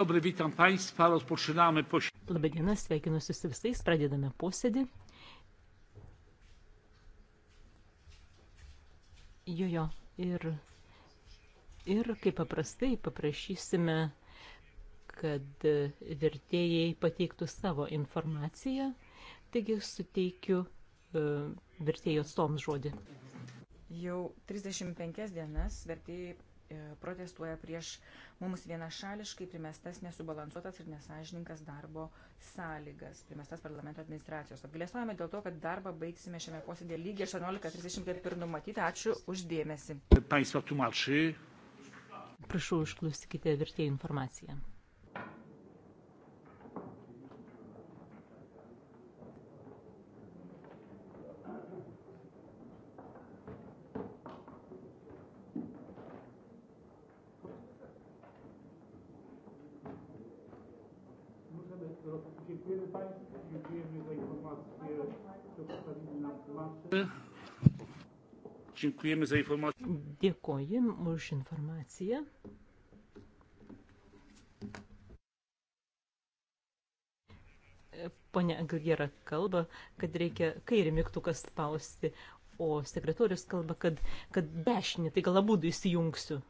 Dobry, witam Państwa, rozpoczynamy posiedzenie. Labadiena, sveikinuosi su visais, pradedame posėdį. Jojo, ir, ir kaip paprastai paprašysime, kad vertėjai pateiktų savo informaciją, taigi suteikiu e, vertėjų atstoms žodį. Jau 35 dienas vertėjai E, protestuoja prieš mums vienašališkai primestas nesubalansuotas ir nesažininkas darbo sąlygas, primestas parlamento administracijos. Apgalėsojame dėl to, kad darbą baigsime šiame posėdėje lygiai 18.30 kaip ir numatyta. Ačiū uždėmesi. Prašau, išklausykite vertėjų informaciją. Dziękujemy za informację. Dėkojim už informaciją. Pone Aguilera kalba, kad reikia kairį mygtuką spausti, o sekretorius kalba, kad, kad dešinį, tai gal abu įsijungsiu.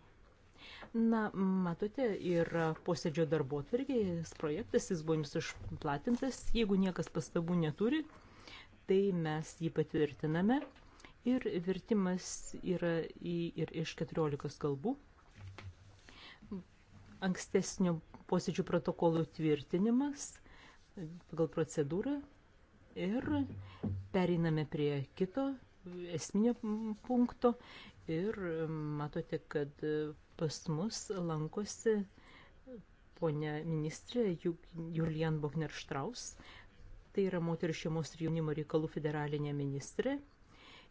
Na, matote, yra posėdžio darbo atvirkės projektas, jis buvo jums išplatintas, jeigu niekas pastabų neturi, tai mes jį patvirtiname ir vertimas yra į, ir iš 14 kalbų. Ankstesnių posėdžių protokolų tvirtinimas pagal procedūrą ir pereiname prie kito esminio punkto ir matote, kad pas mus lankosi ponia ministrė Julian Bogner Štraus, tai yra moterų šeimos ir jaunimo reikalų federalinė ministrė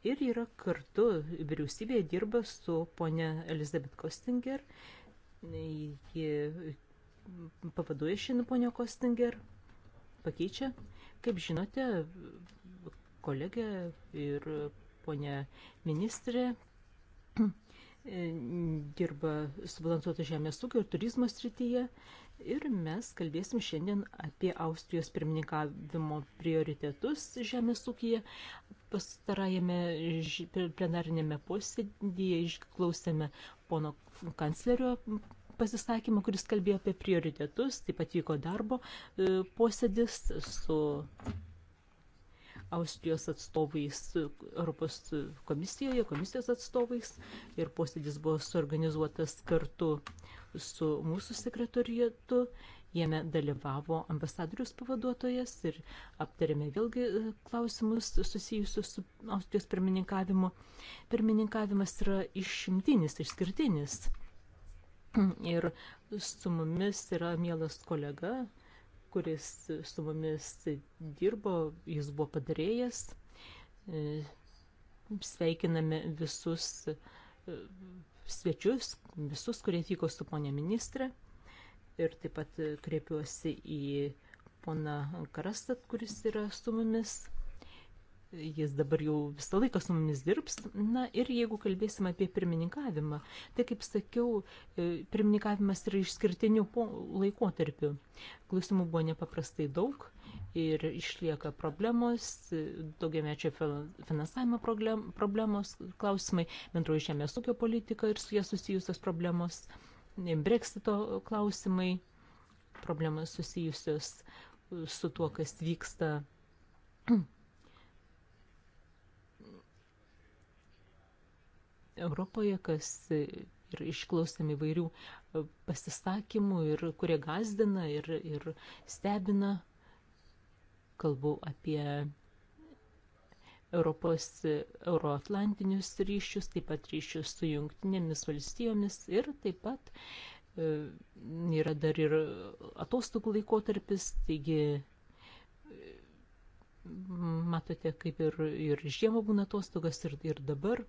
ir yra kartu vyriausybėje dirba su ponia Elizabeth Kostinger. Ji pavaduoja šiandien ponia Kostinger, pakeičia. Kaip žinote, kolegė ir ponia ministrė dirba subalansuoto žemės ūkio ir turizmo srityje Ir mes kalbėsim šiandien apie Austrijos pirmininkavimo prioritetus žemės ūkyje. Pastarajame plenarinėme posėdėje išklausėme pono kanclerio pasisakymą, kuris kalbėjo apie prioritetus. Taip pat vyko darbo e, posėdis su Austrijos atstovais Europos komisijoje, komisijos atstovais ir posėdis buvo suorganizuotas kartu su mūsų sekretorijatu. Jame dalyvavo ambasadorius pavaduotojas ir aptarėme vėlgi e, klausimus susijusius su Austrijos pirmininkavimu. Pirmininkavimas yra išimtinis, išskirtinis. Ir su mumis yra mielas kolega, kuris su mumis dirbo, jis buvo padarėjas. E, Sveikiname visus e, svečius, visus, kurie atvyko su ponė ministrė. Ir taip pat kreipiuosi į poną Karastat, kuris yra su mumis jis dabar jau visą laiką su mumis dirbs. Na ir jeigu kalbėsim apie pirmininkavimą, tai kaip sakiau, e, pirmininkavimas yra išskirtinių laikotarpių. Klausimų buvo nepaprastai daug ir išlieka problemos, e, daugiamečio finansavimo problemos, klausimai, bendroji žemės ūkio politika ir su jie susijusios problemos, e, breksito klausimai, problemos susijusios su tuo, kas vyksta Europoje, kas ir išklausėm įvairių e, pasisakymų, ir kurie gazdina ir, ir stebina. Kalbu apie Europos e, euroatlantinius ryšius, taip pat ryšius su jungtinėmis valstijomis ir taip pat e, yra dar ir atostogų laikotarpis, taigi matote, kaip ir, ir žiemą būna atostogas ir, ir dabar. E,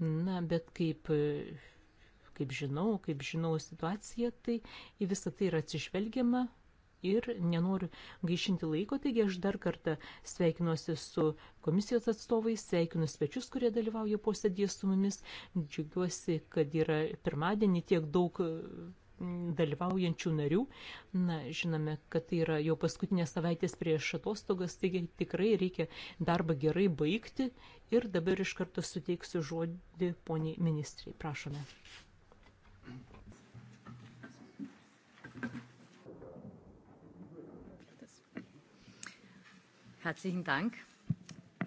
Na, bet kaip, kaip žinau, kaip žinau situaciją, tai į visą tai yra atsižvelgiama ir nenoriu gaišinti laiko, taigi aš dar kartą sveikinuosi su komisijos atstovais, sveikinu svečius, kurie dalyvauja posėdėje su mumis. Džiugiuosi, kad yra pirmadienį tiek daug dalyvaujančių narių. Na, žinome, kad tai yra jau paskutinės savaitės prieš atostogas, taigi tikrai reikia darbą gerai baigti. Ir dabar iš karto suteiksiu žodį poniai ministrai. Prašome. Herzlichen Dank,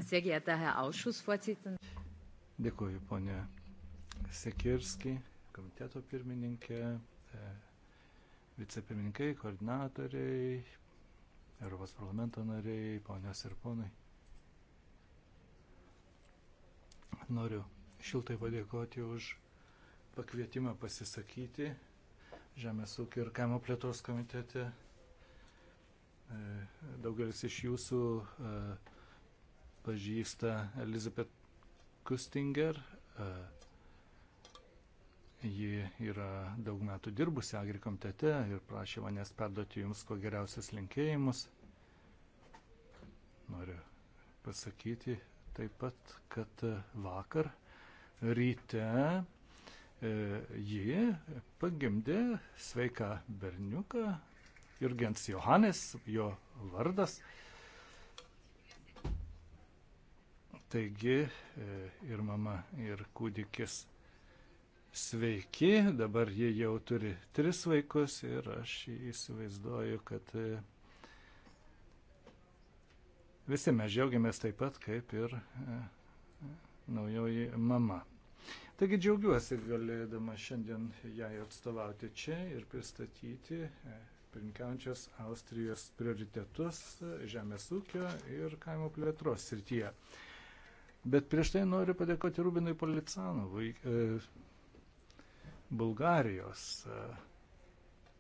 sehr geehrter Herr Ausschussvorsitzender. Dėkuoju, ponė Sekirski, komiteto pirmininkė, E, vicepirmininkai, koordinatoriai, Europos parlamento nariai, ponios ir ponai. Noriu šiltai padėkoti už pakvietimą pasisakyti Žemės ūkio ir kaimo plėtros komitete. E, daugelis iš jūsų e, pažįsta Elizabeth Kustinger, Ji yra daug metų dirbusi agrikomitete ir prašė manęs perduoti jums ko geriausias linkėjimus. Noriu pasakyti taip pat, kad vakar ryte e, ji pagimdė sveiką berniuką Jurgens Johannes, jo vardas. Taigi e, ir mama, ir kūdikis sveiki, dabar jie jau turi tris vaikus ir aš įsivaizduoju, kad e, visi mes džiaugiamės taip pat kaip ir e, naujoji mama. Taigi džiaugiuosi galėdama šiandien jai atstovauti čia ir pristatyti e, pirinkiančios Austrijos prioritetus žemės ūkio ir kaimo plėtros srityje. Bet prieš tai noriu padėkoti Rubinui Policanovui, Bulgarijos e,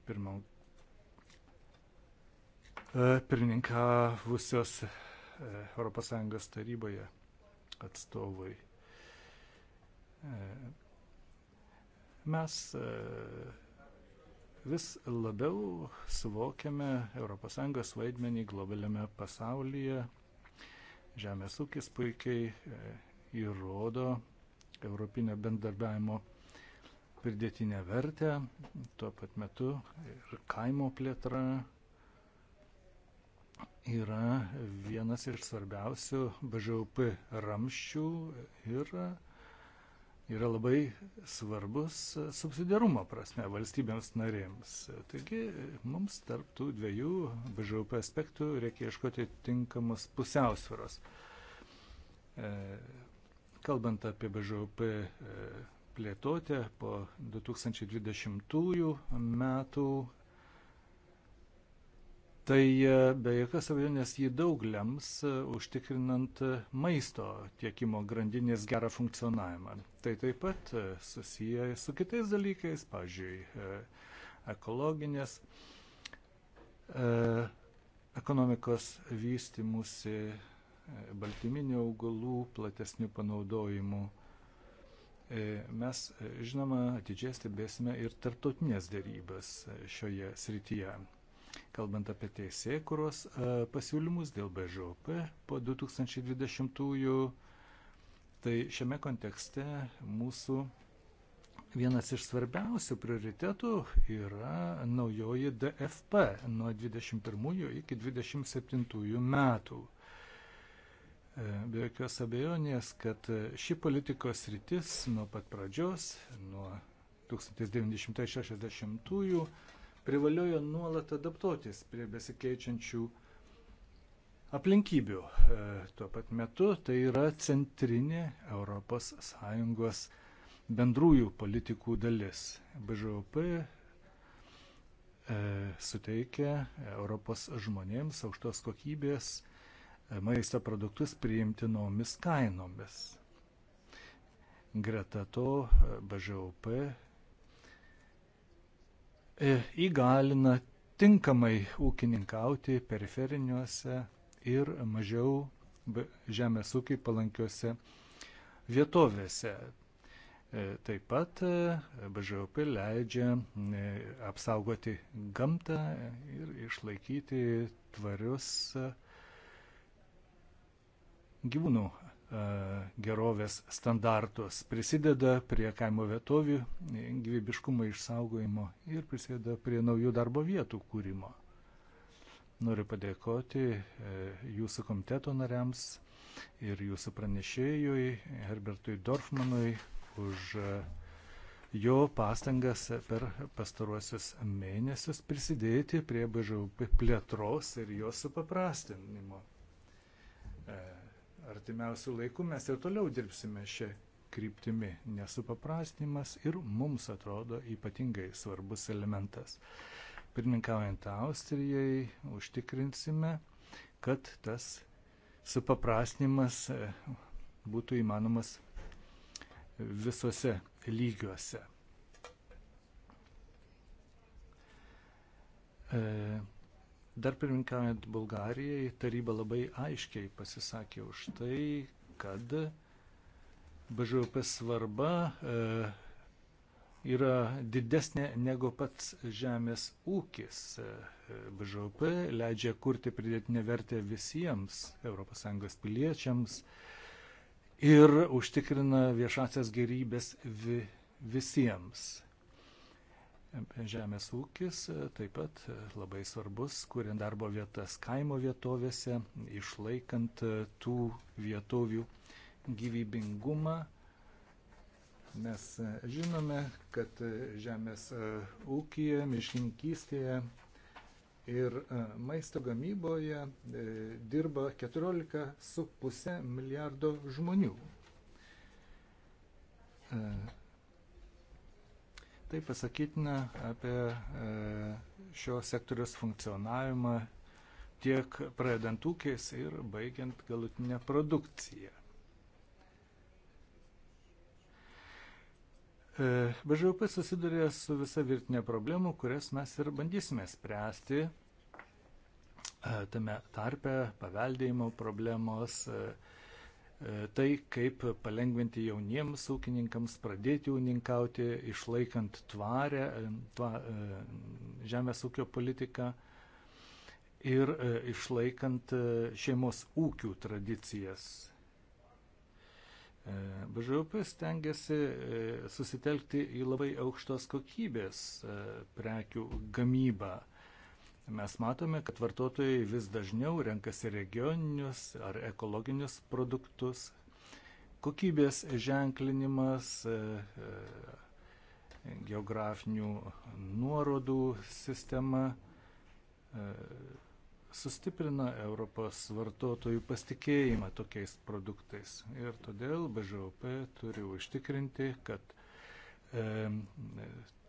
pirmą, e, pirmininkavusios ES taryboje atstovui. E, mes vis labiau suvokiame ES vaidmenį globaliame pasaulyje. Žemės ūkis puikiai įrodo Europinio bendarbiavimo pridėtinę vertę, tuo pat metu ir kaimo plėtra yra vienas iš svarbiausių BŽUP ramščių ir yra labai svarbus subsidiarumo prasme valstybėms narėms. Taigi mums tarp tų dviejų BŽUP aspektų reikia ieškoti tinkamos pusiausvėros. E, kalbant apie BŽUP e, plėtoti po 2020 metų. Tai e, be jokios abejonės jį daug lems, e, užtikrinant maisto tiekimo grandinės gerą funkcionavimą. Tai taip pat e, susiję su kitais dalykais, pavyzdžiui, ekologinės ekonomikos vystimusi baltyminių augalų platesnių panaudojimų E, mes, e, žinoma, atidžiai stebėsime ir tarptautinės dėrybas e, šioje srityje. Kalbant apie teisėkuros pasiūlymus dėl BŽOP po 2020-ųjų, tai šiame kontekste mūsų vienas iš svarbiausių prioritetų yra naujoji DFP nuo 21 iki 27 metų. Be jokios abejonės, kad ši politikos rytis nuo pat pradžios, nuo 1960-ųjų, privaliojo nuolat adaptuotis prie besikeičiančių aplinkybių. E, tuo pat metu tai yra centrinė ES bendrųjų politikų dalis. BŽOP e, suteikia Europos žmonėms aukštos kokybės maisto produktus priimtinomis kainomis. Greta to BŽOP e, įgalina tinkamai ūkininkauti periferiniuose ir mažiau žemės ūkiai palankiuose vietovėse. E, taip pat e, BŽOP leidžia apsaugoti gamtą ir išlaikyti tvarius gyvūnų e, gerovės standartus, prisideda prie kaimo vietovių gyvybiškumo išsaugojimo ir prisideda prie naujų darbo vietų kūrimo. Noriu padėkoti e, jūsų komiteto nariams ir jūsų pranešėjui Herbertui Dorfmanui už e, jo pastangas per pastaruosius mėnesius prisidėti prie BŽUP plėtros ir jos supaprastinimo artimiausių laikų mes ir toliau dirbsime šią kryptimį, nes supaprastinimas ir mums atrodo ypatingai svarbus elementas. Pirmininkaujant Austrijai užtikrinsime, kad tas supaprastinimas e, būtų įmanomas visose lygiuose. E, Dar pirminkaujant Bulgarijai, taryba labai aiškiai pasisakė už tai, kad BŽP svarba e, yra didesnė negu pats žemės ūkis. E, BŽP leidžia kurti pridėtinę vertę visiems ES piliečiams ir užtikrina viešasias gerybės vi, visiems. Žemės ūkis e, taip pat e, labai svarbus, kuriant darbo vietas kaimo vietovėse, išlaikant e, tų vietovių gyvybingumą. Mes žinome, kad žemės ūkija, miškininkystėje ir maisto gamyboje dirba 14,5 milijardo žmonių Tai pasakytina apie e, šio sektoriaus funkcionavimą tiek pradedant ūkiais ir baigiant galutinę produkciją. E, BŽUP susiduria su visa virtinė problemų, kurias mes ir bandysime spręsti. E, tame tarpe paveldėjimo problemos, E, tai, kaip palengventi jauniems ūkininkams pradėti ūkininkauti, išlaikant tvarę e, tva, e, žemės ūkio politiką ir išlaikant šeimos ūkių tradicijas. BŽUP stengiasi susitelkti į labai aukštos kokybės prekių gamybą Mes matome, kad vartotojai vis dažniau renkasi regioninius ar ekologinius produktus. Kokybės ženklinimas, e, e, geografinių nuorodų sistema e, sustiprina Europos vartotojų pasitikėjimą tokiais produktais. Ir todėl BŽOP turi užtikrinti, kad e,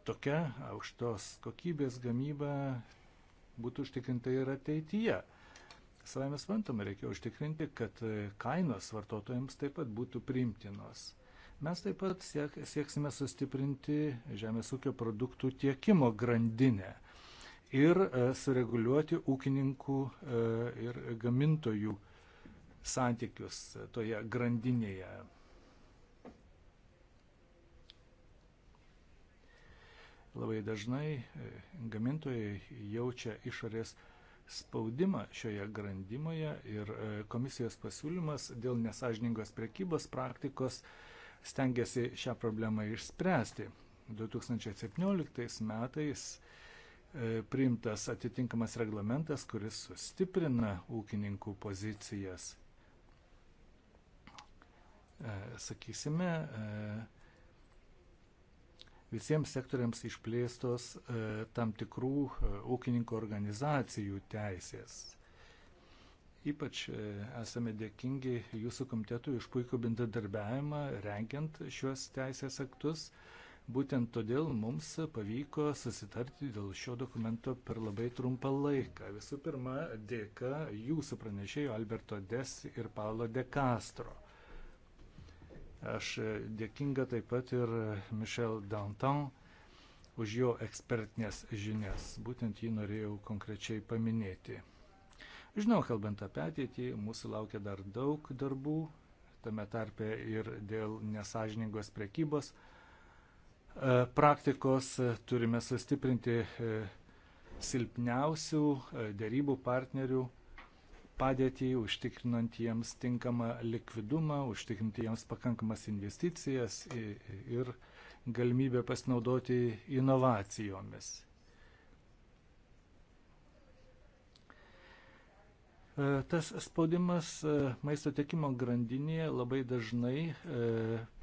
tokia aukštos kokybės gamyba būtų užtikrinta ir ateityje. Savai mes vantame, reikia užtikrinti, kad e, kainos vartotojams taip pat būtų priimtinos. Mes taip pat siek, sieksime sustiprinti žemės ūkio produktų tiekimo grandinę ir e, sureguliuoti ūkininkų e, ir gamintojų santykius toje grandinėje. Labai dažnai e, gamintojai jaučia išorės spaudimą šioje grandimoje ir e, komisijos pasiūlymas dėl nesažiningos prekybos praktikos stengiasi šią problemą išspręsti. 2017 metais e, priimtas atitinkamas reglamentas, kuris sustiprina ūkininkų pozicijas. Sakysime, visiems sektoriams išplėstos e, tam tikrų e, ūkininkų organizacijų teisės. Ypač e, esame dėkingi jūsų komitetui iš puikų bendradarbiavimą renkiant šiuos teisės aktus. Būtent todėl mums pavyko susitarti dėl šio dokumento per labai trumpą laiką. Visų pirma, dėka jūsų pranešėjų Alberto Des ir Paulo De Castro. Aš dėkinga taip pat ir Michel Danton už jo ekspertinės žinias. Būtent jį norėjau konkrečiai paminėti. Žinau, kalbant apie ateitį, mūsų laukia dar daug darbų, tame tarpe ir dėl nesažiningos prekybos e, praktikos turime sustiprinti e, silpniausių e, dėrybų partnerių padėtį, užtikrinant jiems tinkamą likvidumą, užtikrinti jiems pakankamas investicijas ir galimybę pasinaudoti inovacijomis. E, tas spaudimas e, maisto tiekimo grandinėje labai dažnai e,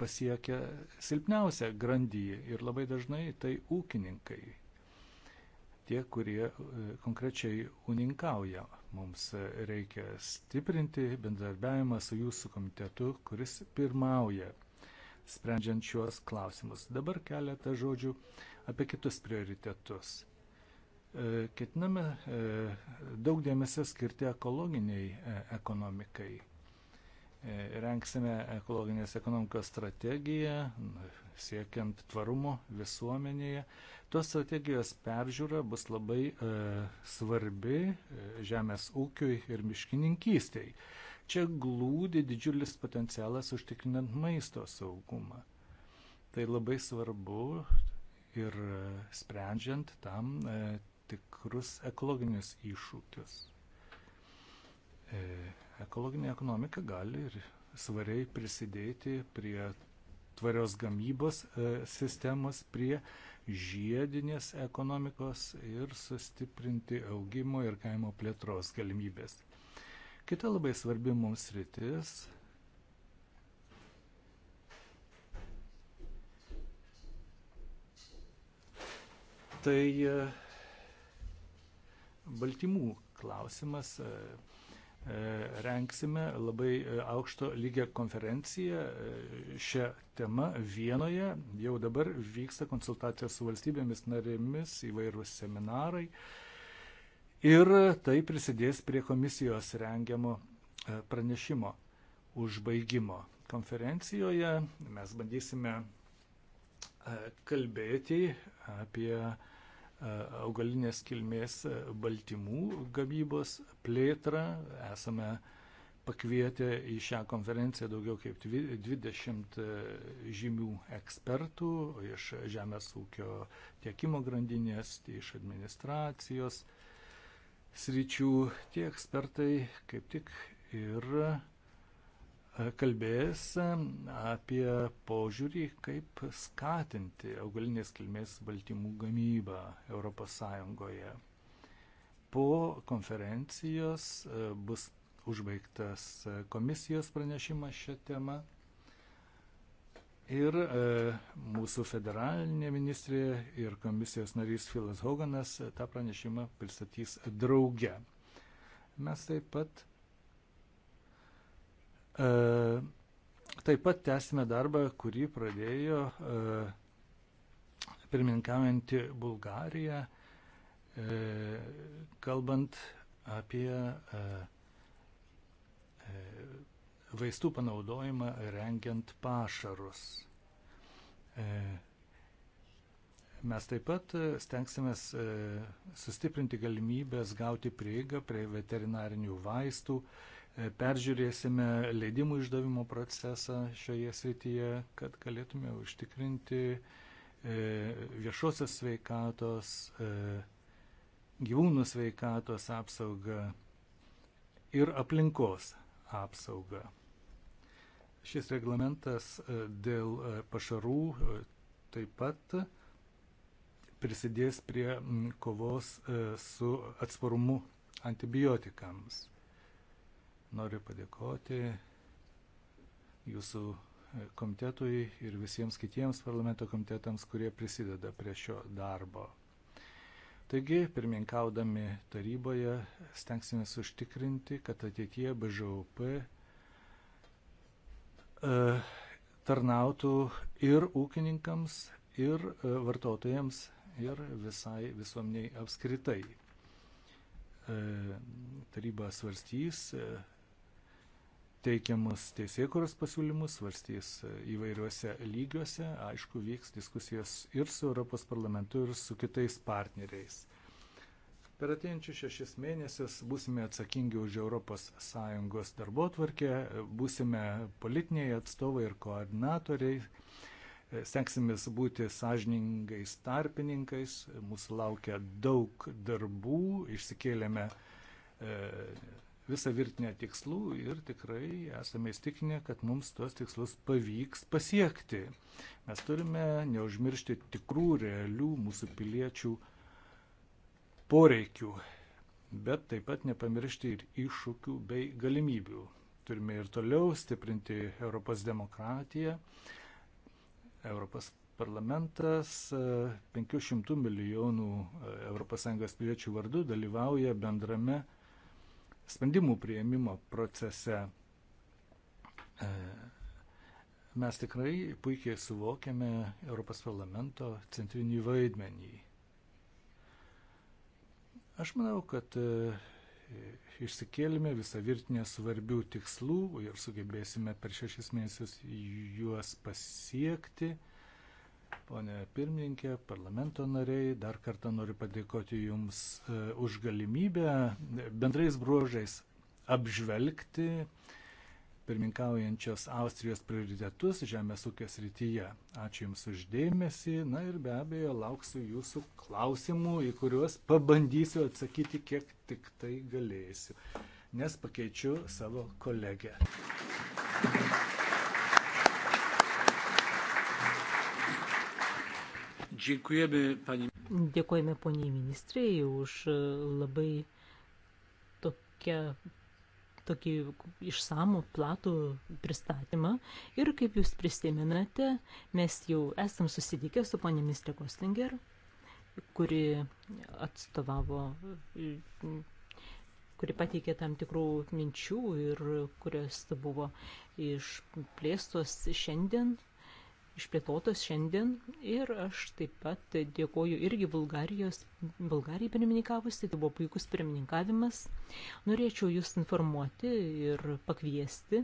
pasiekia silpniausią grandyje ir labai dažnai tai ūkininkai, tie, kurie konkrečiai uninkauja Mums reikia stiprinti bendradarbiavimą su jūsų komitetu, kuris pirmauja sprendžiant šiuos klausimus. Dabar keletą žodžių apie kitus prioritetus. E, ketiname e, daug dėmesio skirti ekologiniai e, ekonomikai Renksime ekologinės ekonomikos strategiją, siekiant tvarumo visuomenėje. Tos strategijos peržiūra bus labai e, svarbi e, žemės ūkiui ir miškininkystiai. Čia glūdi didžiulis potencialas užtikrinant maisto saugumą. Tai labai svarbu ir e, sprendžiant tam e, tikrus ekologinius iššūkius. E, Ekologinė ekonomika gali ir svariai prisidėti prie tvarios gamybos e, sistemos, prie žiedinės ekonomikos ir sustiprinti augimo ir kaimo plėtros galimybės. Kita labai svarbi mums rytis tai e, baltymų klausimas, e, E, renksime labai e, aukšto lygio konferenciją e, šią temą Vienoje. Jau dabar vyksta konsultacijos su valstybėmis narėmis, įvairūs seminarai. Ir tai prisidės prie komisijos rengiamo pranešimo užbaigimo. Konferencijoje mes bandysime kalbėti apie augalinės kilmės e, baltymų gamybos plėtrą. Esame pakvietę į šią konferenciją daugiau kaip 20 e, žymių ekspertų iš žemės ūkio tiekimo grandinės, iš administracijos sričių. Tie ekspertai kaip tik ir kalbės apie požiūrį, kaip skatinti augalinės kilmės baltymų gamybą ES. Po konferencijos e, bus užbaigtas komisijos pranešimas šią temą. Ir e, mūsų federalinė ministrė ir komisijos narys Filas Hoganas tą pranešimą pristatys drauge. Mes taip pat E, taip pat tęsime darbą, kurį pradėjo e, pirmininkaujanti Bulgarija, e, kalbant apie vaistų panaudojimą rengiant pašarus. Mes taip pat stengsimės sustiprinti galimybės gauti prieigą prie veterinarinių vaistų, peržiūrėsime leidimų išdavimo procesą šioje srityje, kad galėtume užtikrinti e, viešosios sveikatos, e, gyvūnų sveikatos apsaugą ir aplinkos apsaugą. Šis reglamentas e, dėl pašarų taip pat prisidės prie kovos su atsparumu antibiotikams. Noriu padėkoti jūsų komitetui ir visiems kitiems parlamento komitetams, kurie prisideda prie šio darbo. Taigi, pirmininkaudami taryboje, stengsime užtikrinti, kad ateitie BŽUP e, tarnautų ir ūkininkams, ir e, vartotojams, ir visai visuomeniai apskritai. E, taryba svarstys teikiamus teisėkuros pasiūlymus, svarstys įvairiuose lygiuose, aišku, vyks diskusijos ir su Europos parlamentu, ir su kitais partneriais. Per atėjančius šešis mėnesius būsime atsakingi už ES darbo tvarkę, būsime politiniai atstovai ir koordinatoriai, stengsimės būti sąžiningais tarpininkais, mūsų laukia daug darbų, išsikėlėme e, visą virtinę tikslų ir tikrai esame įstikinę, kad mums tuos tikslus pavyks pasiekti. Mes turime neužmiršti tikrų, realių mūsų piliečių poreikių, bet taip pat nepamiršti ir iššūkių bei galimybių. Turime ir toliau stiprinti Europos demokratiją. Europos parlamentas 500 e, milijonų ES piliečių vardu dalyvauja bendrame sprendimų prieimimo procese. E, mes tikrai puikiai suvokiame Europos parlamento centrinį vaidmenį. Aš manau, kad e, išsikėlėme visą virtinę svarbių tikslų ir sugebėsime per šešis mėnesius juos pasiekti. Pone pirmininkė, parlamento nariai, dar kartą noriu padėkoti Jums e, už galimybę bendrais bruožais apžvelgti pirmininkaujančios Austrijos prioritetus žemės ūkio srityje. Ačiū Jums uždėmesį, na ir be abejo lauksiu Jūsų klausimų, į kuriuos pabandysiu atsakyti kiek tik tai galėsiu, nes pakeičiu savo kolegę. Thank you. Dėkojame poniai ministrei už e, labai tokią tokį išsamų, platų pristatymą. Ir kaip jūs prisiminate, mes jau esam susitikę su ponė Mistrė Kostinger, kuri atstovavo, e, kuri pateikė tam tikrų minčių ir kurios buvo išplėstos šiandien išplėtotos šiandien ir aš taip pat dėkoju irgi Bulgarijos, Bulgarijai pirmininkavusi, tai buvo puikus pirmininkavimas. Norėčiau jūs informuoti ir pakviesti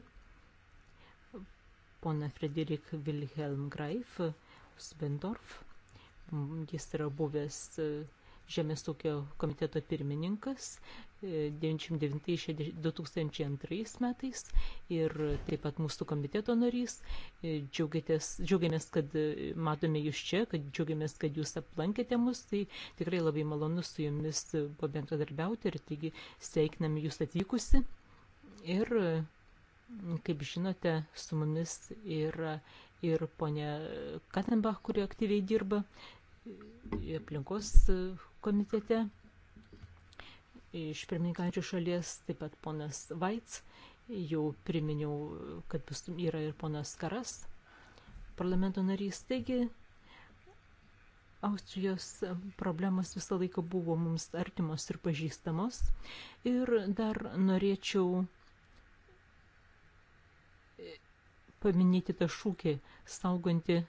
pona Frederik Wilhelm Greif, Spendorf, jis yra buvęs Žemės ūkio komiteto pirmininkas 1999-2002 e, metais ir taip pat mūsų komiteto narys. E, džiaugiamės, kad e, matome jūs čia, kad džiaugiamės, kad jūs aplankėte mus. Tai tikrai labai malonu su jumis pabendradarbiauti ir taigi sveikiname jūs atvykusi. Ir kaip žinote, su mumis yra ir ponė Katenbach, kuri aktyviai dirba aplinkos komitete iš pirmininkančių šalies, taip pat ponas Vaits, jau priminiau, kad yra ir ponas Karas, parlamento narys. Taigi, Austrijos problemas visą laiką buvo mums artimos ir pažįstamos. Ir dar norėčiau paminėti tą šūkį sauganti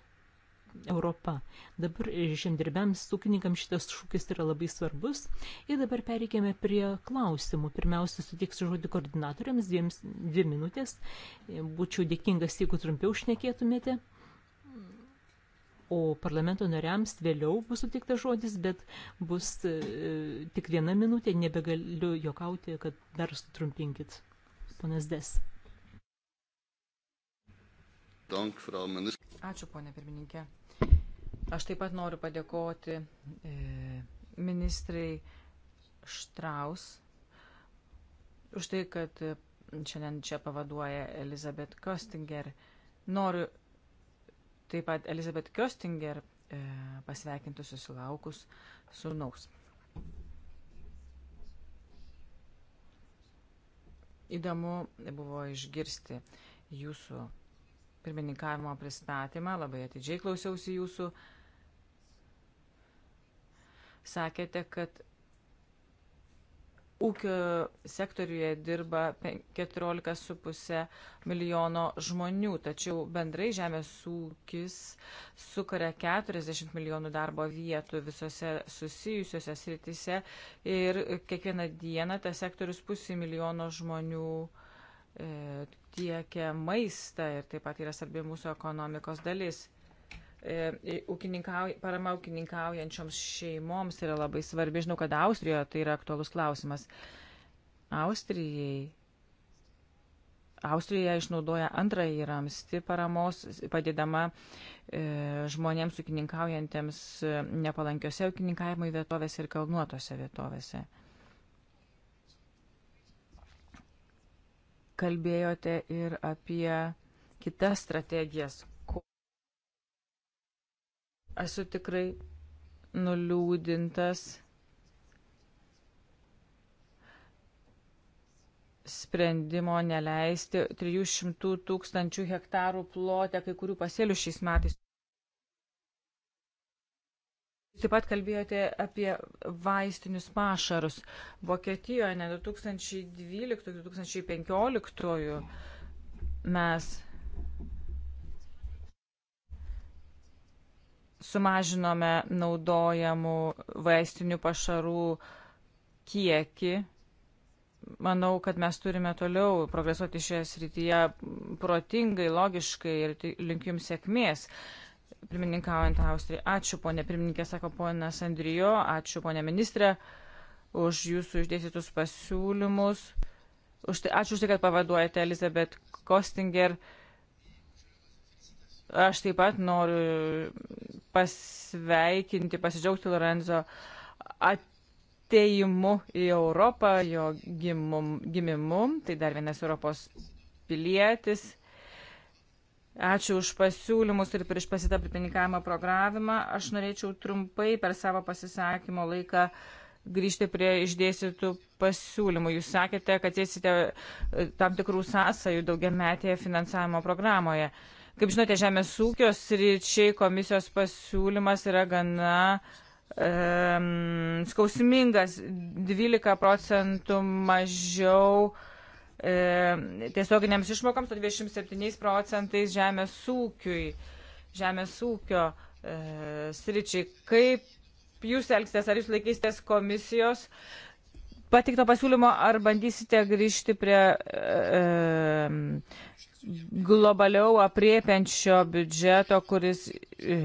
Europa. Dabar žemdirbiams, ūkininkams šitas šūkis yra labai svarbus. Ir dabar pereikėme prie klausimų. Pirmiausia, sutiksiu žodį koordinatoriams, dviems, dvi minutės. Būčiau dėkingas, jeigu trumpiau šnekėtumėte. O parlamento nariams vėliau bus sutiktas žodis, bet bus e, tik viena minutė, nebegaliu jokauti, kad dar sutrumpinkit. Ponas Des. Ačiū, ponė pirmininkė. Aš taip pat noriu padėkoti e, ministrai Štraus už tai, kad šiandien čia pavaduoja Elizabeth Kostinger. Noriu taip pat Elizabeth Kostinger e, pasveikinti susilaukus sūnaus. Įdomu buvo išgirsti jūsų pirmininkavimo pristatymą, labai atidžiai klausiausi jūsų. E, sakėte, kad ūkio sektoriuje dirba 14,5 milijono žmonių, tačiau bendrai žemės ūkis sukuria 40 milijonų darbo vietų visose susijusiose sritise ir kiekvieną dieną tas sektorius pusė milijono žmonių e, tiekia maistą ir taip pat yra svarbi mūsų ekonomikos dalis. E, Ūkininkauj, parama ūkininkaujančioms šeimoms yra labai svarbi. Žinau, kad Austrijoje tai yra aktualus klausimas. Austrijai. Austrija išnaudoja antrąjį ramsti paramos, padėdama e, žmonėms ūkininkaujantiems nepalankiose ūkininkavimo vietovėse ir kalnuotose vietovėse. Kalbėjote ir apie kitas strategijas, esu tikrai nuliūdintas sprendimo neleisti 300 tūkstančių hektarų plotę kai kurių pasėlių šiais metais. Taip pat kalbėjote apie vaistinius pašarus. Vokietijoje ne 2012-2015 mes sumažinome naudojamų vaistinių pašarų kiekį. Manau, kad mes turime toliau progresuoti šioje srityje protingai, logiškai ir linkiu jums sėkmės. Pirmininkaujant Austrijai, ačiū ponė pirmininkė, sako ponas Andrijo, ačiū ponė ministrė už jūsų išdėstytus pasiūlymus. Už tai, ačiū už tai, kad pavaduojate Elizabet Kostinger. Aš taip pat noriu pasveikinti, pasidžiaugti Lorenzo ateimu į Europą, jo gimum, gimimu. Tai dar vienas Europos pilietis. Ačiū už pasiūlymus ir prieš pasitą pirmininkavimo programą. Aš norėčiau trumpai per savo pasisakymo laiką grįžti prie išdėstytų pasiūlymų. Jūs sakėte, kad tiesite e, tam tikrų sąsajų daugiametėje finansavimo programoje. Uh, Kaip žinote, žemės ūkio sričiai komisijos pasiūlymas yra gana um, skausmingas, 12 procentų mažiau um, tiesioginiams išmokams, o 27 procentais žemės ūkiui, žemės ūkio uh, sričiai. Kaip jūs elgsitės, ar jūs laikysitės komisijos? pateikto pasiūlymo, ar bandysite grįžti prie e, e globaliau apriepiančio biudžeto, kuris e,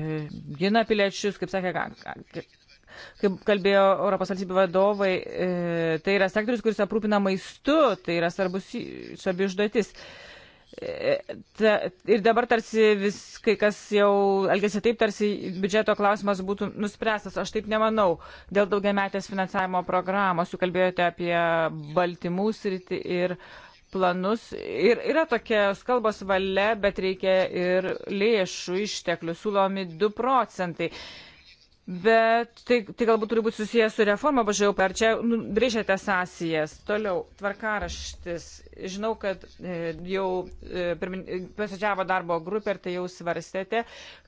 gina piliečius, kaip sakė, kaip kalbėjo Europos valstybių vadovai, e, tai yra sektorius, kuris aprūpina maistu, tai yra svarbus svarbi užduotis. E, ta, ir dabar tarsi vis, kai kas jau elgesi taip, tarsi biudžeto klausimas būtų nuspręstas. Aš taip nemanau. Dėl daugiametės finansavimo programos, jūs kalbėjote apie baltymų sritį ir uh, planus. Ir yra tokios kalbos valia, bet reikia ir lėšų išteklių, siūlomi 2 procentai. Bet tai, tai galbūt turi būti susijęs su reforma bažiau, ar čia nu, brėžiate sąsijas. Toliau, tvarkaraštis. Žinau, kad e, jau e, pasidžiavo e, darbo grupė ir tai jau svarstėte,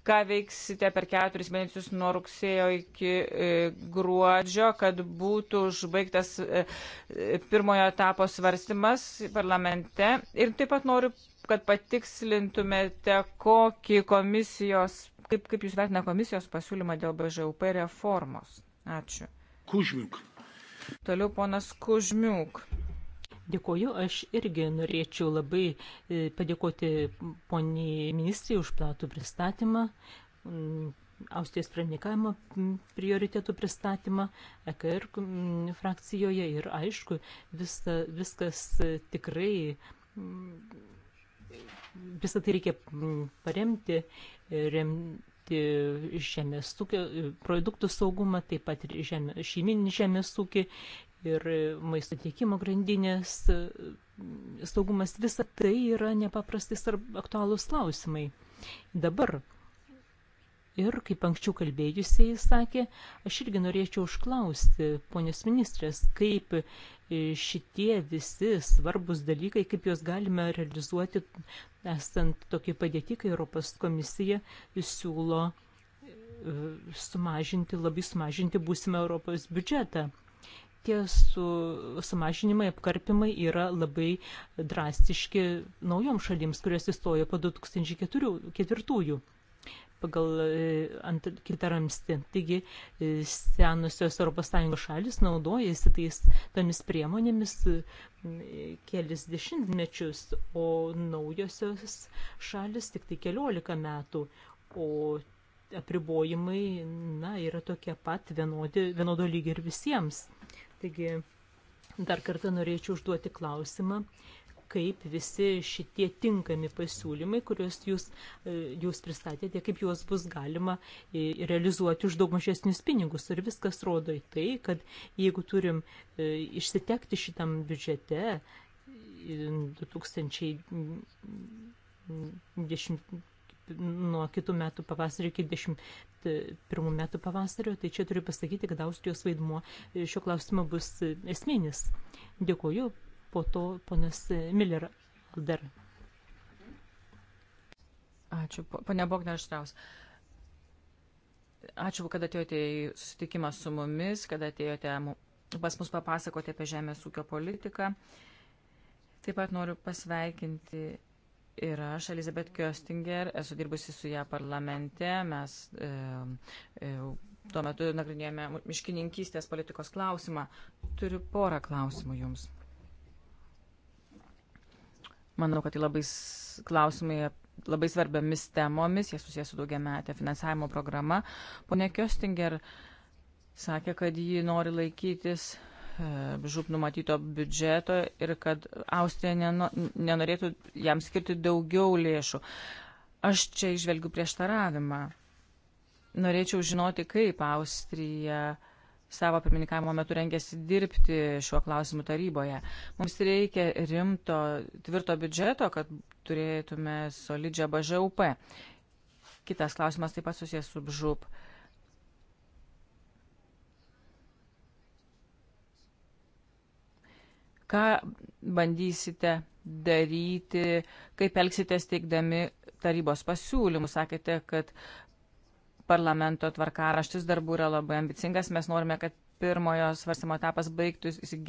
ką veiksite per keturis mėnesius nuo rugsėjo iki e, gruodžio, kad būtų užbaigtas e, e pirmojo etapo svarstymas parlamente. Ir taip pat noriu, kad patikslintumėte, kokį komisijos kaip, kaip Jūs vertina komisijos pasiūlymą dėl BŽUP reformos? Ačiū. Kužmiuk. Toliau ponas Kužmiuk. Dėkoju, aš irgi norėčiau labai e, padėkoti poniai ministrijai už platų pristatymą. Austrijos pranikavimo prioritėtų pristatymą EKR frakcijoje ir aišku, visa, viskas e, tikrai visą tai reikia mm, paremti, remti žemės ūkio, produktų saugumą, taip pat žemė, šeiminį žemės ūkį ir maisto tiekimo grandinės mm, saugumas. Visa tai yra nepaprastai aktualūs klausimai. Dabar ir, kaip anksčiau kalbėjusiai sakė, aš irgi norėčiau užklausti, ponės ministrės, kaip E, šitie visi svarbus dalykai, kaip juos galime realizuoti, esant tokiai padėti, kai Europos komisija siūlo e, sumažinti, labai sumažinti būsimą Europos biudžetą. Tie su, sumažinimai, apkarpimai yra labai drastiški naujom šalims, kurios įstojo po 2004. -ųjų pagal e, ant kitą ramstį. Taigi e, senusios ES šalis naudojasi tais tomis priemonėmis e, kelis dešimtmečius, o naujosios šalis tik tai keliolika metų. O apribojimai, na, yra tokie pat vienodi, vienodo lygio ir visiems. Taigi, dar kartą norėčiau užduoti klausimą, kaip visi šitie tinkami pasiūlymai, kuriuos jūs, e, jūs pristatėte, kaip juos bus galima e, realizuoti už daug mažesnius pinigus. Ir viskas rodo į tai, kad jeigu turim e, išsitekti šitam biudžete 2010 nuo kitų metų pavasario iki 21 metų pavasario, tai čia turiu pasakyti, kad Austrijos vaidmuo šio klausimo bus esminis. Dėkuoju, po to ponas Miller dar. Ačiū, ponia Bogna Štraus. Ačiū, kad atėjote į susitikimą su mumis, kad atėjote pas mus papasakoti apie žemės ūkio politiką. Taip pat noriu pasveikinti ir aš, Elizabeth Köstinger, esu dirbusi su ją parlamente. Mes e, e, tuo metu nagrinėjome miškininkystės politikos klausimą. Turiu porą klausimų jums. Manau, kad tai labai klausimai labai svarbiamis temomis, jie susijęs su daugiametė finansavimo programa. Pone Kjostinger sakė, kad ji nori laikytis e, žūp numatyto biudžeto ir kad Austrija nenorėtų jam skirti daugiau lėšų. Aš čia išvelgiu prieštaravimą. Norėčiau žinoti, kaip Austrija uh, savo pirmininkavimo metu rengėsi dirbti šiuo klausimu taryboje. Mums reikia rimto, tvirto biudžeto, kad turėtume solidžią BŽUP. Kitas klausimas taip pat susijęs su BŽUP. Ką bandysite daryti, kaip elgsite steigdami tarybos pasiūlymus? Sakėte, kad parlamento tvarkaraštis darbų yra labai ambicingas. Mes norime, kad pirmojo svarstymo etapas baigtųsi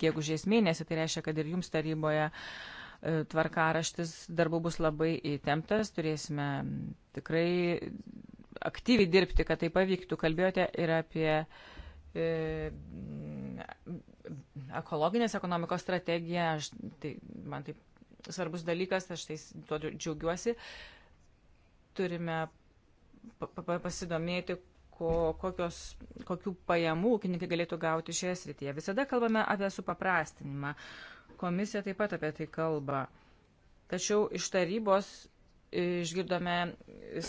gegužės mėnesį. Tai reiškia, kad ir jums taryboje e, tvarkaraštis darbų bus labai įtemptas. Turėsime tikrai aktyviai dirbti, kad tai pavyktų. Kalbėjote ir apie e, ekologinės ekonomikos strategija, aš, tai, man tai svarbus dalykas, aš tai tuo džiaugiuosi. Turime pasidomėti, ko, kokios, kokių pajamų ūkininkai galėtų gauti šioje srityje. Visada kalbame apie supaprastinimą. Komisija taip pat apie tai kalba. Tačiau iš tarybos išgirdome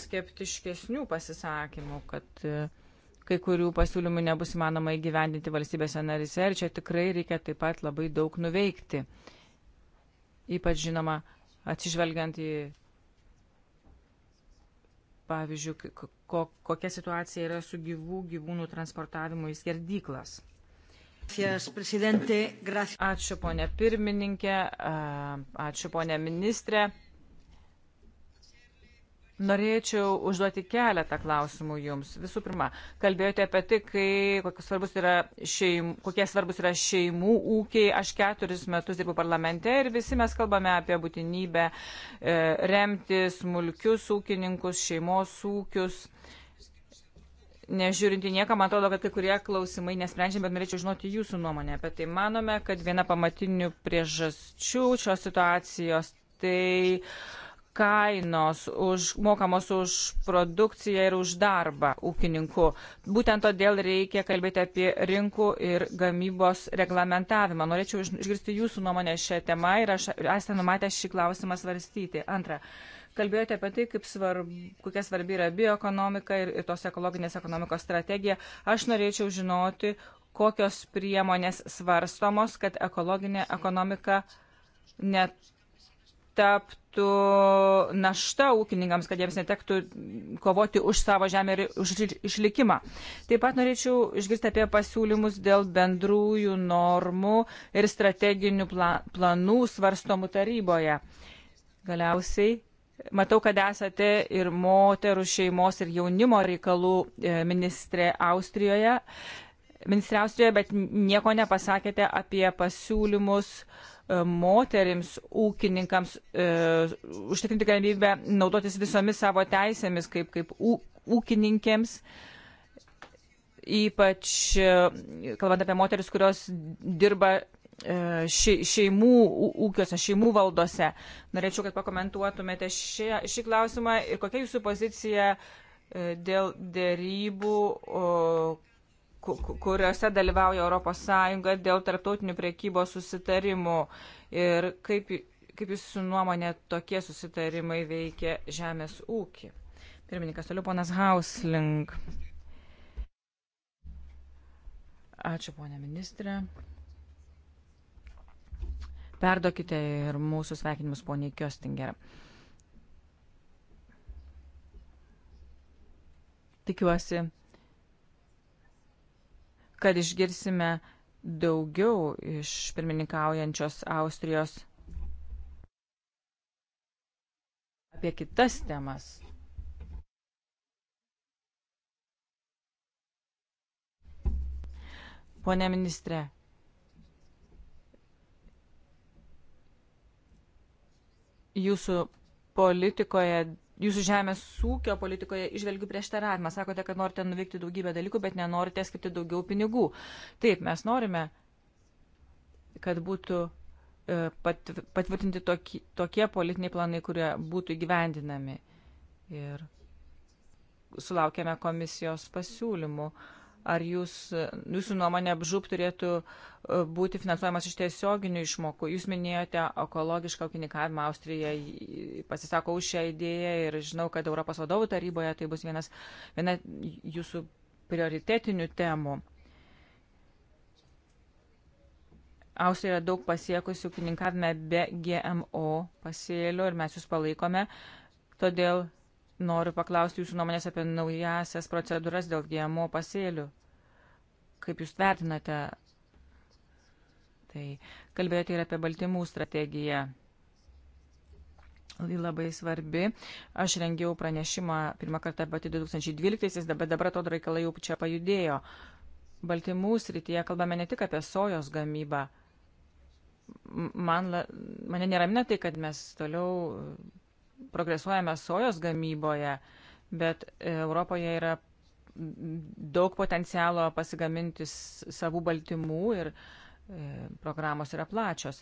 skeptiškesnių pasisakymų, kad e, kai kurių pasiūlymų nebus įmanoma įgyvendinti valstybėse narise ir čia tikrai reikia taip pat labai daug nuveikti. Ypač žinoma, atsižvelgiant į pavyzdžiui, ko, kokia situacija yra su gyvų gyvūnų transportavimu į skerdyklas. Ačiū, ponė pirmininkė, ačiū, ponė ministrė. Norėčiau užduoti keletą klausimų jums. Visų pirma, kalbėjote apie tai, kai, kokie, svarbus yra šeim, kokie svarbus yra šeimų ūkiai. Aš keturis metus dirbu parlamente ir visi mes kalbame apie būtinybę e, remti smulkius ūkininkus, šeimos ūkius. Nežiūrinti nieką, man atrodo, kad kai kurie klausimai nesprendžiami, bet norėčiau žinoti jūsų nuomonę apie tai. Manome, kad viena pamatinių priežasčių šios situacijos tai uh, kainos už, mokamos už produkciją ir už darbą ūkininkų. Būtent todėl reikia kalbėti apie rinkų ir gamybos reglamentavimą. Norėčiau išgirsti jūsų nuomonę šią temą ir aš esate numatę šį klausimą svarstyti. Antra. Kalbėjote apie tai, kaip svarb, kokia svarbi yra bioekonomika ir, ir tos ekologinės ekonomikos strategija. Aš norėčiau žinoti, kokios priemonės svarstomos, kad ekologinė ekonomika net taptų našta ūkininkams, kad jiems netektų kovoti už savo žemę ir už išlikimą. Taip pat norėčiau išgirsti apie pasiūlymus dėl bendrųjų normų ir strateginių planų svarstomų taryboje. Galiausiai Matau, kad esate ir moterų šeimos ir jaunimo reikalų e, ministrė Austrijoje, ministrė Austrijoje bet nieko nepasakėte apie pasiūlymus uh, E, moterims, ūkininkams e, užtikrinti galimybę naudotis visomis savo teisėmis kaip, kaip ū, ūkininkėms, ypač e, kalbant apie moteris, kurios dirba še, šeimų ūkiuose, šeimų valdose. Norėčiau, kad pakomentuotumėte šį, šį klausimą ir kokia jūsų pozicija e, dėl dėrybų, kuriuose dalyvauja ES dėl tarptautinių priekybos susitarimų ir kaip, kaip jūsų nuomonė tokie susitarimai veikia žemės ūkį. Pirmininkas, toliau ponas Hausling. Ačiū, ponė ministrė. Perdokite ir mūsų sveikinimus poniai Kjostinger. Tikiuosi, kad išgirsime daugiau iš pirmininkaujančios Austrijos apie kitas temas. Pone ministre, jūsų politikoje jūsų žemės ūkio politikoje išvelgiu prieštaravimą. Sakote, kad norite nuveikti daugybę dalykų, bet nenorite skirti daugiau pinigų. Taip, mes norime, kad būtų e, patvirtinti tokie, tokie politiniai planai, kurie būtų įgyvendinami. Ir sulaukėme komisijos pasiūlymų. Uh, Ar jūs, jūsų nuomonė apžūp turėtų e, būti finansuojamas iš tiesioginių išmokų? Jūs minėjote ekologišką ūkininkavimą Austrija, pasisako už šią idėją ir žinau, kad Europos vadovų taryboje tai bus vienas, viena jūsų prioritetinių temų. Austrija yra daug pasiekusi ūkininkavime be GMO pasėlių ir mes jūs palaikome. Todėl Noriu paklausti jūsų nuomonės apie naujasias procedūras dėl GMO pasėlių. Kaip jūs vertinate? Tai kalbėjote ir apie baltymų strategiją. Ji tai labai svarbi. Aš rengiau pranešimą pirmą kartą pati 2012, bet dabar atrodo reikalai jau čia pajudėjo. Baltymų srityje kalbame ne tik apie sojos gamybą. Man, mane neramina tai, kad mes toliau progresuojame sojos gamyboje, bet Europoje yra daug potencialo pasigaminti savų baltymų ir e, programos yra plačios.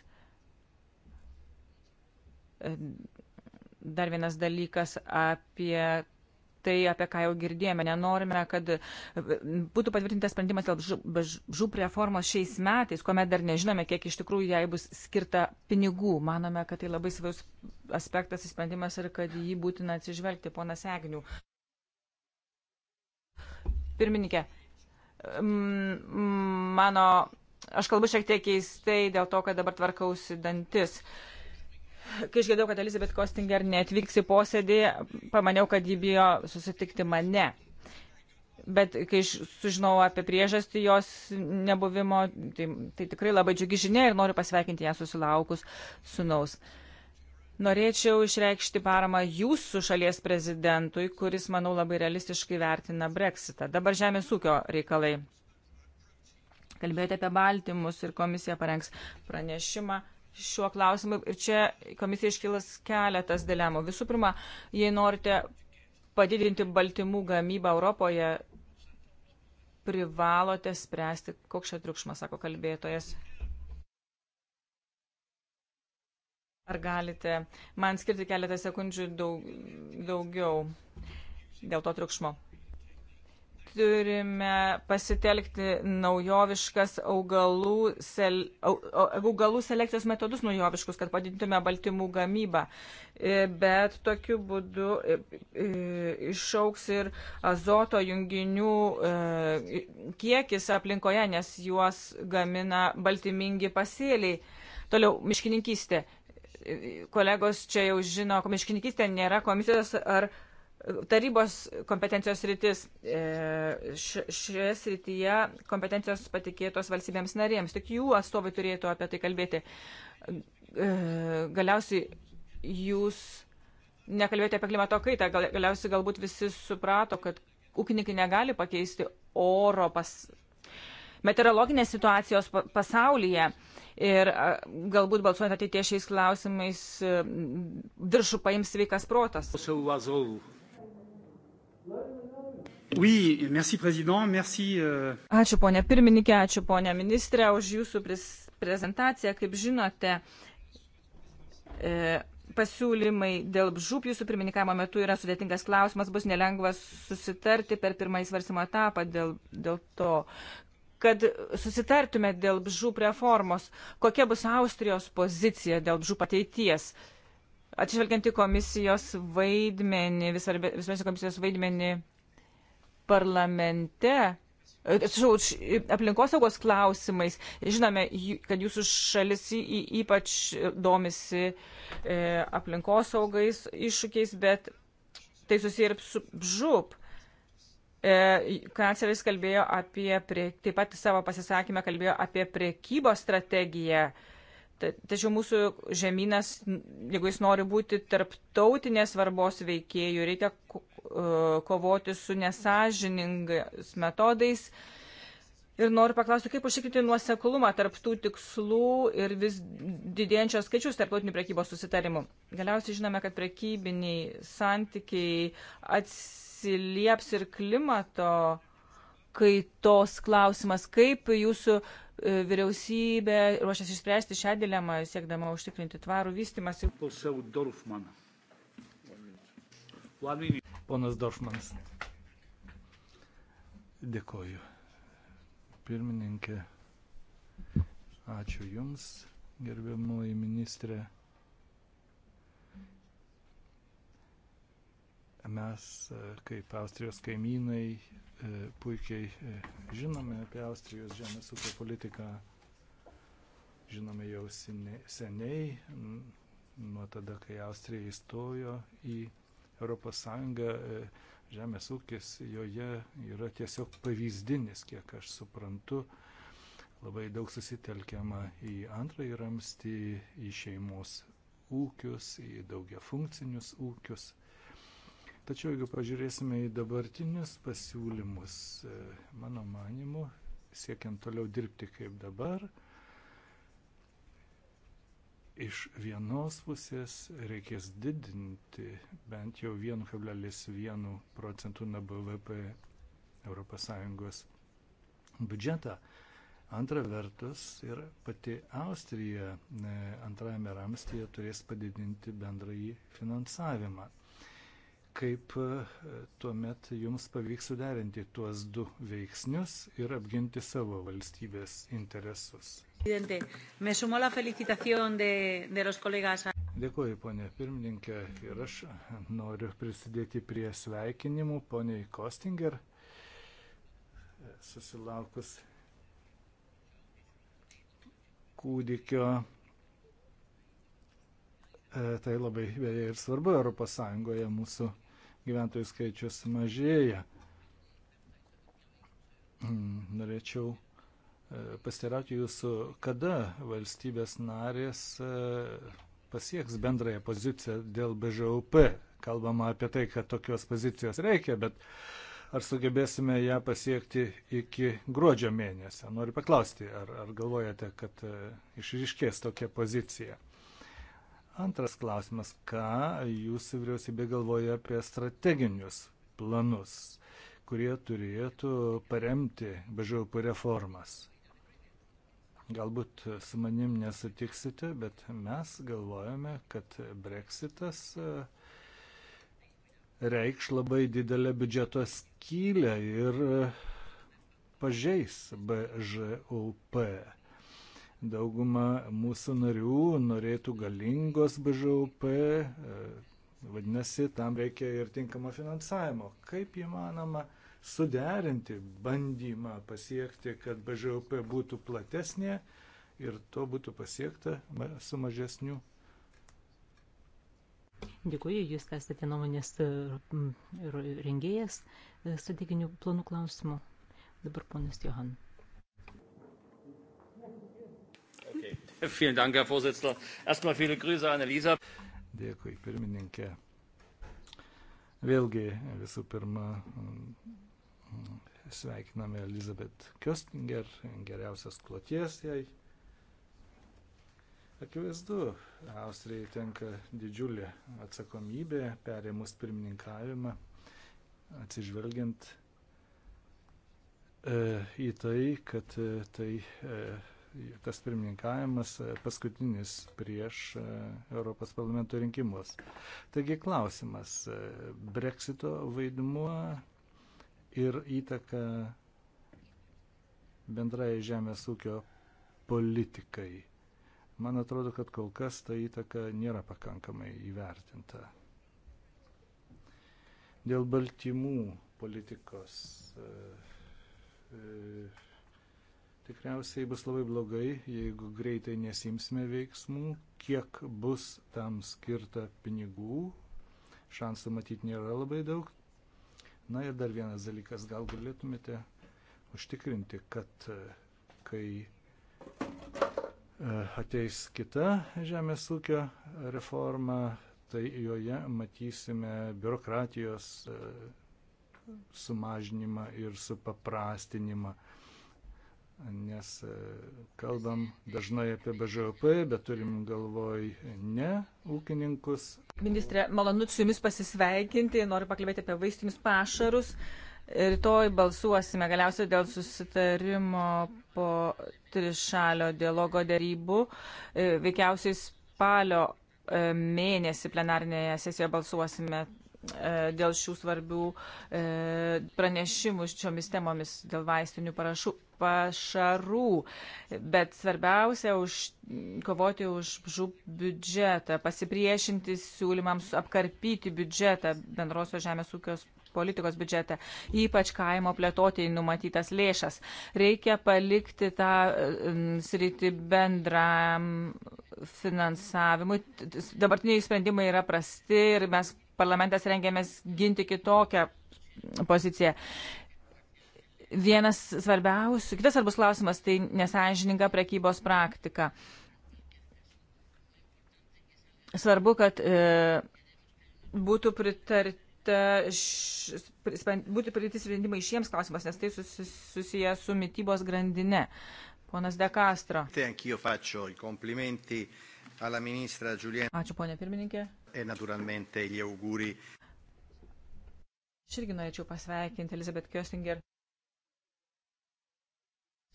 E, dar vienas dalykas apie tai, apie ką jau girdėjome. Nenorime, kad e, būtų patvirtintas sprendimas dėl žūp reformos šiais metais, kuomet dar nežinome, kiek iš tikrųjų jai bus skirta pinigų. Manome, kad tai labai svarbus aspektas įsprendimas ir kad jį būtina atsižvelgti, ponas Egnių. Pirmininkė, mano, aš kalbu šiek tiek keistai dėl to, kad dabar tvarkausi dantis. Uh, Kai išgirdau, kad Elizabeth Kostinger neatvyks į posėdį, pamaniau, kad jį bijo susitikti mane. Bet kai sužinojau apie priežastį jos nebuvimo, tai, tai tikrai labai džiugi žinia ir noriu pasveikinti ją susilaukus sunaus. Norėčiau išreikšti paramą jūsų šalies prezidentui, kuris, manau, labai realistiškai vertina breksitą. Dabar žemės ūkio reikalai. Kalbėjote apie baltymus ir komisija parengs pranešimą šiuo klausimu ir čia komisija iškilas keletas dilemų. Visų pirma, jei norite padidinti baltymų gamybą Europoje, privalote spręsti, koks čia triukšmas, sako kalbėtojas. Ar galite man skirti keletą sekundžių daug, daugiau dėl to triukšmo? turime pasitelkti naujoviškas augalų, sel, augalų selekcijos metodus naujoviškus, kad padidintume baltymų gamybą. E, bet tokiu būdu e, e, išauks ir azoto junginių kiekis aplinkoje, nes juos gamina baltymingi pasėliai. Toliau, miškininkystė. Kolegos čia jau žino, miškininkystė nėra komisijos ar Tarybos kompetencijos rytis. E, šioje srityje kompetencijos patikėtos valstybėms narėms. Tik jų atstovai turėtų apie tai kalbėti. E, galiausiai jūs nekalbėjote apie klimato kaitą. Galiausiai galbūt visi suprato, kad ūkininkai negali pakeisti oro pas meteorologinės situacijos pasaulyje. Ir galbūt balsuojant ateitie šiais klausimais e, viršų paims sveikas protas. Pusiau azolų. Oui, merci, merci, uh... Ačiū ponė pirmininkė, ačiū ponė ministrė už jūsų prezentaciją. Kaip žinote, e, pasiūlymai dėl žūp jūsų pirmininkavimo metu yra sudėtingas klausimas, bus nelengvas susitarti per pirmąjį svarsimo etapą dėl, dėl to, kad susitartume dėl žūp reformos. Kokia bus Austrijos pozicija dėl žūp ateities? Atsižvelgianti komisijos vaidmenį, visvesnio komisijos vaidmenį parlamente, e, atsižau, aplinkosaugos klausimais, žinome, kad jūsų šalis ypač domisi e, aplinkosaugais iššūkiais, bet tai susiję ir su žūp. E, kancleris kalbėjo apie, prie, taip pat savo pasisakymę kalbėjo apie priekybos strategiją. E, Tačiau mūsų žemynas, jeigu jis nori būti tarptautinės svarbos veikėjų, reikia e, kovoti su nesažiningais metodais. Ir noriu paklausti, kaip užtikrinti nuoseklumą tarptų tikslų ir vis didėjančios skaičius tarptautinių prekybos susitarimų. Galiausiai žinome, kad prekybiniai santykiai atsilieps ir klimato kaitos klausimas. Kaip jūsų vyriausybė ruošiasi išspręsti šią dilemą, siekdama užtikrinti tvarų vystimąsi. Ponas Dorfmanas. Dėkoju. Pirmininkė, ačiū Jums, gerbiamoji ministrė. Mes, e, kaip Austrijos kaimynai, e, puikiai e, žinome apie Austrijos žemės ūkio politiką, žinome jau seniai, nuo tada, kai Austrija įstojo į ES, žemės ūkis joje yra tiesiog pavyzdinis, kiek aš suprantu. Labai daug susitelkiama į antrąjį ramstį, į šeimos ūkius, į daugia funkcinius ūkius. Tačiau jeigu pažiūrėsime į dabartinius pasiūlymus, e, mano manimu, siekiant toliau dirbti kaip dabar, iš vienos pusės reikės didinti bent jau 1,1 procentų nuo BVP ES biudžetą. Antra vertus ir pati Austrija e, antrajame ramstyje turės padidinti bendrąjį finansavimą kaip e, tuomet jums pavyks suderinti tuos du veiksnius ir apginti savo valstybės interesus. Dėkuoju, ponė pirmininkė, ir aš noriu prisidėti prie sveikinimų poniai Kostinger susilaukus kūdikio E, tai labai beje ir svarbu ES, mūsų gyventojų skaičius mažėja. Mm, norėčiau e, pasirauti jūsų, kada valstybės narės e, pasieks bendrąją poziciją dėl BŽUP. Kalbama apie tai, kad tokios pozicijos reikia, bet ar sugebėsime ją pasiekti iki gruodžio mėnesio? Noriu paklausti, ar, ar galvojate, kad išryškės tokia pozicija? Antras klausimas, ką jūsų vyriausybė galvoja apie strateginius planus, kurie turėtų paremti BŽUP reformas? Galbūt su manim nesutiksite, bet mes galvojame, kad breksitas e, reikš labai didelę biudžeto skylę ir e, pažeis BŽUP. Dauguma mūsų narių norėtų galingos BŽUP, e, vadinasi, tam reikia ir tinkamo finansavimo. Kaip įmanoma suderinti bandymą pasiekti, kad BŽUP būtų platesnė ir to būtų pasiekta su mažesniu Dėkuoju, jūs esate nuomonės e, rengėjas e, strateginių planų klausimų. Dabar ponas Johan. Vielen Dank, Herr Vorsitzender. Erstmal viele Grüße an Elisa. Dėkui, pirmininkė. Vėlgi, visų pirma, sveikiname Elizabet Köstinger, geriausias kloties jai. Akivaizdu, Austrijai tenka didžiulė atsakomybė perėmus pirmininkavimą, atsižvelgiant e, į tai, kad e, tai e, tas pirmininkavimas e, paskutinis prieš e, Europos parlamento rinkimus. Taigi klausimas, e, breksito vaidmuo ir įtaka bendrai žemės ūkio politikai. Man atrodo, kad kol kas ta įtaka nėra pakankamai įvertinta. Dėl baltymų politikos. E, e, Tikriausiai bus labai blogai, jeigu greitai nesimsime veiksmų, kiek bus tam skirta pinigų, šansų matyti nėra labai daug. Na ir dar vienas dalykas, gal galėtumėte užtikrinti, kad e, kai e, ateis kita žemės ūkio reforma, tai joje matysime biurokratijos e, sumažinimą ir supaprastinimą nes e, kalbam dažnai apie BŽOP, bet turim galvoj ne ūkininkus. Ministrė, malonu su Jumis pasisveikinti, noriu pakalbėti apie vaistinius pašarus. Rytoj balsuosime galiausiai dėl susitarimo po trišalio dialogo darybų. E, veikiausiai spalio e, mėnesį plenarinėje sesijoje balsuosime dėl šių svarbių pranešimų šiomis temomis dėl vaistinių parašų pašarų, bet svarbiausia už, kovoti už žūb biudžetą, pasipriešinti siūlymams apkarpyti biudžetą, bendrosios žemės ūkios politikos biudžetą, ypač kaimo plėtotėjai numatytas lėšas. Reikia palikti tą sritį bendram finansavimui. Dabartiniai sprendimai yra prasti ir mes parlamentas rengėmės ginti kitokią poziciją. Vienas svarbiausių, kitas svarbus klausimas - tai nesąžininga prekybos praktika. Svarbu, kad e, būtų pritarti būti pridėti sprendimai šiems klausimas, nes tai susiję su mytybos grandinė. Ponas De Castro. Ačiū, ponė pirmininkė. E Aš irgi norėčiau pasveikinti Elizabeth Köstinger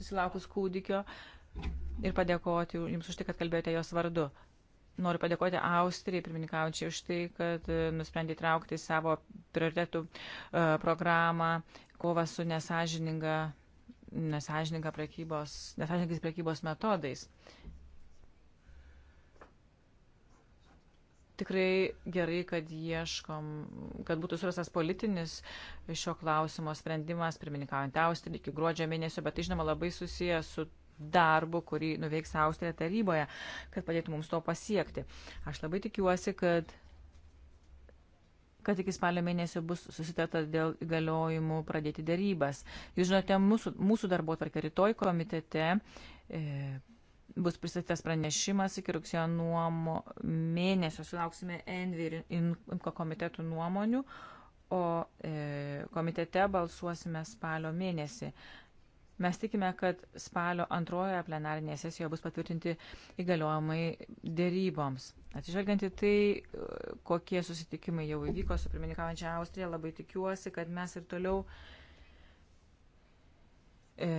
susilaukus kūdikio ir padėkoti Jums už tai, kad kalbėjote jos vardu. Noriu padėkoti Austrijai, pirmininkaučiai, už tai, kad e, nusprendė traukti savo prioritetų e, programą kovą su nesažininga, nesažininga prekybos, nesažiningais prekybos metodais. tikrai gerai, kad ieškom, kad būtų surastas politinis šio klausimo sprendimas, pirmininkaujant Austriją iki gruodžio mėnesio, bet tai žinoma labai susijęs su darbu, kurį nuveiks Austrija taryboje, kad padėtų mums to pasiekti. Aš labai tikiuosi, kad kad iki spalio mėnesio bus susiteta dėl įgaliojimų pradėti darybas. Jūs žinote, mūsų, mūsų darbo tvarka rytoj komitete e, bus pristatytas pranešimas iki rugsėjo nuomo mėnesio. Sulauksime Envi ir Inko komitetų nuomonių, o e, komitete balsuosime spalio mėnesį. Mes tikime, kad spalio antrojoje plenarinėje sesijoje bus patvirtinti įgaliojimai dėryboms. Atsižvelgiant į tai, e, kokie susitikimai jau įvyko su pirmininkaujančia Austrija, labai tikiuosi, kad mes ir toliau uh, e,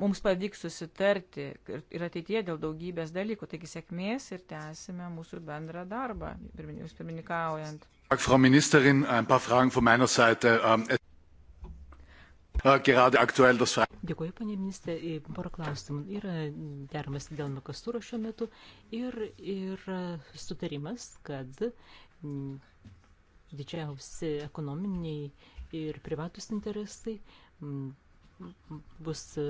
mums pavyks susitarti ir, ir ateitie dėl daugybės dalykų. Taigi sėkmės ir tęsime mūsų bendrą darbą, jūs pirmininkaujant. Frau Ministerin, ein paar Fragen von meiner Seite. Ähm, äh, gerade aktuell das Dėkuoju, panė ministrė, porą klausimų. Yra dermas dėl Nukastūro šiuo metu ir, ir sutarimas, kad mm, didžiausi ekonominiai ir privatus interesai mm, bus e,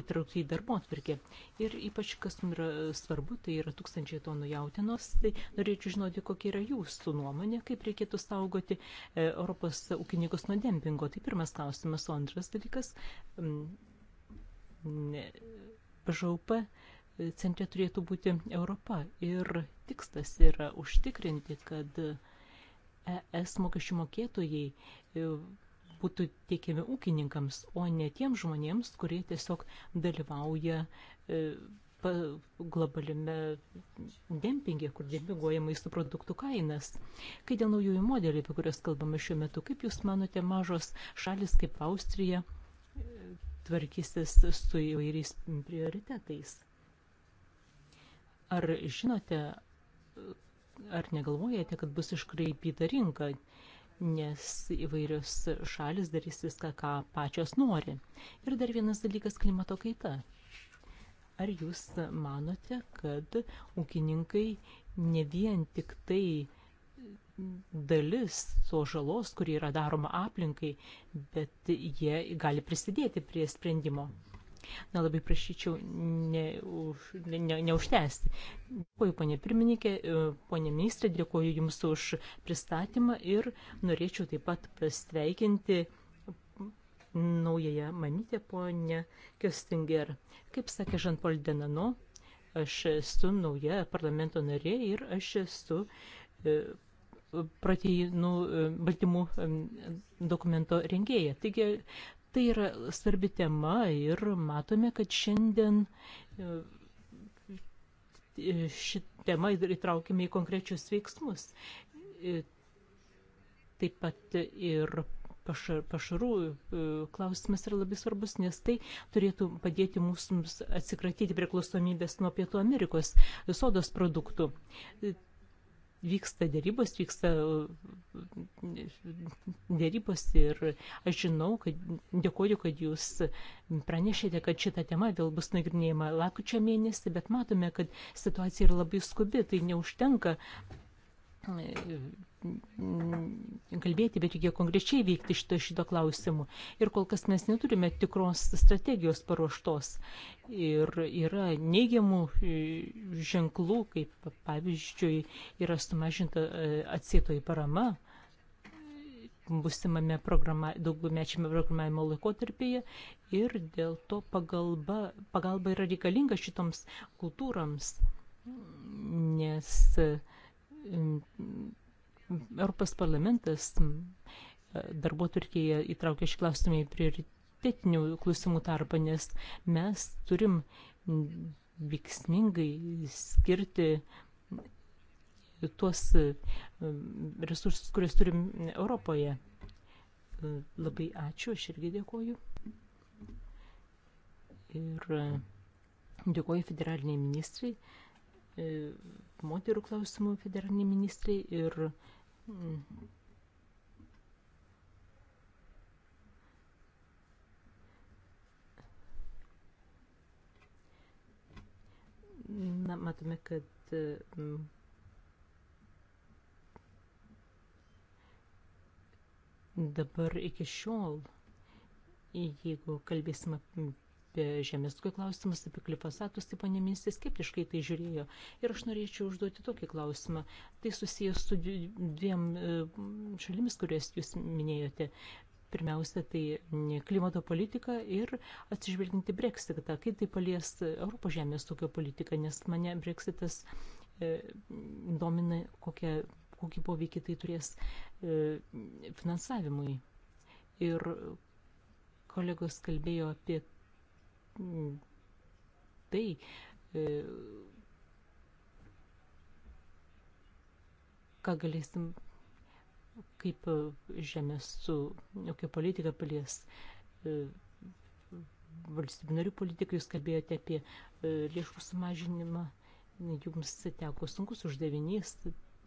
įtraukti į darbo atvirkį. Ir ypač, kas mums yra svarbu, tai yra tūkstančiai tonų jautinos, tai norėčiau žinoti, kokia yra jūsų nuomonė, kaip reikėtų saugoti e, Europos ūkininkus nuo dempingo. Tai pirmas klausimas, o antras dalykas, pažaupa centre turėtų būti Europa ir tikslas yra užtikrinti, kad ES mokesčių mokėtojai e, būtų tiekiami ūkininkams, o ne tiem žmonėms, kurie tiesiog dalyvauja e, pa, globaliame dempingė, kur dempinguoja maisto produktų kainas. Kai dėl naujųjų modelių, apie kurias kalbame šiuo metu, kaip Jūs manote, mažos šalis kaip Austrija e, tvarkysis su įvairiais prioritetais? Ar žinote, ar negalvojate, kad bus iškraipyta rinka, nes įvairios šalis darys viską, ką pačios nori. Ir dar vienas dalykas - klimato kaita. Ar jūs manote, kad ūkininkai ne vien tik tai dalis to žalos, kuri yra daroma aplinkai, bet jie gali prisidėti prie sprendimo? Na, labai prašyčiau neužtęsti. Ne, ne, neužtęsti. dėkuoju, ponė pirmininkė, e, ponė ministrė, dėkuoju Jums už pristatymą ir norėčiau taip pat pasveikinti naująją mamytę, ponė Köstinger. Kaip sakė Žan-Paul Denano, aš esu nauja parlamento narė ir aš esu e, proteinų e, baltymų dokumento rengėja. Taigi Tai yra svarbi tema ir matome, kad šiandien e, ši tema įtraukime į konkrečius veiksmus. E, taip pat ir pašarų e, klausimas yra labai svarbus, nes tai turėtų padėti mūsų atsikratyti priklausomybės nuo Pietų Amerikos sodos produktų vyksta dėrybos, vyksta mm, dėrybos ir aš žinau, kad dėkoju, kad jūs pranešėte, kad šita tema vėl bus nagrinėjama lakučio mėnesį, bet matome, kad situacija yra labai skubi, tai neužtenka Mm, kalbėti, bet reikia konkrečiai veikti šito, šito klausimu. Ir kol kas mes neturime tikros strategijos paruoštos. Ir yra neigiamų e, ženklų, kaip pavyzdžiui, yra sumažinta e, atsietoji parama e, busimame programa, daugmečiame programavimo laikotarpyje ir dėl to pagalba, pagalba yra reikalinga šitoms kultūrams, nes Europos parlamentas e, darbo turkėje įtraukia šį klausimą į prioritetinių klausimų tarpą, nes mes turim veiksmingai skirti tuos e, resursus, kuriuos turim Europoje. E, labai ačiū, aš irgi dėkoju. Ir dėkoju federaliniai ministrai, moterų klausimų federaliniai ministrai ir Hmm. Na, matome, kad hmm, dabar iki šiol, jeigu kalbėsime apie žemės ūkio klausimus, apie klifosatus, tai ponė ministrė skeptiškai tai žiūrėjo. Ir aš norėčiau užduoti tokį klausimą. Tai susijęs su dviem e, šalimis, kurias jūs minėjote. Pirmiausia, tai klimato politika ir atsižvelginti breksitą, kaip tai palies Europos žemės ūkio politiką, nes mane breksitas e, domina, kokią, kokį poveikį tai turės e, finansavimui. Ir kolegos kalbėjo apie tai e, ką galėsim kaip žemės ūkio politika palies e, valstybių narių politiką, jūs kalbėjote apie e, lėšų sumažinimą, jums teko sunkus uždavinys,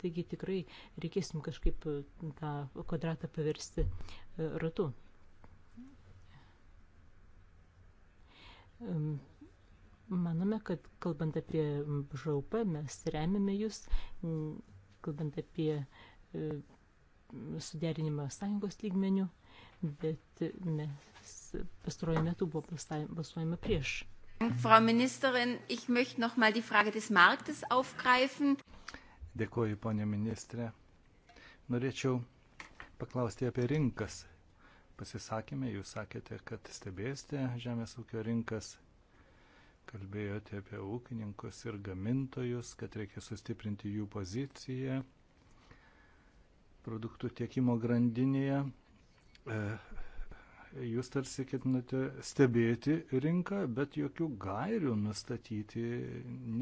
taigi tikrai reikėsim kažkaip tą kvadratą paversti ratu. Manome, kad kalbant apie žaupą, mes remiame jūs, kalbant apie e, suderinimą sąjungos lygmenių, bet mes pastaruoju metu buvo balsuojama prieš. Frau Ministerin, ich möchte noch mal die Frage des Marktes aufgreifen. Dėkuoju, ponė ministrė. Norėčiau paklausti apie rinkas pasisakymė jūs sakėte, kad stebėsite žemės ūkio rinkas, kalbėjote apie ūkininkus ir gamintojus, kad reikia sustiprinti jų poziciją produktų tiekimo grandinėje. E, jūs tarsi ketinate stebėti rinką, bet jokių gairių nustatyti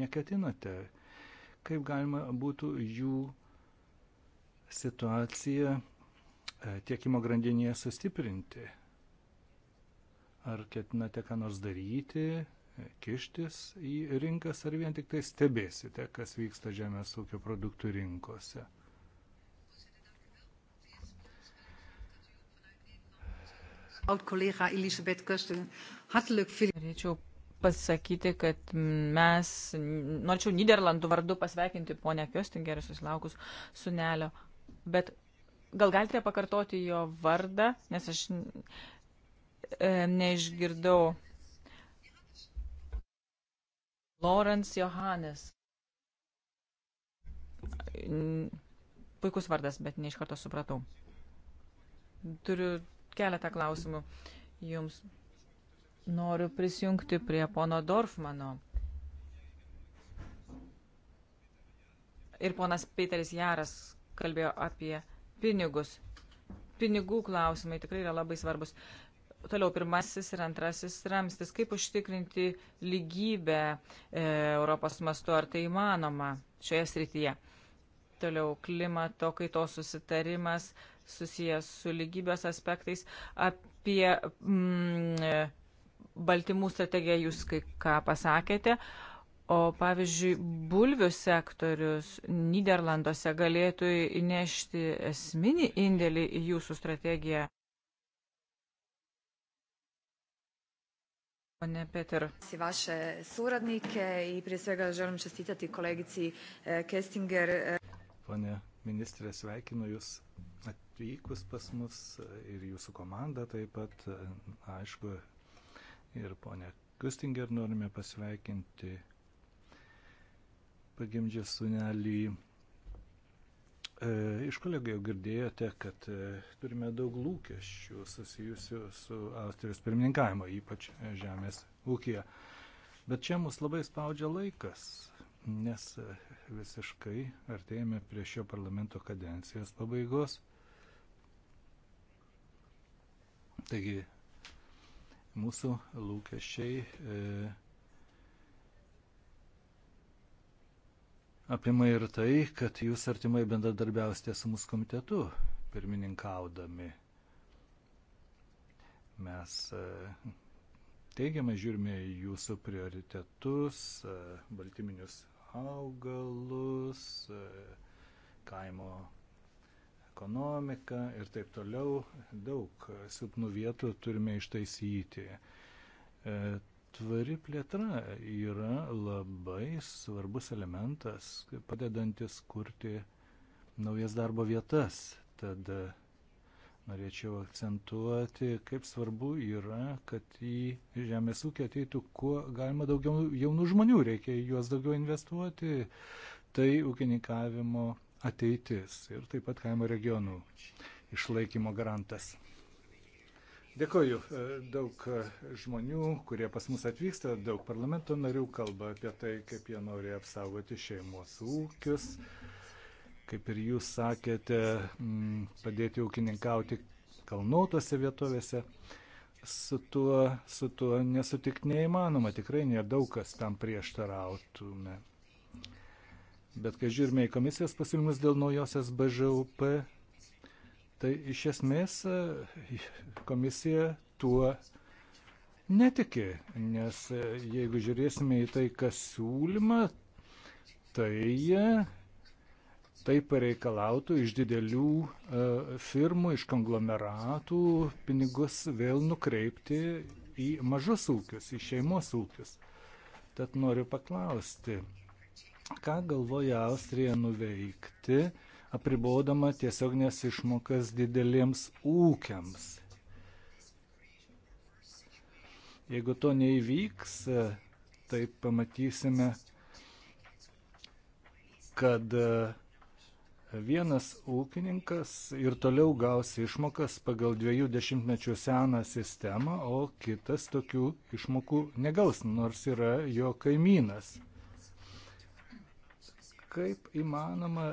neketinate. Kaip galima būtų jų situaciją E, tiekimo grandinėje sustiprinti? Ar ketinate ką nors daryti, e, kištis į rinkas, ar vien tik tai stebėsite, kas vyksta žemės ūkio produktų rinkose? Norėčiau pasakyti, kad mes, norėčiau Niderlandų vardu pasveikinti ponę Kjostinger susilaukus sunelio, bet Gal galite pakartoti jo vardą, nes aš e, neišgirdau. Lawrence Johannes. Puikus vardas, bet neiš karto supratau. Turiu keletą klausimų jums. Noriu prisijungti prie pono Dorfmano. Ir ponas Peteris Jaras kalbėjo apie pinigus. Pinigų klausimai tikrai yra labai svarbus. Toliau pirmasis ir antrasis ramstis. Kaip užtikrinti lygybę e, Europos mastu, ar tai įmanoma šioje srityje? Toliau klimato kaitos susitarimas susijęs su lygybės aspektais. Apie mm, baltymų strategiją jūs kai ką pasakėte. E, O pavyzdžiui, bulvių sektorius Niderlanduose galėtų įnešti esminį indėlį į jūsų strategiją. Pone Peter. Vaše suradnike i prije svega želim čestitati kolegici e, Kestinger. E. Pone ministrė, sveikinu Jūs atvykus pas mus ir Jūsų komanda taip pat, e, aišku, ir ponė Kestinger norime pasveikinti pagimdžia sunelį. E, iš kolegų jau girdėjote, kad e, turime daug lūkesčių susijusių su Austrijos pirmininkavimo, ypač žemės ūkija. Bet čia mus labai spaudžia laikas, nes e, visiškai artėjame prie šio parlamento kadencijos pabaigos. Taigi mūsų lūkesčiai e, apima ir tai, kad jūs artimai bendradarbiausite su mūsų komitetu, pirmininkaudami. Mes e, teigiamai žiūrime į jūsų prioritetus, e, baltyminius augalus, e, kaimo ekonomiką ir taip toliau. Daug silpnų vietų turime ištaisyti Tvari plėtra yra labai svarbus elementas, padedantis kurti naujas darbo vietas. Tad e, norėčiau akcentuoti, kaip svarbu yra, kad į žemės ūkį ateitų kuo galima daugiau jaunų žmonių, reikia į juos daugiau investuoti. Tai ūkininkavimo ateitis ir taip pat kaimo regionų išlaikymo garantas. Dėkoju. E, daug e, žmonių, kurie pas mus atvyksta, daug parlamento narių kalba apie tai, kaip jie nori apsaugoti šeimos ūkius. Kaip ir jūs sakėte, padėti ūkininkauti kalnuotose vietovėse. Su tuo, su tuo nesutikti neįmanoma, tikrai nedaug kas tam prieštarautume. Bet kai žiūrime į komisijos pasiūlymus dėl naujosios BŽUP, Tai iš esmės e, komisija tuo netiki, nes e, jeigu žiūrėsime į tai, kas siūlyma, tai e, tai pareikalautų iš didelių firmų, iš konglomeratų pinigus vėl nukreipti į mažus ūkius, į šeimos ūkius. Tad noriu paklausti, ką galvoja Austrija nuveikti, apribodama tiesioginės išmokas dideliems ūkiams. Jeigu to neįvyks, tai pamatysime, kad vienas ūkininkas ir toliau gaus išmokas pagal dviejų dešimtmečių seną sistemą, o kitas tokių išmokų negaus, nors yra jo kaimynas kaip įmanoma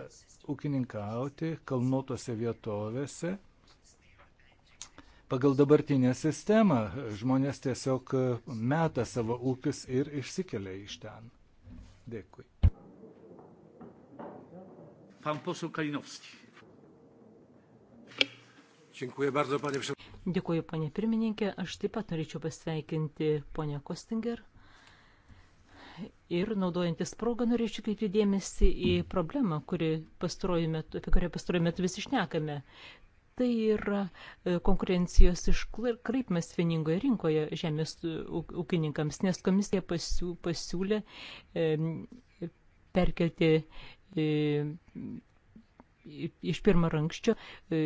ūkininkauti kalnuotose vietovėse. Pagal dabartinę sistemą žmonės tiesiog meta savo ūkius ir išsikelia iš ten. Dėkui. Pan poseł Kalinowski. Dziękuję bardzo, panie przewodniczący. Dėkuoju, ponė pirmininkė. Aš taip pat norėčiau pasveikinti ponę Kostinger ir naudojantis progą norėčiau kreipti dėmesį į problemą, kuri metu, apie kurią pastaruoju metu visi šnekame. Tai yra e, konkurencijos iškraipimas vieningoje rinkoje žemės ūkininkams, nes komisija pasiū, pasiūlė e, perkelti e, iš pirmo rankščio e,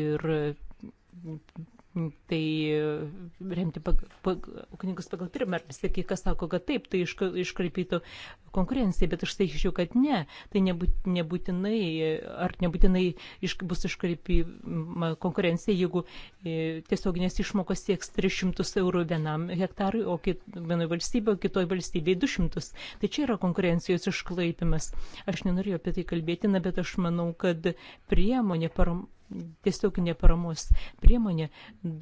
ir tai e, remti ūkininkus pagal pirmą, ar sakai, kas sako, kad taip, tai iškraipytų konkurenciją, bet aš sakyčiau, kad ne, tai nebūtinai, ar nebūtinai iš, bus iškraipyma konkurencija, jeigu e, tiesioginės išmokos sieks 300 eurų vienam hektarui, o kit, vienoje valstybėje, o kitoje valstybėje 200. Tai čia yra konkurencijos išklaipimas. Aš nenorėjau apie tai kalbėti, na, bet aš manau, kad priemonė param tiesioginė paramos priemonė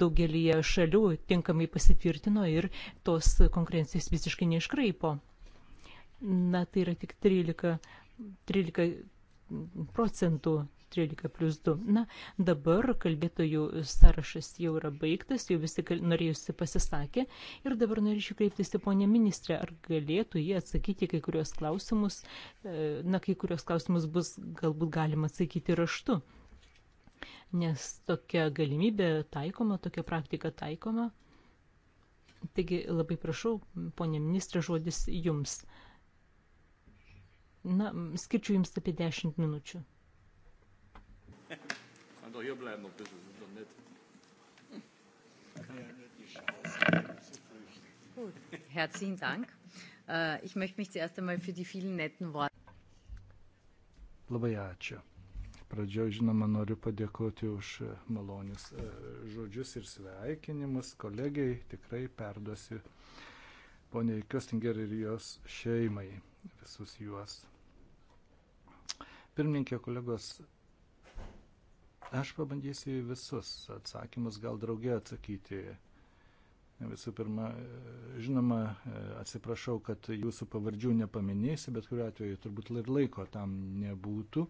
daugelį šalių tinkamai pasitvirtino ir tos konkurencijos visiškai neiškraipo. Na, tai yra tik 13, 13 procentų 13 plus 2. Na, dabar kalbėtojų sąrašas jau yra baigtas, jau visi norėjusi pasisakė. Ir dabar norėčiau kreiptis į ponę ministrę, ar galėtų jie atsakyti kai kurios klausimus. E, na, kai kurios klausimus bus galbūt galima atsakyti raštu nes tokia galimybė taikoma, tokia praktika taikoma. Taigi labai prašau, ponė ministrė, žodis jums. Na, skirčiu jums apie 10 minučių. Då jag blev nog precis som det. Gut, herzlichen Dank. Äh, ich möchte mich zuerst einmal für die vielen netten Worte. Labai ačiū. Pradžioje, žinoma, noriu padėkoti už malonius e, žodžius ir sveikinimus kolegiai. Tikrai perduosiu poniai Kostinger ir jos šeimai visus juos. Pirmininkė kolegos, aš pabandysiu visus atsakymus gal draugė atsakyti. Visų pirma, e, žinoma, e, atsiprašau, kad jūsų pavardžių nepaminėsiu, bet kuriuo atveju turbūt ir laiko tam nebūtų.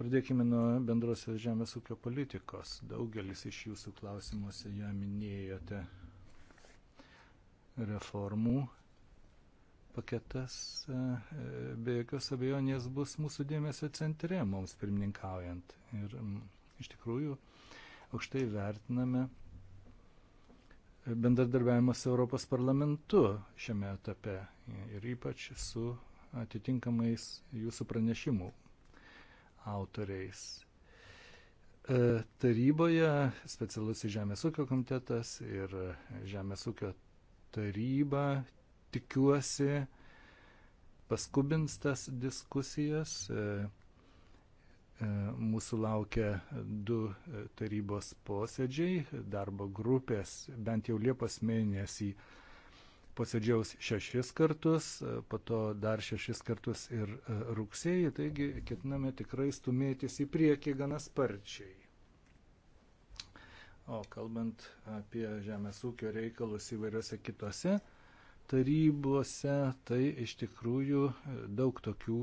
Pradėkime nuo bendrosios žemės ūkio politikos. Daugelis iš jūsų klausimuose ją minėjote. Reformų paketas e, e, be jokios abejonės bus mūsų dėmesio centre mums pirmininkaujant. Ir iš tikrųjų aukštai vertiname bendradarbiavimą su Europos parlamentu šiame etape ir ypač su atitinkamais jūsų pranešimų autoriais. E, taryboje specialusis Žemės ūkio komitetas ir Žemės ūkio taryba tikiuosi paskubins tas diskusijas. E, e, mūsų laukia du tarybos posėdžiai, darbo grupės bent jau Liepos mėnesį uh, posėdžiaus šešis kartus, po to dar šešis kartus ir e, rugsėjį, taigi ketiname tikrai stumėtis į priekį gana sparčiai. O kalbant apie žemės ūkio reikalus įvairiose kitose tarybose, tai iš tikrųjų e, daug tokių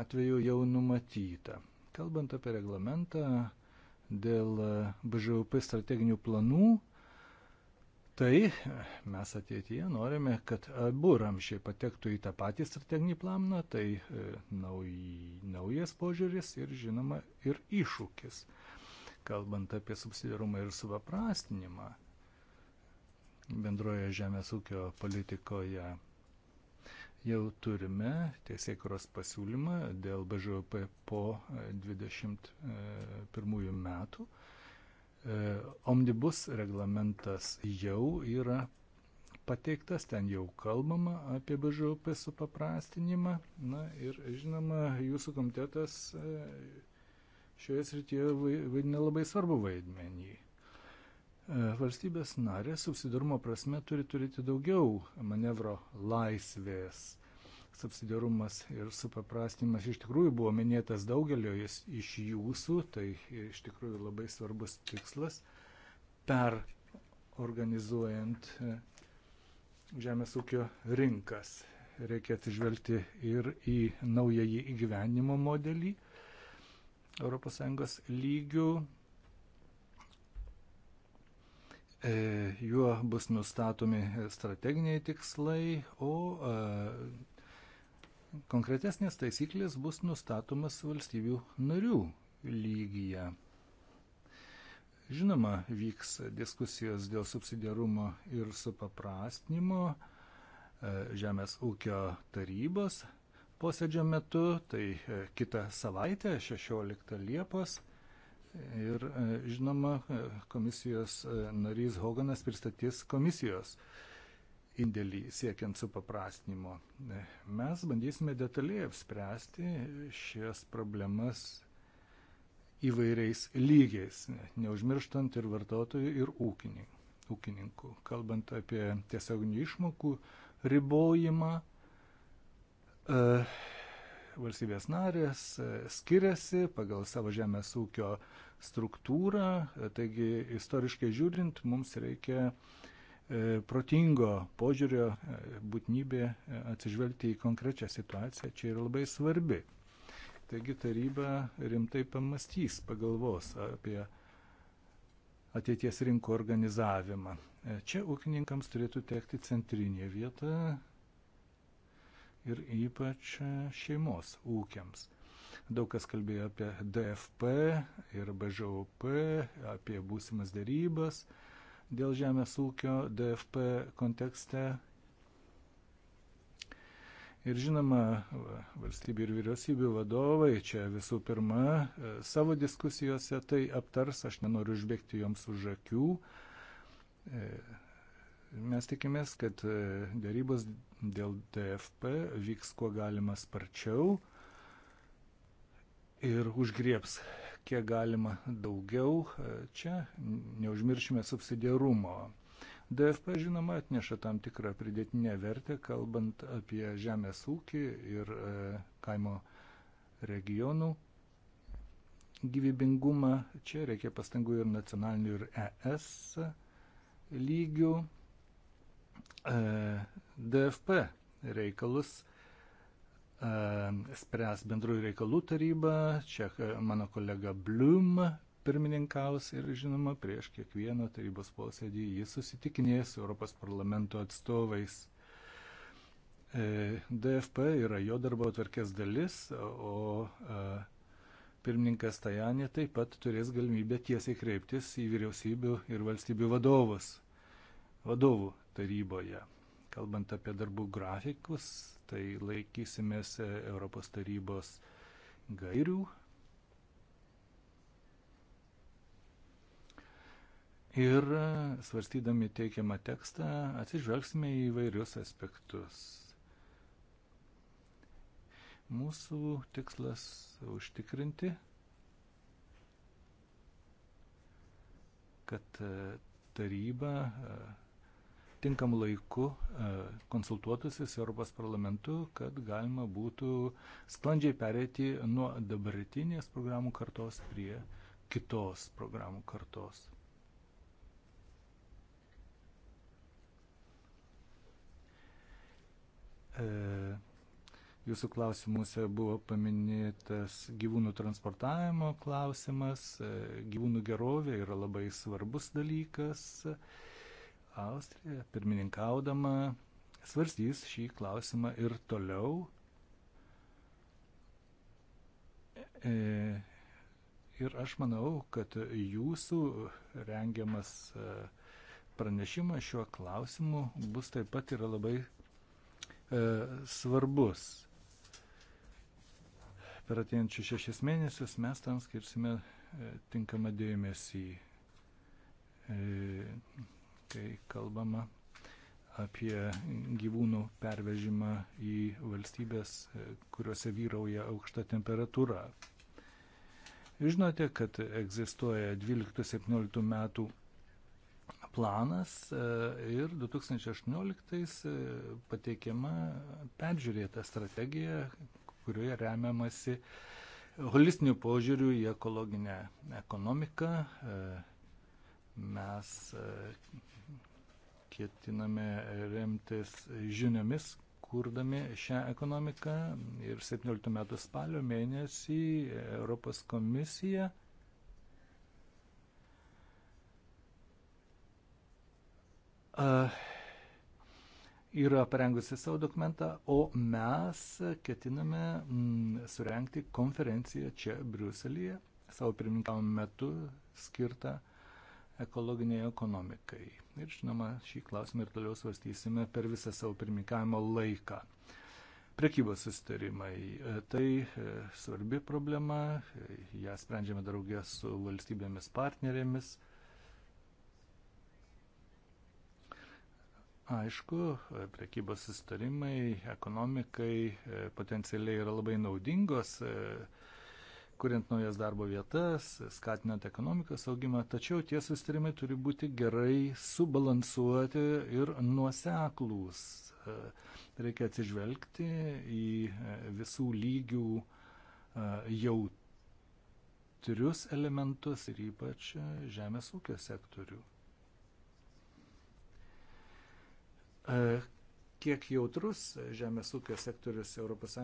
atvejų jau numatyta. Kalbant apie reglamentą dėl e, BŽUP strateginių planų, tai mes ateityje norime, kad abu ramšiai patektų į tą patį strateginį planą, tai e, nauj, naujas požiūris ir žinoma ir iššūkis. Kalbant apie subsidiarumą ir supaprastinimą bendroje žemės ūkio politikoje, jau turime teisėkuros pasiūlymą dėl BŽP po 21 e, e, metų E, omnibus reglamentas jau yra pateiktas, ten jau kalbama apie BŽUP supaprastinimą. Na ir žinoma, jūsų komitetas e, šioje srityje vaidina labai svarbu vaidmenį. E, valstybės narė subsidarumo prasme turi turėti daugiau manevro laisvės subsidiarumas ir supaprastinimas iš tikrųjų buvo minėtas daugelio iš jūsų, tai iš tikrųjų labai svarbus tikslas per organizuojant e, žemės ūkio rinkas. Reikia atsižvelgti ir į naująjį įgyvenimo modelį ES lygių. E, juo bus nustatomi strateginiai tikslai, o e, konkretesnės taisyklės bus nustatomas valstybių narių lygyje. Žinoma, vyks diskusijos dėl subsidiarumo ir supaprastinimo e, Žemės ūkio tarybos posėdžio metu, tai e, kitą savaitę, 16 Liepos. Ir e, žinoma, komisijos narys Hoganas pristatys komisijos indėlį siekiant supaprastinimo. Mes bandysime detaliai apspręsti šias problemas įvairiais lygiais, neužmirštant ir vartotojų, ir ūkininkų. ūkininkų. Kalbant apie tiesioginių išmokų ribojimą, e, valstybės narės e, skiriasi pagal savo žemės ūkio struktūrą, taigi istoriškai žiūrint, mums reikia uh, E, protingo požiūrio e, būtinybė e, atsižvelgti į konkrečią situaciją čia yra labai svarbi. Taigi taryba rimtai pamastys, pagalvos apie ateities rinkų organizavimą. Čia ūkininkams turėtų tekti centrinė vieta ir ypač šeimos ūkiams. Daug kas kalbėjo apie DFP ir BŽOP, apie būsimas darybas, dėl žemės ūkio DFP kontekste. Ir žinoma, valstybių ir vyriausybių vadovai čia visų pirma e, savo diskusijose tai aptars, aš nenoriu užbėgti joms už akių. E, mes tikimės, kad e, dėrybos dėl DFP vyks kuo galima sparčiau ir užgriebs kiek galima daugiau. Čia neužmiršime subsidiarumo. DFP, žinoma, atneša tam tikrą pridėtinę vertę, kalbant apie žemės ūkį ir e, kaimo regionų gyvybingumą. Čia reikia pastangų ir nacionalinių, ir ES lygių. E, DFP reikalus E, spręs bendrųjų reikalų taryba, čia e, mano kolega Blum pirmininkaus ir žinoma, prieš kiekvieną tarybos posėdį jis susitikinės su Europos parlamento atstovais. E, DFP yra jo darbo atverkės dalis, o pirmininkas Tajanė taip pat turės galimybę tiesiai kreiptis į vyriausybių ir valstybių vadovus, vadovų taryboje. Kalbant apie darbų grafikus, tai laikysimės e, Europos tarybos gairių. Ir e, svarstydami teikiamą tekstą atsižvelgsime į vairius aspektus. Mūsų tikslas užtikrinti, kad e, taryba tinkamu laiku e, konsultuotųsi su Europos parlamentu, kad galima būtų sklandžiai perėti nuo dabartinės programų kartos prie kitos programų kartos. E, jūsų klausimuose buvo paminėtas gyvūnų transportavimo klausimas. E, gyvūnų gerovė yra labai svarbus dalykas. Austrija, pirmininkaudama, svarstys šį klausimą ir toliau. E, ir aš manau, kad jūsų rengiamas e, pranešimas šiuo klausimu bus taip pat yra labai e, svarbus. Per atėjančius šešis mėnesius mes tam skirsime tinkamą dėmesį kai kalbama apie gyvūnų pervežimą į valstybės, e, kuriuose vyrauja aukšta temperatūra. Žinote, kad egzistuoja 12-17 metų planas e, ir 2018 e, pateikiama peržiūrėta strategija, kurioje remiamasi holistiniu požiūriu į ekologinę ekonomiką, Mes e, ketiname remtis žiniomis, kurdami šią ekonomiką ir 17 metų spalio mėnesį Europos komisija e, yra parengusi savo dokumentą, o mes ketiname mm, surenkti konferenciją čia Briuselėje savo pirmininkavimo metu skirtą ekologiniai ekonomikai. Ir žinoma, šį klausimą ir toliau svarstysime per visą savo pirmikavimo laiką. Prekybos sustarimai e, - tai e, svarbi problema, e, ją sprendžiame draugė su valstybėmis partnerėmis. Aišku, prekybos sustarimai ekonomikai potencialiai yra labai naudingos, kuriant naujas darbo vietas, skatinant ekonomikos augimą, tačiau tie sustarimai turi būti gerai subalansuoti ir nuoseklūs. Reikia atsižvelgti į visų lygių e, jautrius elementus ir ypač žemės ūkio sektorių e, kiek jautrus žemės ūkio sektorius ES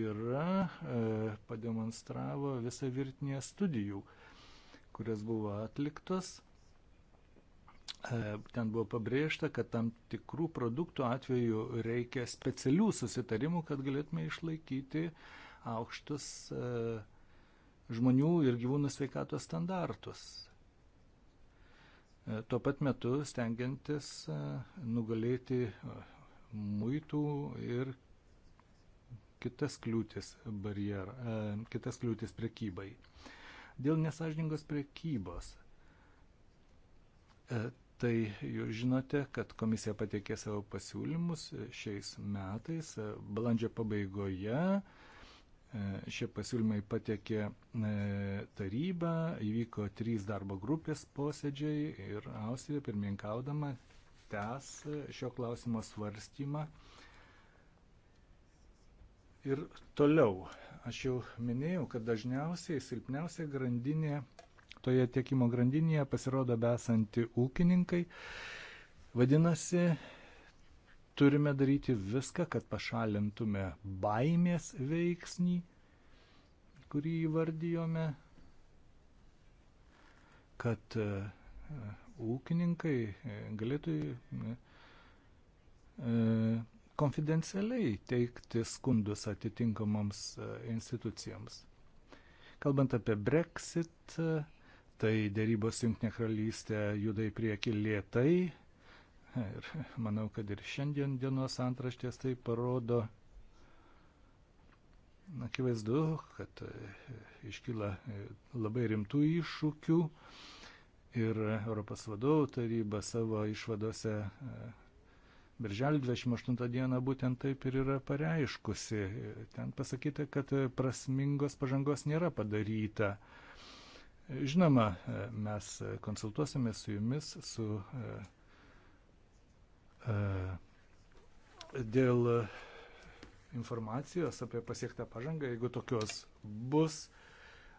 yra, e, pademonstravo visą virtinę studijų, kurios buvo atliktos. E, ten buvo pabrėžta, kad tam tikrų produktų atveju reikia specialių susitarimų, kad galėtume išlaikyti aukštus e, žmonių ir gyvūnų sveikatos standartuos. Tuo pat metu stengiantis nugalėti muitų ir kitas kliūtis barjerą, e, kitas kliūtis prekybai. Dėl nesažiningos prekybos. E, tai jūs žinote, kad komisija pateikė savo pasiūlymus šiais metais, e, balandžio pabaigoje. Šie pasiūlymai patekė taryba, įvyko trys darbo grupės posėdžiai ir Austrija pirmininkaudama tęs šio klausimo svarstymą ir toliau. Aš jau minėjau, kad dažniausiai silpniausia grandinė toje tiekimo grandinėje pasirodo besanti ūkininkai. Vadinasi, turime daryti viską, kad pašalintume baimės veiksnį, kurį įvardyjome, kad ūkininkai e, galėtų e, e, konfidencialiai teikti skundus atitinkamoms institucijoms. Kalbant apie Brexit, tai dėrybos Junktinė karalystė juda į priekį lietai ir manau, kad ir šiandien dienos antraštės tai parodo. Akivaizdu, kad iškyla labai rimtų iššūkių Ir Europos vadovų taryba savo išvadose e, Birželio 28 dieną būtent taip ir yra pareiškusi. Ten pasakyta, kad prasmingos pažangos nėra padaryta. Žinoma, e, mes konsultuosime su jumis su, e, dėl informacijos apie pasiektą pažangą, jeigu tokios bus.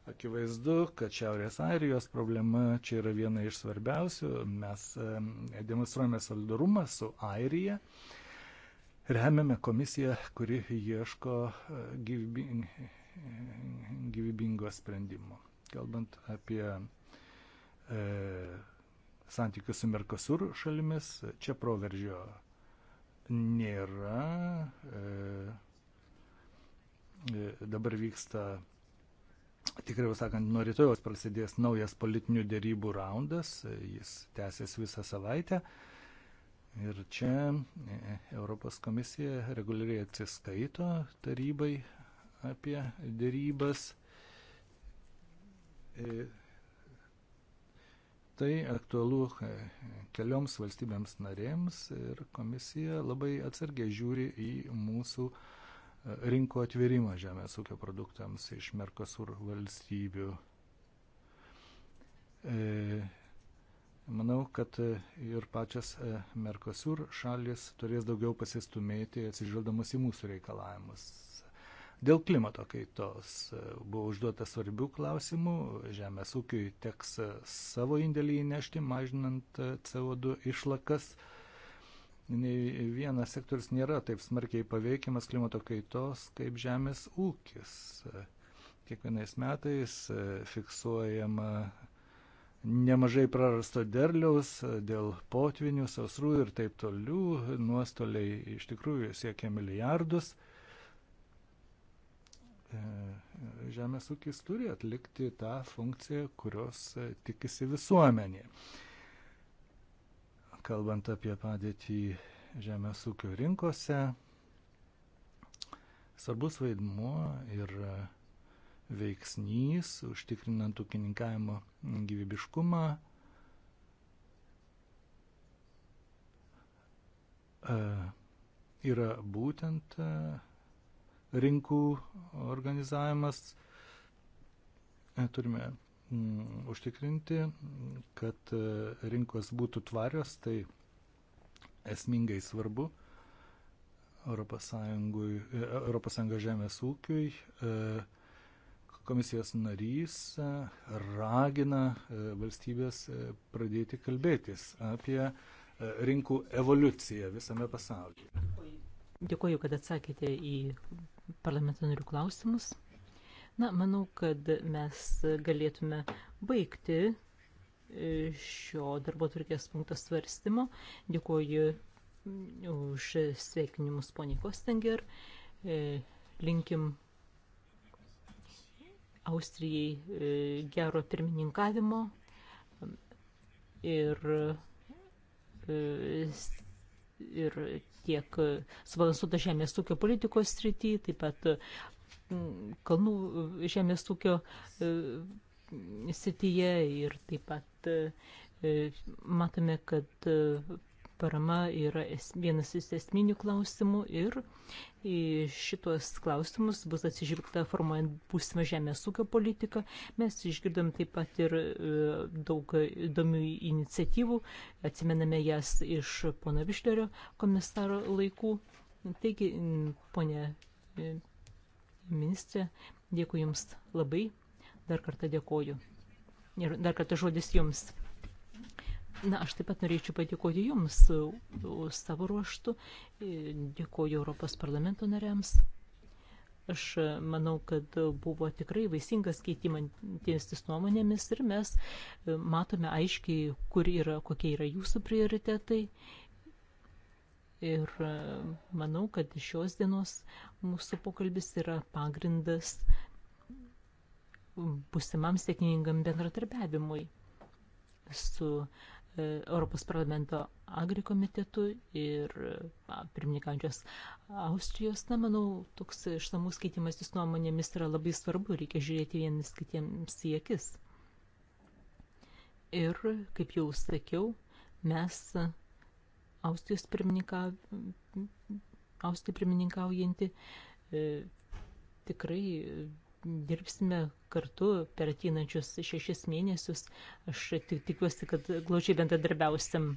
Akivaizdu, kad Šiaurės Airijos problema čia yra viena iš svarbiausių. Mes e, demonstruojame solidarumą su Airija, remiame komisiją, kuri ieško e, gyvybingo sprendimo. Kalbant apie e, santykius su Merkosur šalimis, čia proveržio nėra. E, e dabar vyksta tikriau sakant, nuo rytojos prasidės naujas politinių dėrybų raundas, jis tęsės visą savaitę. Ir čia e, e, Europos komisija reguliariai atsiskaito tarybai apie dėrybas. E, tai aktualu kelioms valstybėms narėms ir komisija labai atsargiai žiūri į mūsų uh, rinkų atvėrimą žemės ūkio produktams iš Merkosur valstybių. E, manau, kad ir pačias e, Merkosur šalis turės daugiau pasistumėti atsižvelgdamas į mūsų reikalavimus. Dėl klimato kaitos e, buvo užduota svarbių klausimų, žemės ūkiui teks savo indėlį įnešti, mažinant CO2 išlakas. E, nei vienas sektorius nėra taip smarkiai paveikiamas klimato kaitos kaip žemės ūkis. Kiekvienais metais e, fiksuojama nemažai prarasto derliaus e, dėl potvinių, sausrų ir taip toliau. Nuostoliai iš tikrųjų siekia milijardus. E, žemės ūkis turi atlikti tą funkciją, kurios tikisi visuomenė kalbant apie padėtį žemės ūkio rinkose, svarbus vaidmuo ir veiksnys, užtikrinant ūkininkavimo gyvybiškumą. E, yra būtent e, rinkų organizavimas. E, turime m, mm, užtikrinti, kad e, rinkos būtų tvarios, tai esmingai svarbu ES e, žemės ūkiui. E, komisijos narys ragina valstybės pradėti kalbėtis apie rinkų evoliuciją visame pasaulyje. Dėkuoju, kad atsakėte į parlamento narių klausimus. Na, manau, kad mes galėtume baigti e, šio darbo turkės punkto svarstymo. Dėkuoju už sveikinimus poniai Kostenger. E, linkim Austrijai e, gero pirmininkavimo ir, ir tiek subalansuota žemės ūkio politikos srity, taip pat kalnų žemės ūkio e, sityje ir taip pat e, matome, kad e, parama yra vienas iš esminių klausimų ir į šitos klausimus bus atsižvelgta formuojant būsimą žemės ūkio politiką. Mes išgirdom taip pat ir daug įdomių iniciatyvų, atsimename jas iš pono Višlerio komisaro laikų. Taigi, ponė ministrė, dėkui Jums labai, dar kartą dėkoju. Ir dar kartą žodis Jums. Na, aš taip pat norėčiau padėkoti Jums savo ruoštų, dėkoju Europos parlamento nariams. Aš manau, kad buvo tikrai vaisingas keitimantis nuomonėmis ir mes matome aiškiai, kur yra, kokie yra jūsų prioritetai Ir e, manau, kad šios dienos mūsų pokalbis yra pagrindas busimam sėkmingam bendratarbiavimui su e, Europos parlamento agrikomitetu ir e, pirmininkančios Austrijos. Na, manau, toks išsamus keitimasis nuomonėmis yra labai svarbu, reikia žiūrėti vienas kitiems į akis. Ir, kaip jau sakiau, mes Austrijos pirmininkav... Austrija pirmininkaujanti e, tikrai e, dirbsime kartu per ateinančius šešis mėnesius. Aš tik tikiuosi, kad glaučiai bendradarbiausim.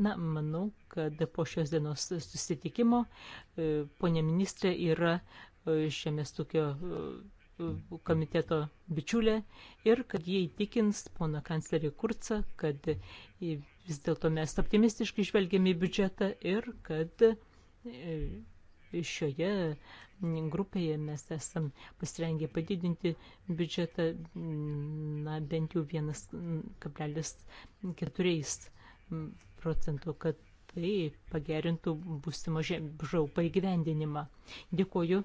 Na, manau, kad po šios dienos susitikimo e, ponė ministrė yra žemės tokio komiteto bičiulė ir kad jie įtikins poną kanclerį Kurcą, kad vis dėlto mes optimistiškai žvelgiame į biudžetą ir kad e, šioje grupėje mes esam pasirengę padidinti biudžetą na, bent jau 1,4 procentų, kad tai pagerintų būsimo žaupą įgyvendinimą. Dėkuoju,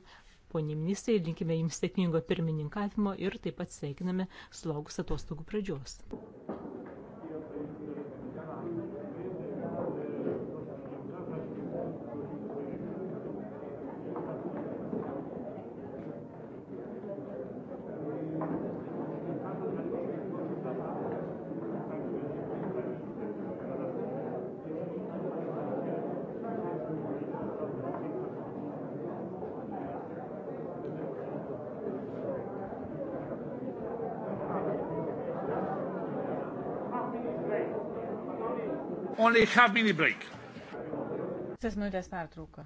poniai ministrai, linkime jums sėkmingo pirmininkavimo ir taip pat sveikiname sulaukus atostogų pradžios. only half minute break. Tris minutės pertrauka.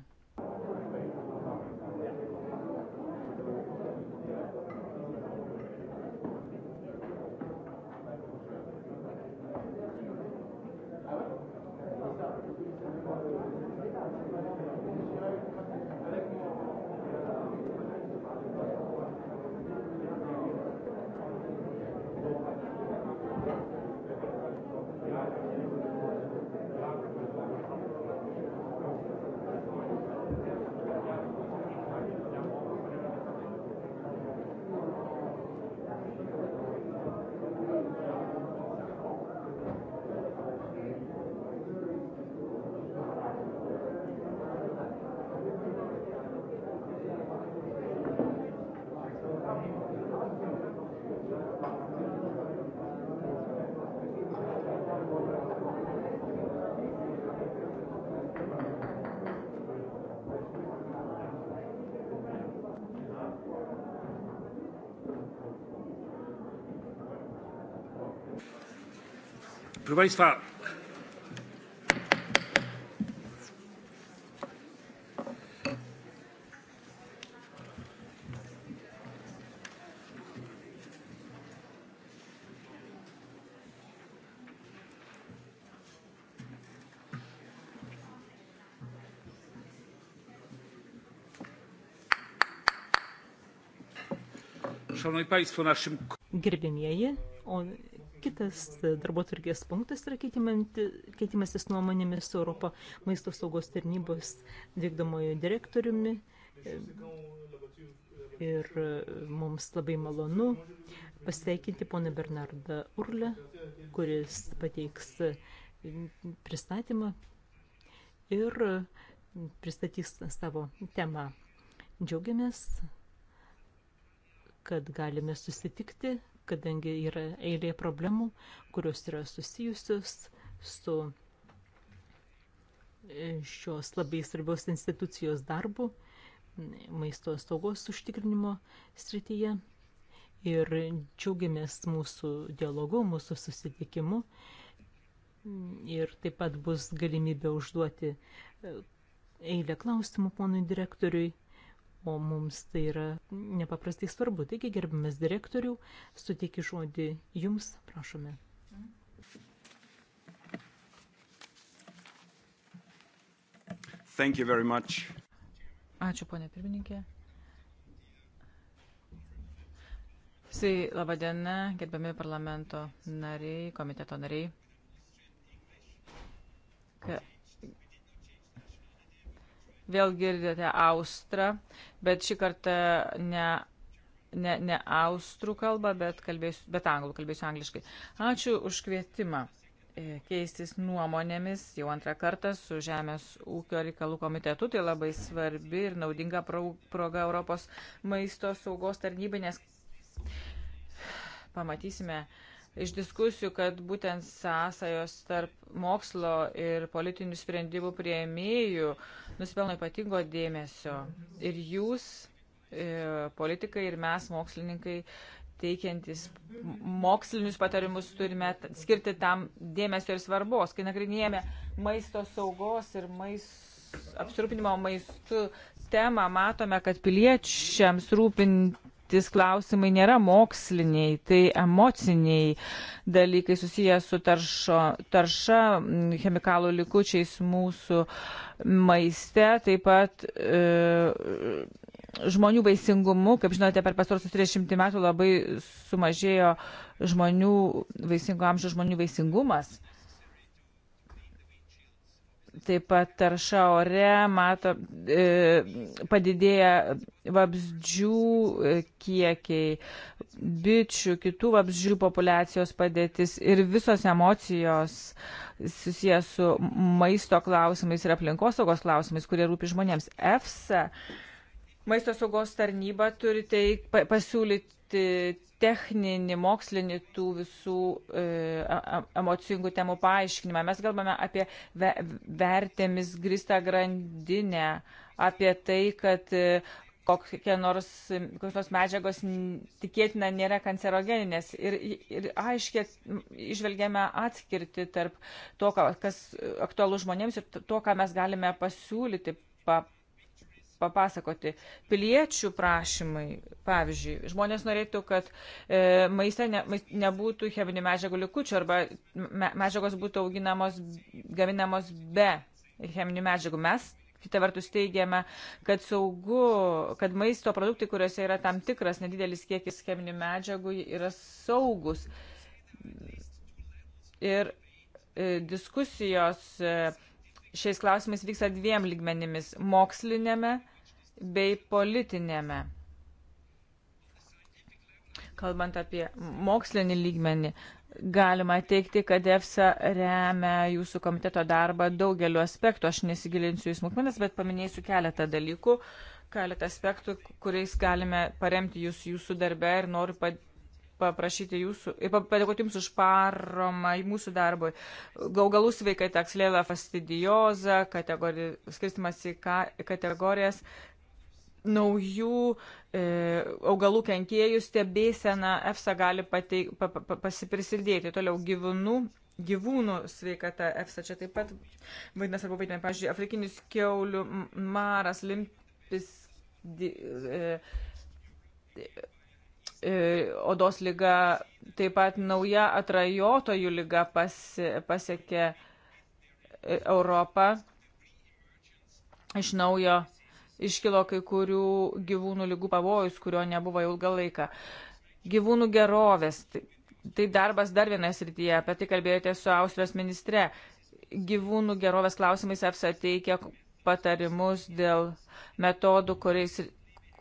Proszę Państwa, Szanowni Państwo, naszym... Gerbėmieji, o Kitas darbotvarkės punktas yra keitimasis nuomonėmis su Europo maisto saugos tarnybos vykdomojo direktoriumi. Ir mums labai malonu pasveikinti poną Bernardą Urlę, kuris pateiks pristatymą ir pristatys savo temą. Džiaugiamės, kad galime susitikti kadangi yra eilė problemų, kurios yra susijusios su e, šios labai svarbios institucijos darbu maisto saugos užtikrinimo srityje. Ir džiaugiamės mūsų dialogu, mūsų susitikimu. Ir taip pat bus galimybė užduoti e, eilę klausimų ponui direktoriui o mums tai yra nepaprastai svarbu. Taigi, gerbiamas direktorių, suteikiu žodį jums, prašome. Thank you very much. Ačiū, ponė pirmininkė. Sveiki, laba diena, gerbiami parlamento nariai, komiteto nariai. Ka Vėl girdite austrą, bet šį kartą ne, ne, ne austrų kalbą, bet, kalbėsiu, bet anglų, kalbėsiu angliškai. Ačiū už kvietimą e, keistis nuomonėmis jau antrą kartą su Žemės ūkio reikalų komitetu. Tai labai svarbi ir naudinga proga Europos maisto saugos tarnybai, nes pamatysime, uh, iš diskusijų, kad būtent sąsajos tarp mokslo ir politinių sprendimų prieimėjų nusipelno ypatingo dėmesio. Ir jūs, e, politikai, ir mes, mokslininkai, teikiantis mokslinius patarimus, turime skirti tam dėmesio ir svarbos. Kai nagrinėjame maisto saugos ir mais, apsirūpinimo maistu temą, matome, kad piliečiams rūpinti patys klausimai nėra moksliniai, tai emociniai dalykai susiję su taršo, tarša, chemikalų likučiais mūsų maiste, taip pat e, žmonių vaisingumu. Kaip žinote, per pastarosius 30 metų labai sumažėjo žmonių vaisingo amžiaus žmonių vaisingumas taip pat tarša ore, mato, e, padidėja vabzdžių e, kiekiai, bičių, kitų vabzdžių populiacijos padėtis ir visos emocijos susijęs su maisto klausimais ir aplinkosaugos klausimais, kurie rūpi žmonėms. EFSA Maisto saugos tarnyba turi teik, pasiūlyti techninį, mokslinį tų visų e, emocingų temų paaiškinimą. Mes kalbame apie ve, vertėmis gristą grandinę, apie tai, kad e, kokie nors, kokios nors medžiagos tikėtina nėra kancerogeninės. Ir, ir aiškiai išvelgiame atskirti tarp to, kas aktualu žmonėms ir to, ką mes galime pasiūlyti pa, papasakoti. Piliečių prašymai, pavyzdžiui, žmonės norėtų, kad e, maiste ne, nebūtų cheminių medžiagų likučių arba me, medžiagos būtų auginamos, gaminamos be cheminių medžiagų. Mes kita vertus teigiame, kad saugu, kad maisto produktai, kuriuose yra tam tikras nedidelis kiekis cheminių medžiagų, yra saugus. Ir e, diskusijos e, šiais klausimais vyksta dviem lygmenimis - mokslinėme bei politinėme. Kalbant apie mokslinį lygmenį, galima teikti, kad EFSA remia jūsų komiteto darbą daugeliu aspektų. Aš nesigilinsiu į smulkmenas, bet paminėsiu keletą dalykų, keletą aspektų, kuriais galime paremti jūs jūsų darbę ir noriu paprašyti jūsų ir padėkoti jums už paromą į mūsų darbui. Gaugalų sveikai takslėlą fastidioza, skirstimas į kategorijas, naujų e, augalų kenkėjų stebėsena EFSA gali pateik, pa, pa, pasiprisildėti. Toliau gyvūnų, gyvūnų sveikata EFSA čia taip pat vaidina svarbu vaidmenį. Pavyzdžiui, afrikinis keulių maras, limpis, di, e, e, odos lyga, taip pat nauja atrajotojų lyga pas, pasiekė e, Europą iš naujo iškilo kai kurių gyvūnų lygų pavojus, kurio nebuvo ilgą laiką. Gyvūnų gerovės. Tai, tai darbas dar vienoje srityje, apie tai kalbėjote su Austrijos ministre. Gyvūnų gerovės klausimais EFSA teikia patarimus dėl metodų, kuriais,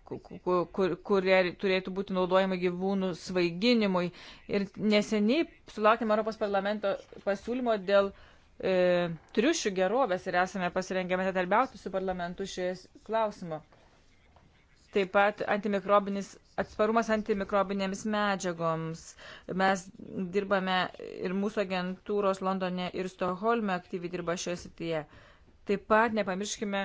kur, kur, kurie turėtų būti naudojami gyvūnų svaiginimui. Ir neseniai sulaukėme Europos parlamento pasiūlymo dėl uh, e, triušių gerovės ir esame pasirengę metatarbiauti su parlamentu šioje klausimu. Taip pat antimikrobinis atsparumas antimikrobinėms medžiagoms. Mes dirbame ir mūsų agentūros Londone ir Stoholme aktyviai dirba šioje srityje. Taip pat nepamirškime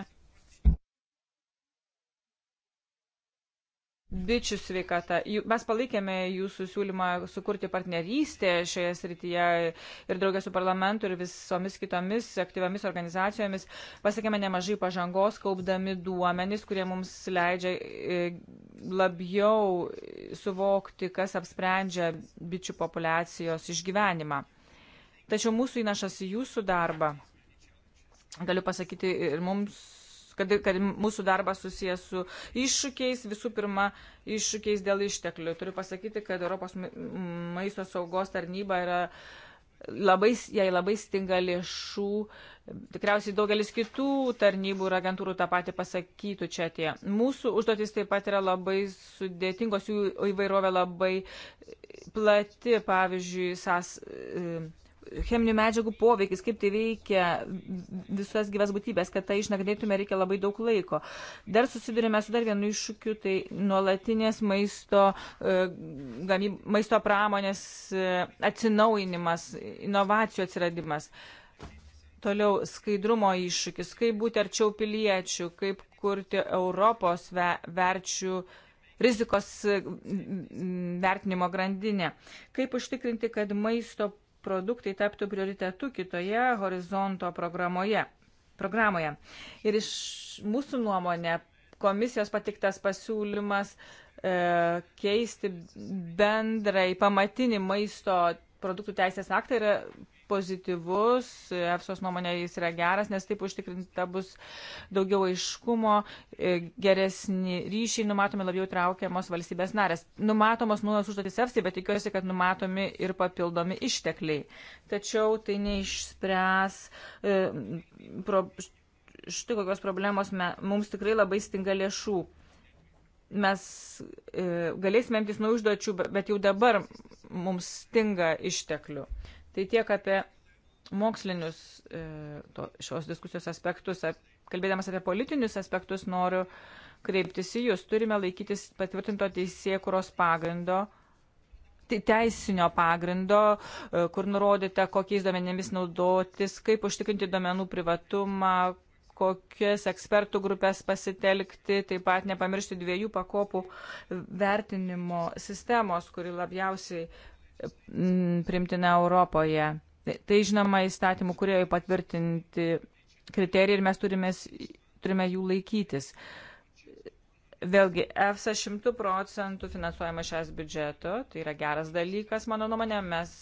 bičių sveikata. Mes palaikėme jūsų siūlymą sukurti partnerystę šioje srityje ir draugę su parlamentu ir visomis kitomis aktyviamis organizacijomis. Pasiekėme nemažai pažangos, kaupdami duomenys, kurie mums leidžia e, labiau suvokti, kas apsprendžia bičių populacijos išgyvenimą. Tačiau mūsų įnašas į jūsų darbą, galiu pasakyti, ir mums kad, kad mūsų darbas susijęs su iššūkiais, visų pirma, iššūkiais dėl išteklių. Turiu pasakyti, kad Europos maisto saugos tarnyba yra labai, jai labai stinga lėšų. Tikriausiai daugelis kitų tarnybų ir agentūrų tą patį pasakytų čia tie. Mūsų užduotis taip pat yra labai sudėtingos, jų įvairovė labai plati, pavyzdžiui, sas, cheminių medžiagų poveikis, kaip tai veikia visas gyvas būtybės, kad tai išnagrinėtume reikia labai daug laiko. Dar susidurime su dar vienu iššūkiu, tai nuolatinės maisto, e, gamyb, maisto pramonės e, atsinaujinimas, inovacijų atsiradimas. Toliau skaidrumo iššūkis, kaip būti arčiau piliečių, kaip kurti Europos ve, verčių rizikos vertinimo grandinę. Kaip užtikrinti, kad maisto produktai taptų prioritetu kitoje horizonto programoje. programoje. Ir iš mūsų nuomonė komisijos patiktas pasiūlymas e, keisti bendrai pamatinį maisto produktų teisės aktą yra pozityvus, EFSOS nuomonė jis yra geras, nes taip užtikrinta bus daugiau aiškumo, e, geresni ryšiai, numatomi labiau traukiamos valstybės narės. Numatomos naujos užduotis EFSI, bet tikiuosi, kad numatomi ir papildomi ištekliai. Tačiau tai neišspręs e, pro, štai kokios problemos, me, mums tikrai labai stinga lėšų. Mes e, galėsime imtis nuo užduočių, bet jau dabar mums stinga išteklių. E, Tai tiek apie mokslinius e, to, šios diskusijos aspektus. Kalbėdamas apie politinius aspektus, noriu kreiptis į Jūs. Turime laikytis patvirtinto teisėkuros pagrindo teisinio pagrindo, e, kur nurodyta, kokiais duomenimis naudotis, kaip užtikrinti duomenų privatumą, kokias ekspertų grupės pasitelkti, taip pat nepamiršti dviejų pakopų vertinimo sistemos, kuri labiausiai Mm, primtina Europoje. Tai žinoma įstatymų, kurie jau patvirtinti kriterijai ir mes turime, turime jų laikytis. Vėlgi, EFSA šimtų procentų finansuojama šias biudžeto, tai yra geras dalykas, mano nuomonė, mes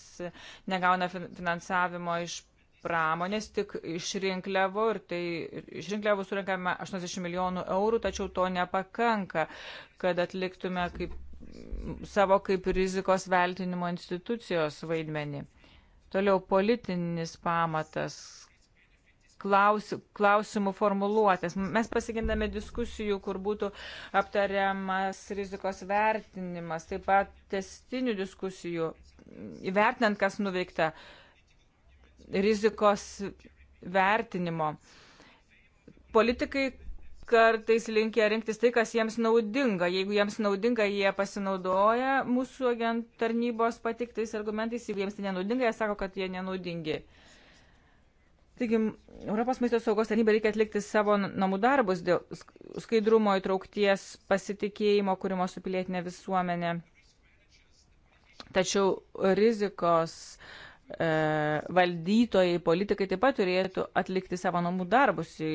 negauna finansavimo iš pramonės, tik iš rinkliavų ir tai iš rinkliavų surinkame 80 milijonų eurų, tačiau to nepakanka, kad atliktume kaip savo kaip rizikos veltinimo institucijos vaidmenį. Toliau politinis pamatas, klaus, klausimų formuluotės. Mes pasigindame diskusijų, kur būtų aptariamas rizikos vertinimas, taip pat testinių diskusijų, įvertinant, kas nuveikta rizikos vertinimo. Politikai kartais linkia rinktis tai, kas jiems naudinga. Jeigu jiems naudinga, jie pasinaudoja mūsų agent tarnybos patiktais argumentais, jeigu jiems tai nenaudinga, jie sako, kad jie nenaudingi. Taigi, Europos maisto saugos tarnyba reikia atlikti savo namų darbus dėl skaidrumo įtraukties, pasitikėjimo, kūrimo su pilietinė visuomenė. Tačiau rizikos e, valdytojai, politikai taip pat turėtų atlikti savo namų darbus, į,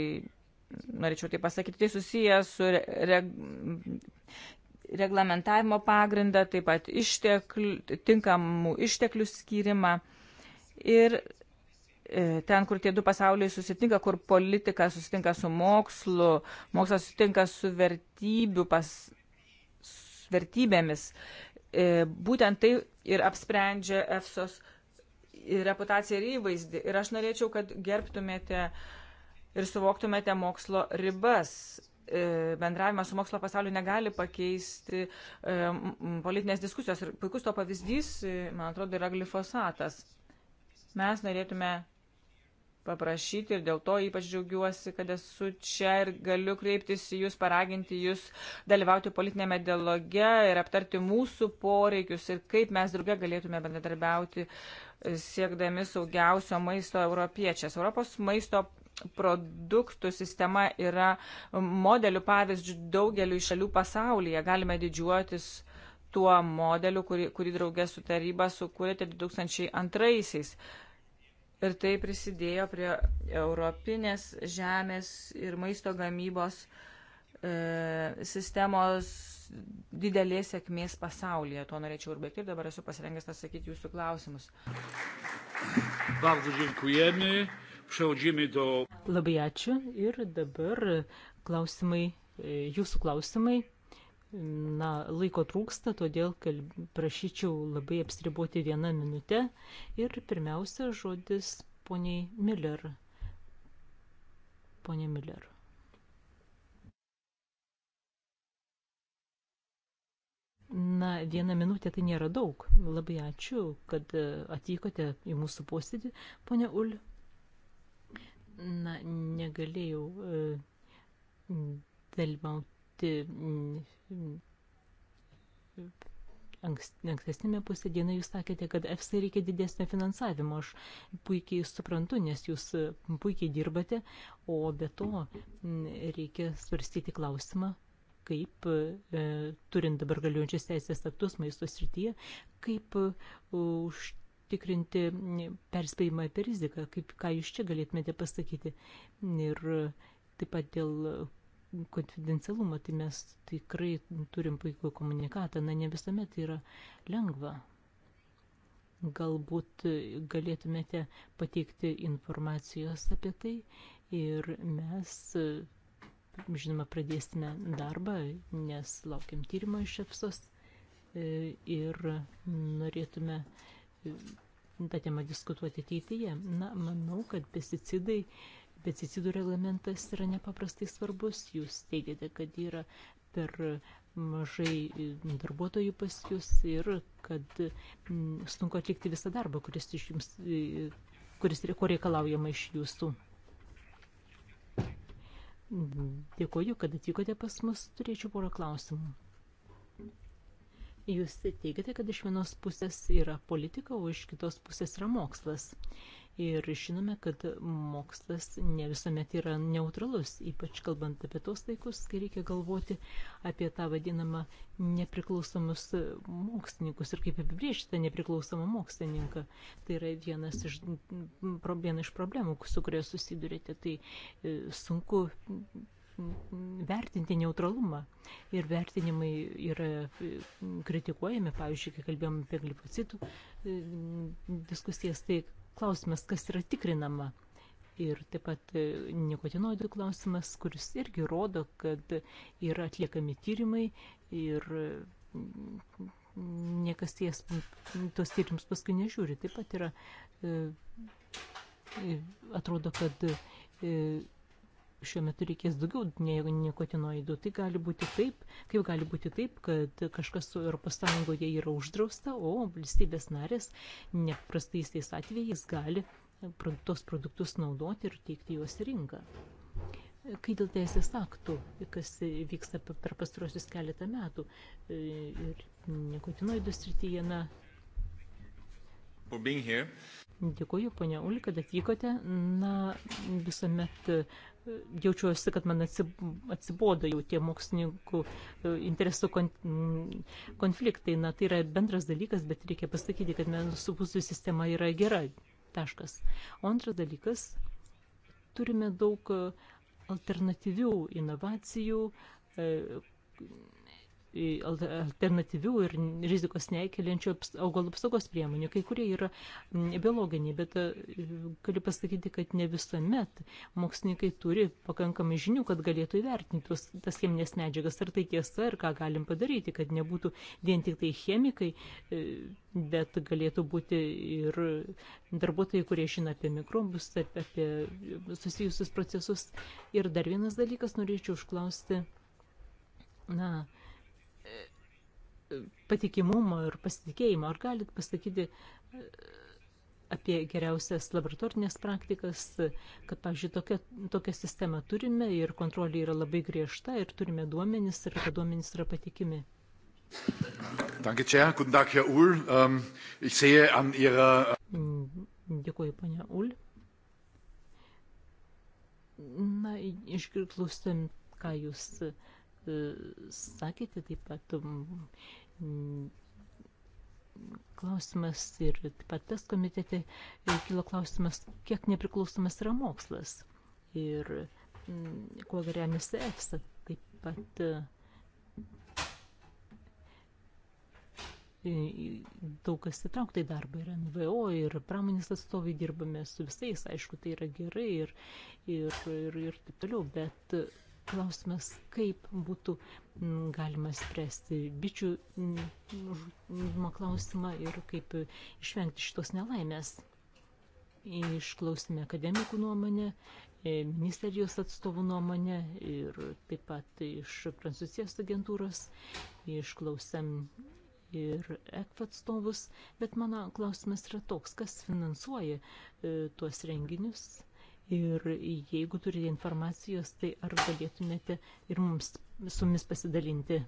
norėčiau tai pasakyti, tai susijęs su reg, reglamentavimo pagrindą, taip pat išteklių, tinkamų išteklių skyrimą. Ir e, ten, kur tie du pasauliai susitinka, kur politika susitinka su mokslu, mokslas susitinka su vertybių pas, su vertybėmis, e, būtent tai ir apsprendžia EFSOS reputaciją ir įvaizdį. Ir aš norėčiau, kad gerbtumėte uh, ir suvoktumėte mokslo ribas. E, bendravimas su mokslo pasauliu negali pakeisti e, politinės diskusijos. Ir puikus to pavyzdys, e, man atrodo, yra glifosatas. Mes norėtume paprašyti ir dėl to ypač džiaugiuosi, kad esu čia ir galiu kreiptis į Jūs, paraginti Jūs dalyvauti politinėme dialoge ir aptarti mūsų poreikius ir kaip mes drauge galėtume bendradarbiauti siekdami saugiausio maisto europiečias. Europos maisto produktų sistema yra modelių pavyzdžių daugeliu šalių pasaulyje. Galime didžiuotis tuo modeliu, kurį, kurį draugė su taryba sukūrėte 2002-aisiais. Ir tai prisidėjo prie europinės žemės ir maisto gamybos e, sistemos didelės sėkmės pasaulyje. Tuo norėčiau ir baigti ir dabar esu pasirengęs atsakyti jūsų klausimus. Bardzo dziękujemy. Przechodzimy do. Labai ačiū ir dabar klausimai, e, jūsų klausimai. Na, laiko trūksta, todėl kalb... prašyčiau labai apsiriboti vieną minutę. Ir pirmiausia, žodis poniai Miller. Ponė Miller. Na, viena minutė tai nėra daug. Labai ačiū, kad atvykote į mūsų posėdį, ponia Ul na, negalėjau e, dalyvauti ankstesnėme posėdieną jūs sakėte, kad FC reikia didesnio finansavimo. Aš puikiai suprantu, nes jūs puikiai dirbate, o be to reikia svarstyti klausimą, kaip, e, turint dabar galiuojančias teisės aktus maisto srityje, kaip e, už užtikrinti perspėjimą apie riziką, kaip, ką jūs čia galėtumėte pasakyti. Ir taip pat dėl konfidencialumo, tai mes tikrai turim puikų komunikatą, na ne visuomet tai yra lengva. Galbūt galėtumėte pateikti informacijos apie tai ir mes, žinoma, pradėsime darbą, nes laukiam tyrimo iš EFSOS e, ir norėtume tą temą diskutuoti ateityje. Na, manau, kad pesticidai, pesticidų reglamentas yra nepaprastai svarbus. Jūs teigiate, kad yra per mažai e, darbuotojų pas jūs ir kad sunku atlikti visą darbą, kuris, iš jums, e, kuris ko reikalaujama iš jūsų. Dėkoju, kad atvykote pas mus. Turėčiau porą klausimų. Jūs teigiate, kad iš vienos pusės yra politika, o iš kitos pusės yra mokslas. Ir žinome, kad mokslas ne visuomet yra neutralus, ypač kalbant apie tos laikus, kai reikia galvoti apie tą vadinamą nepriklausomus mokslininkus ir kaip apibriežti tą nepriklausomą mokslininką. Tai yra vienas iš, viena iš problemų, su kuria susidurėte. Tai e, sunku vertinti neutralumą. Ir vertinimai yra e, kritikuojami, pavyzdžiui, kai kalbėjom apie glifocitų e, diskusijas, tai klausimas, kas yra tikrinama. Ir taip pat e, nikotinoidų klausimas, kuris irgi rodo, kad yra atliekami tyrimai ir niekas ties, tos tyrimus paskui nežiūri. Taip pat yra, atrodo, kad šiuo metu reikės daugiau negu nikotinoidų. Tai gali būti taip, kaip gali būti taip, kad kažkas Europos Sąjungoje yra uždrausta, o valstybės narės neprastais tais atvejais gali tos produktus naudoti ir teikti juos į rinką. Kai dėl teisės aktų, kas vyksta per pastarosius keletą metų e, ir nikotinoidų srityje, na, Dėkuoju, ponia Uli, kad atvykote. Na, visuomet jaučiuosi, kad man atsibodo jau tie mokslininkų e, interesų konfliktai. Na, tai yra bendras dalykas, bet reikia pasakyti, kad mūsų pusų sistema yra gera. Taškas. O antras dalykas, turime daug e, alternatyvių inovacijų, e, alternatyvių ir rizikos nekeliančių augalų apsaugos priemonių. Kai kurie yra biologiniai, bet e, galiu pasakyti, kad ne visuomet mokslininkai turi pakankamai žinių, kad galėtų įvertinti tas cheminės medžiagas, ar tai tiesa, ir ką galim padaryti, kad nebūtų vien tik tai chemikai, e, bet galėtų būti ir darbuotojai, kurie žino apie mikrobus, apie susijusius procesus. Ir dar vienas dalykas, norėčiau užklausti, na, patikimumo ir pasitikėjimo. Ar galit pasakyti e, apie geriausias laboratorinės praktikas, kad, pavyzdžiui, tokia, tokią sistemą turime ir kontrolė yra labai griežta ir turime duomenis ir kad duomenis yra patikimi. Danke, Chair. Guten Tag, Herr Uhl. Um, ich sehe an Ihrer. Mm, dėkuoju, ponia Uhl. Na, išklausėm, ką jūs uh, sakėte, taip pat um, klausimas ir taip pat tas komitete kilo klausimas, kiek nepriklausomas yra mokslas ir mm, kuo remiasi EFSA. Taip pat e, daug kas įtraukta į darbą ir NVO, ir pramonės atstovai dirbame su visais, aišku, tai yra gerai ir, ir, ir, ir taip toliau, bet klausimas, kaip būtų mm, galima spręsti bičių mm, žudimo klausimą ir kaip išvengti šitos nelaimės. Išklausime akademikų nuomonę, e, ministerijos atstovų nuomonę ir taip pat iš Prancūzijos agentūros išklausėm ir ECF atstovus, bet mano klausimas yra toks, kas finansuoja e, tuos renginius Ir jeigu turite informacijos, tai ar galėtumėte ir mums su mumis pasidalinti?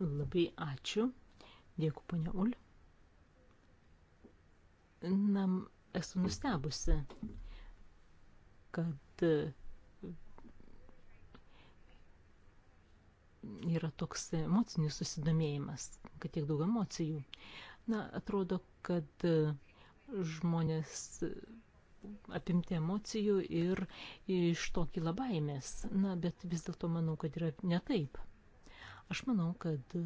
Labai ačiū. Dėkui, ponia Ul. Na, esu nustebusi, kad e, yra toks emocinis susidomėjimas, kad tiek daug emocijų. Uh, Na, atrodo, kad e, žmonės e, apimti emocijų ir iš to kyla baimės. Na, bet vis dėlto manau, kad yra ne taip. Aš manau, kad e,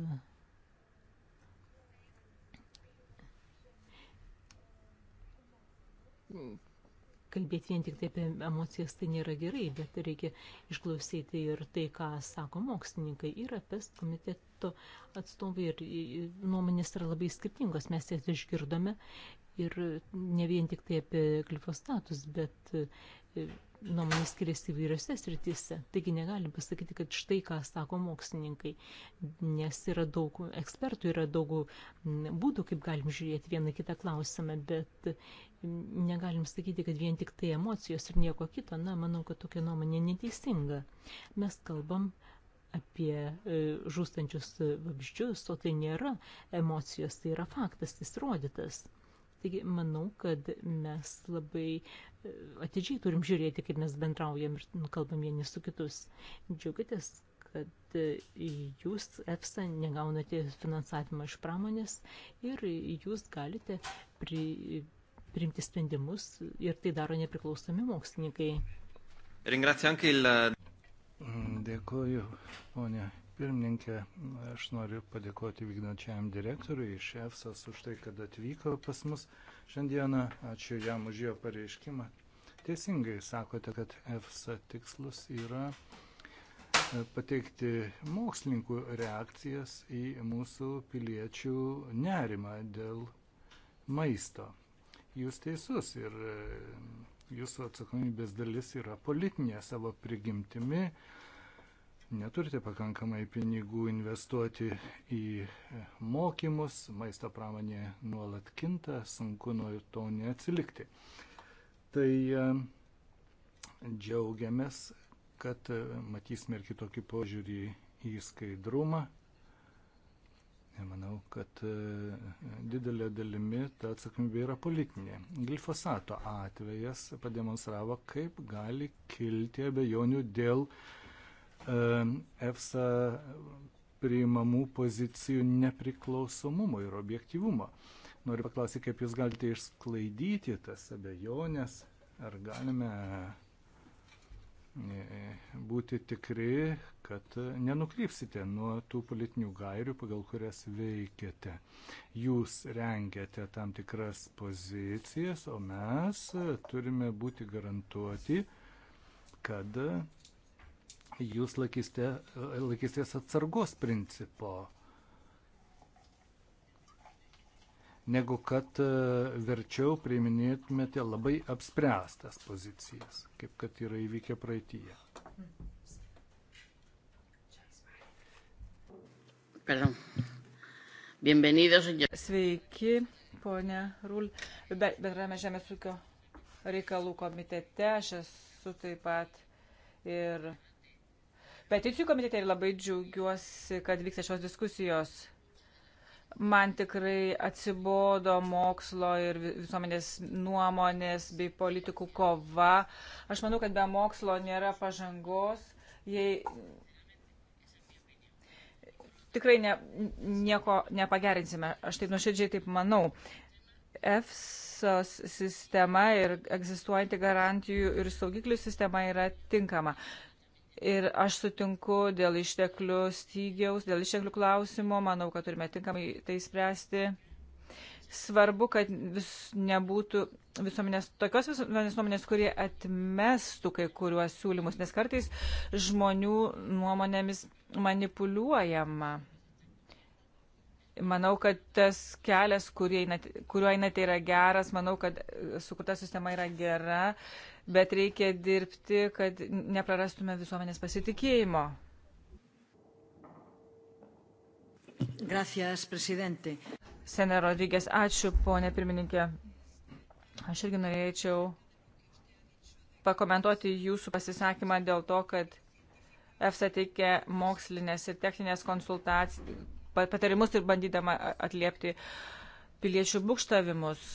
kalbėti vien tik tai apie emocijas, tai nėra gerai, bet reikia išklausyti ir tai, ką sako mokslininkai. Yra PES komiteto atstovai ir nuomonės yra labai skirtingos, mes jas išgirdome ir ne vien tik tai apie glifostatus, bet nuomonės skiriasi įvairiose srityse. Taigi negalim pasakyti, kad štai ką sako mokslininkai, nes yra daug ekspertų, yra daug būdų, kaip galim žiūrėti vieną kitą klausimą, bet negalim sakyti, kad vien tik tai emocijos ir nieko kito, na, manau, kad tokia nuomonė neteisinga. Mes kalbam apie e, žūstančius vabzdžius, o tai nėra emocijos, tai yra faktas, jis rodytas. Taigi, manau, kad mes labai e, atidžiai turim žiūrėti, kaip mes bendraujam ir kalbam vieni su kitus. Džiaugitės, kad e, jūs EFSA negaunate finansavimą iš pramonės ir jūs galite pri, priimti sprendimus ir tai daro nepriklausomi mokslininkai. Mm, Dėkuoju, ponė pirmininkė. Aš noriu padėkoti vykdančiajam direktoriui iš EFSAS už tai, kad atvyko pas mus šiandieną. Ačiū jam už jo pareiškimą. Teisingai sakote, kad EFSA tikslus yra e, pateikti mokslininkų reakcijas į mūsų piliečių nerimą dėl maisto. Jūs teisus ir e, jūsų atsakomybės dalis yra politinė savo prigimtimi. Neturite pakankamai pinigų investuoti į e, mokymus, maisto pramonė nuolat kinta, sunku nuo to neatsilikti. Tai e, džiaugiamės, kad matysime ir kitokį požiūrį į skaidrumą, Manau, kad e, didelė dalimi ta atsakomybė yra politinė. Glifosato atvejas pademonstravo, kaip gali kilti abejonių dėl e, EFSA priimamų pozicijų nepriklausomumo ir objektivumo. Noriu paklausyti, kaip jūs galite išsklaidyti tas abejonės, ar galime būti tikri, kad nenukrypsite nuo tų politinių gairių, pagal kurias veikiate. Jūs rengiate tam tikras pozicijas, o mes turime būti garantuoti, kad jūs laikysite, laikysitės atsargos principo. negu kad e, verčiau priiminėtumėte labai apspręstas pozicijas, kaip kad yra įvykę praeityje. Sveiki, ponė Rul. Bendrame Žemės ūkio reikalų komitete aš esu taip pat ir peticijų komitete ir labai džiaugiuosi, kad vyksta šios diskusijos Man tikrai atsibodo mokslo ir visuomenės nuomonės bei politikų kova. Aš manau, kad be mokslo nėra pažangos. Jei tikrai ne, nieko nepagerinsime. Aš taip nuoširdžiai taip manau. EFSOS sistema ir egzistuojanti garantijų ir saugiklių sistema yra tinkama. Ir aš sutinku dėl išteklių stygiaus, dėl išteklių klausimo, manau, kad turime tinkamai tai spręsti. Svarbu, kad vis nebūtų visuomenės, tokios visuomenės nuomonės, kurie atmestų kai kuriuos siūlymus, nes kartais žmonių nuomonėmis manipuliuojama. Manau, kad tas kelias, kuriuo einate, yra geras, manau, kad sukurta sistema yra gera bet reikia dirbti, kad neprarastume visuomenės pasitikėjimo. Gracias, prezidentė. Sena Rodrygės, ačiū, ponė pirmininkė. Aš irgi norėčiau pakomentuoti jūsų pasisakymą dėl to, kad EFSA teikia mokslinės ir techninės konsultacijas, patarimus ir bandydama atliepti piliečių būkštavimus.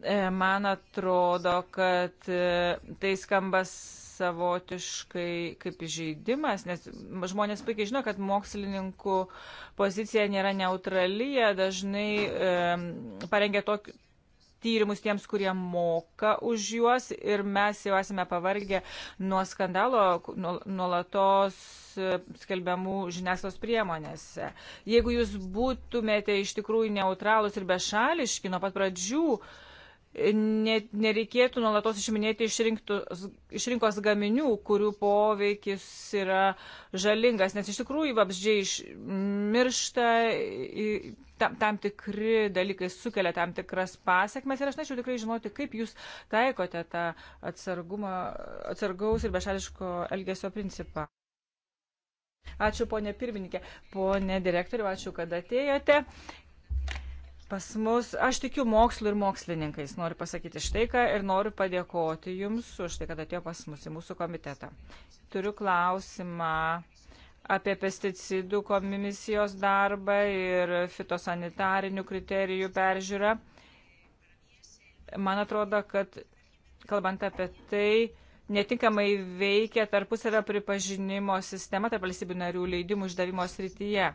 E, man atrodo, kad e, tai skamba savotiškai kaip žaidimas, nes žmonės puikiai žino, kad mokslininkų pozicija nėra neutrali, jie dažnai e, parengia tokius tyrimus tiems, kurie moka už juos ir mes jau esame pavargę nuo skandalo nuolatos e, skelbiamų žiniasklaidos priemonėse. Jeigu jūs būtumėte iš tikrųjų neutralus ir bešališki nuo pat pradžių, uh, ne, nereikėtų nuolatos išiminėti iš rinkos gaminių, kurių poveikis yra žalingas, nes iš tikrųjų vabzdžiai miršta, tam, tam tikri dalykai sukelia tam tikras pasiekmes ir aš norėčiau tikrai žinoti, kaip jūs taikote tą atsargaus ir bešališko elgesio principą. Ačiū, ponė pirmininkė, ponė direktoriu, ačiū, kad atėjote pas mus. Aš tikiu mokslu ir mokslininkais. Noriu pasakyti štai ką ir noriu padėkoti Jums už tai, kad atėjo pas mus į mūsų komitetą. Turiu klausimą apie pesticidų komisijos darbą ir fitosanitarinių kriterijų peržiūrą. Man atrodo, kad kalbant apie tai, netinkamai veikia tarpusavio pripažinimo sistema tarp valstybių narių leidimų išdavimo srityje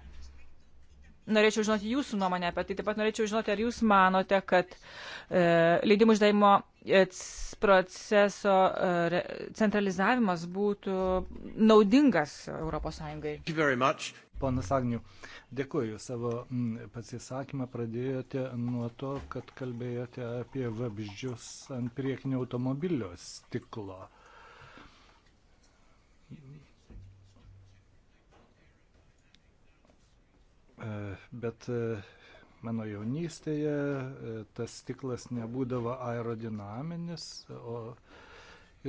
Norėčiau žinoti jūsų nuomonę apie tai. Taip pat norėčiau žinoti, ar jūs manote, kad e, leidimų išdavimo e, proceso e, centralizavimas būtų naudingas ES. Ponas Agniu, dėkuoju. Savo pasisakymą pradėjote nuo to, kad kalbėjote apie vabzdžius ant priekinio automobilio stiklo. E, bet e, mano jaunystėje e, tas stiklas nebūdavo aerodinaminis, o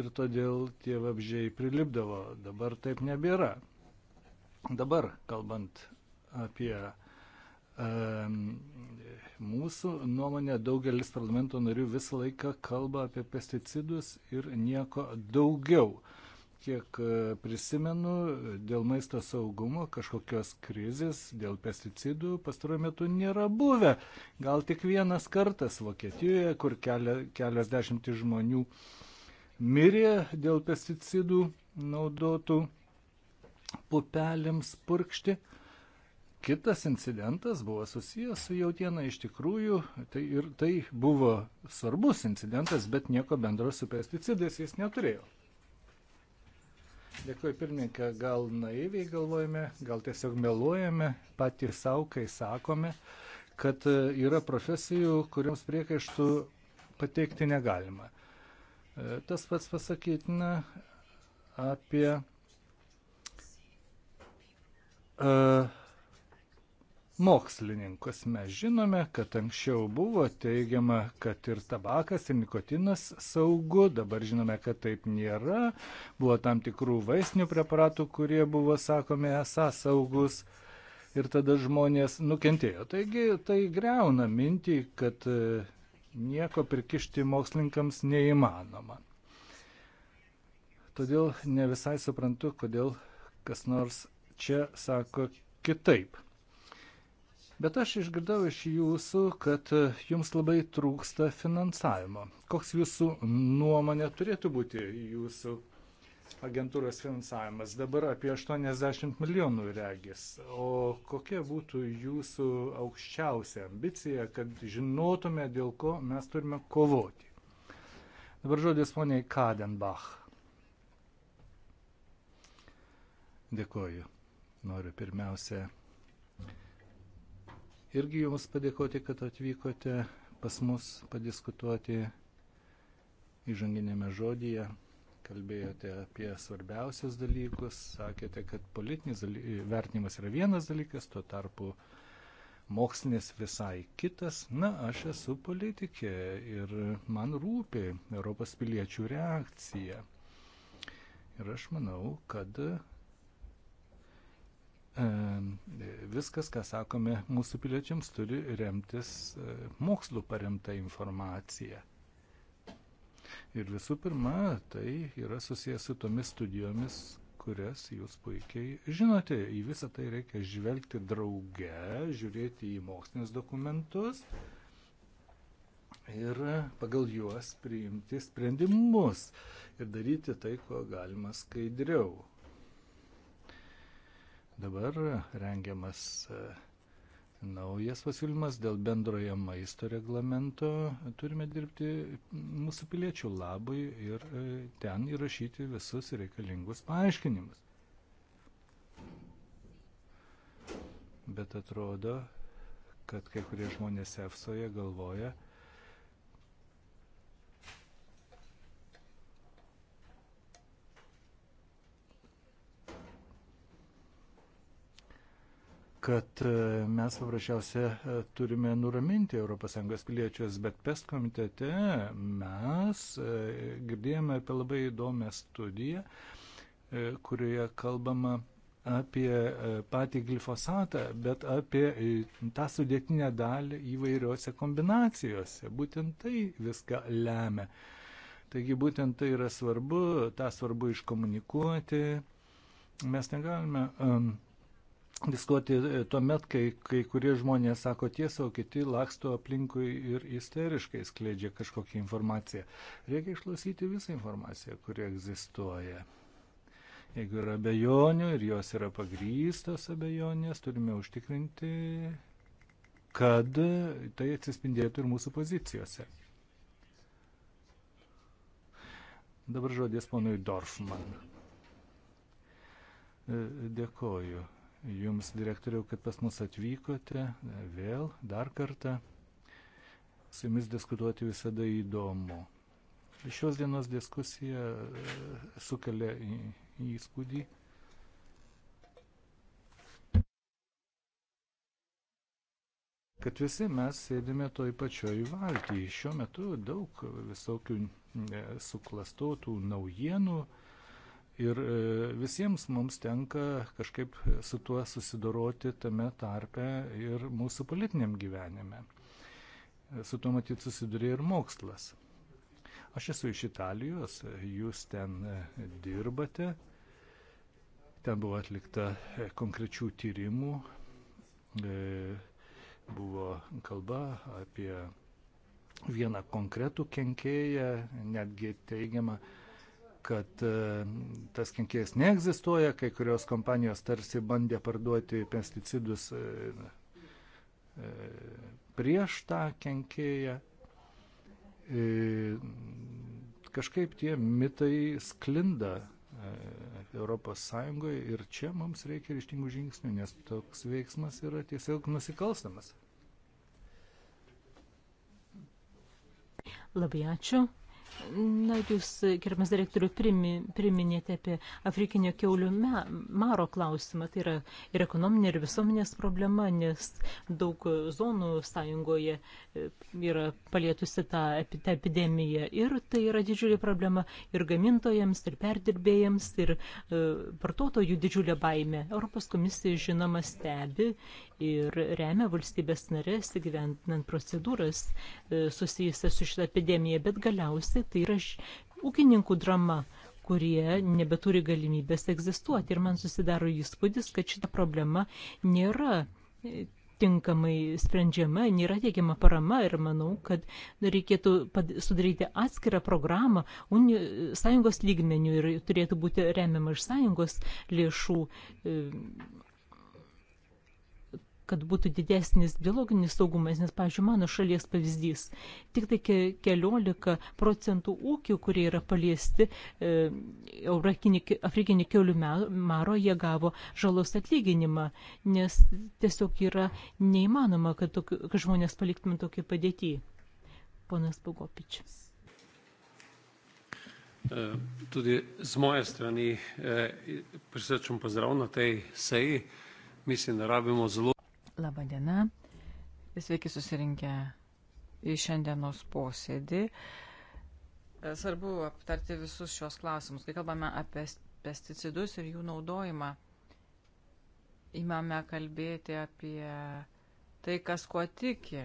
ir todėl tie vabžiai prilipdavo. Dabar taip nebėra. Dabar, kalbant apie e, mūsų nuomonę, daugelis parlamento narių visą laiką kalba apie pesticidus ir nieko daugiau. E, kiek e, prisimenu, dėl maisto saugumo kažkokios krizės, dėl pesticidų pastaruoju metu nėra buvę. Gal tik vienas kartas Vokietijoje, kur kelia, kelias dešimtis žmonių mirė dėl pesticidų naudotų pupelėms purkšti. Kitas incidentas buvo susijęs su jautiena iš tikrųjų, tai ir tai buvo svarbus incidentas, bet nieko bendro su pesticidais jis neturėjo. Dėkuoju pirmininkė, gal naiviai galvojame, gal tiesiog meluojame patys savo, kai sakome, kad e, yra profesijų, kuriams priekaištų pateikti negalima. E, tas pats pasakytina apie uh, mokslininkus. Mes žinome, kad anksčiau buvo teigiama, kad ir tabakas, ir nikotinas saugu, dabar žinome, kad taip nėra. Buvo tam tikrų vaistinių preparatų, kurie buvo sakomi esą saugus. Ir tada žmonės nukentėjo. Taigi tai greuna mintį, kad e, nieko prikišti mokslininkams neįmanoma. Todėl ne visai suprantu, kodėl kas nors čia sako kitaip. Bet aš išgirdau iš jūsų, kad e, jums labai trūksta finansavimo. Koks jūsų nuomonė turėtų būti jūsų agentūros finansavimas? Dabar apie 80 milijonų regis. O kokia būtų jūsų aukščiausia ambicija, kad žinotume, dėl ko mes turime kovoti? Dabar žodis poniai Kadenbach. Dėkoju. Noriu pirmiausia irgi Jums padėkoti, kad atvykote pas mus padiskutuoti įžanginėme žodyje. Kalbėjote apie svarbiausius dalykus, sakėte, kad politinis vertinimas yra vienas dalykas, tuo tarpu mokslinis visai kitas. Na, aš esu politikė ir man rūpi Europos piliečių reakcija. Ir aš manau, kad viskas, ką sakome mūsų piliečiams, turi remtis e, mokslu paremta informacija. Ir visų pirma, tai yra susijęs su tomis studijomis, kurias jūs puikiai žinote. Į visą tai reikia žvelgti drauge, žiūrėti į mokslinius dokumentus ir pagal juos priimti sprendimus ir daryti tai, ko galima skaidriau. Dabar rengiamas e, naujas pasiūlymas dėl bendrojo maisto reglamento. Turime dirbti mūsų piliečių labui ir e, ten įrašyti visus reikalingus paaiškinimus. Bet atrodo, kad kai kurie žmonės EFSOje galvoja, kad e, mes paprasčiausia e, turime nuraminti ES piliečius, bet PES komitete mes e, girdėjome apie labai įdomią studiją, kurioje kalbama apie patį glifosatą, bet apie tą sudėtinę dalį įvairiuose kombinacijose. Būtent tai viską lemia. Taigi būtent tai yra svarbu, tą svarbu iškomunikuoti. Mes negalime um, diskuoti e, tuo met, kai kai kurie žmonės sako tiesą, o kiti laksto aplinkui ir isteriškai skleidžia kažkokią informaciją. Reikia išklausyti visą informaciją, kuri egzistuoja. Jeigu yra abejonių ir jos yra pagrystos abejonės, turime užtikrinti, kad tai atsispindėtų ir mūsų pozicijose. Dabar žodės ponui Dorfman. E, dėkoju. Jums, direktoriau, kad pas mus atvykote vėl, dar kartą. Su Jumis diskutuoti visada įdomu. Šios dienos diskusija e, sukelia įspūdį, kad visi mes sėdime toj pačioj valtyje. Šiuo metu daug visokių e, suklastotų naujienų, Ir e, visiems mums tenka kažkaip su tuo susidoroti tame tarpe ir mūsų politiniam gyvenime. E, su tuo matyt susidurė ir mokslas. Aš esu iš Italijos, jūs ten e, dirbate, ten buvo atlikta konkrečių tyrimų, buvo kalba apie vieną konkretų kenkėją, netgi teigiamą kad e, tas kenkėjas neegzistuoja, kai kurios kompanijos tarsi bandė parduoti pesticidus e, e, prieš tą kenkėją. Kažkaip tie mitai sklinda Europos Sąjungoje ir čia mums reikia ryštingų žingsnių, nes toks veiksmas yra tiesiog nusikalstamas. Labai ačiū. Na, jūs, gerbiamas direktoriu, priminėte apie afrikinio keulių maro klausimą. Tai yra ir ekonominė, ir visuomenės problema, nes daug zonų sąjungoje e, yra palietusi tą, tą epidemiją. Ir tai yra didžiulė problema ir gamintojams, ir perdirbėjams, ir e, vartotojų didžiulė baime. Europos komisija, žinoma, stebi ir remia valstybės narės įgyventinant procedūras e, susijusias su šitą epidemiją, bet galiausiai tai yra ūkininkų drama kurie nebeturi galimybės egzistuoti. Ir man susidaro įspūdis, kad šita problema nėra e, tinkamai sprendžiama, nėra teikiama parama ir manau, kad reikėtų sudaryti atskirą programą uni, sąjungos lygmenių ir turėtų būti remiama iš sąjungos lėšų e, kad būtų didesnis biologinis saugumas, nes, pavyzdžiui, mano šalies pavyzdys, tik tai ke keliolika procentų ūkių, kurie yra paliesti e, afrikinį keulių maro, jie gavo žalos atlyginimą, nes tiesiog yra neįmanoma, kad, tok, kad žmonės paliktumėm tokį padėtį. Ponas Bogopičius. E, tudi z moje strani e, prisrčen pozdrav na tej seji. Mislim, da rabimo zelo Labadiena. Sveiki susirinkę į šiandienos posėdį. E, svarbu aptarti visus šios klausimus. Kai kalbame apie pesticidus ir jų naudojimą, įmame kalbėti apie tai, kas kuo tiki.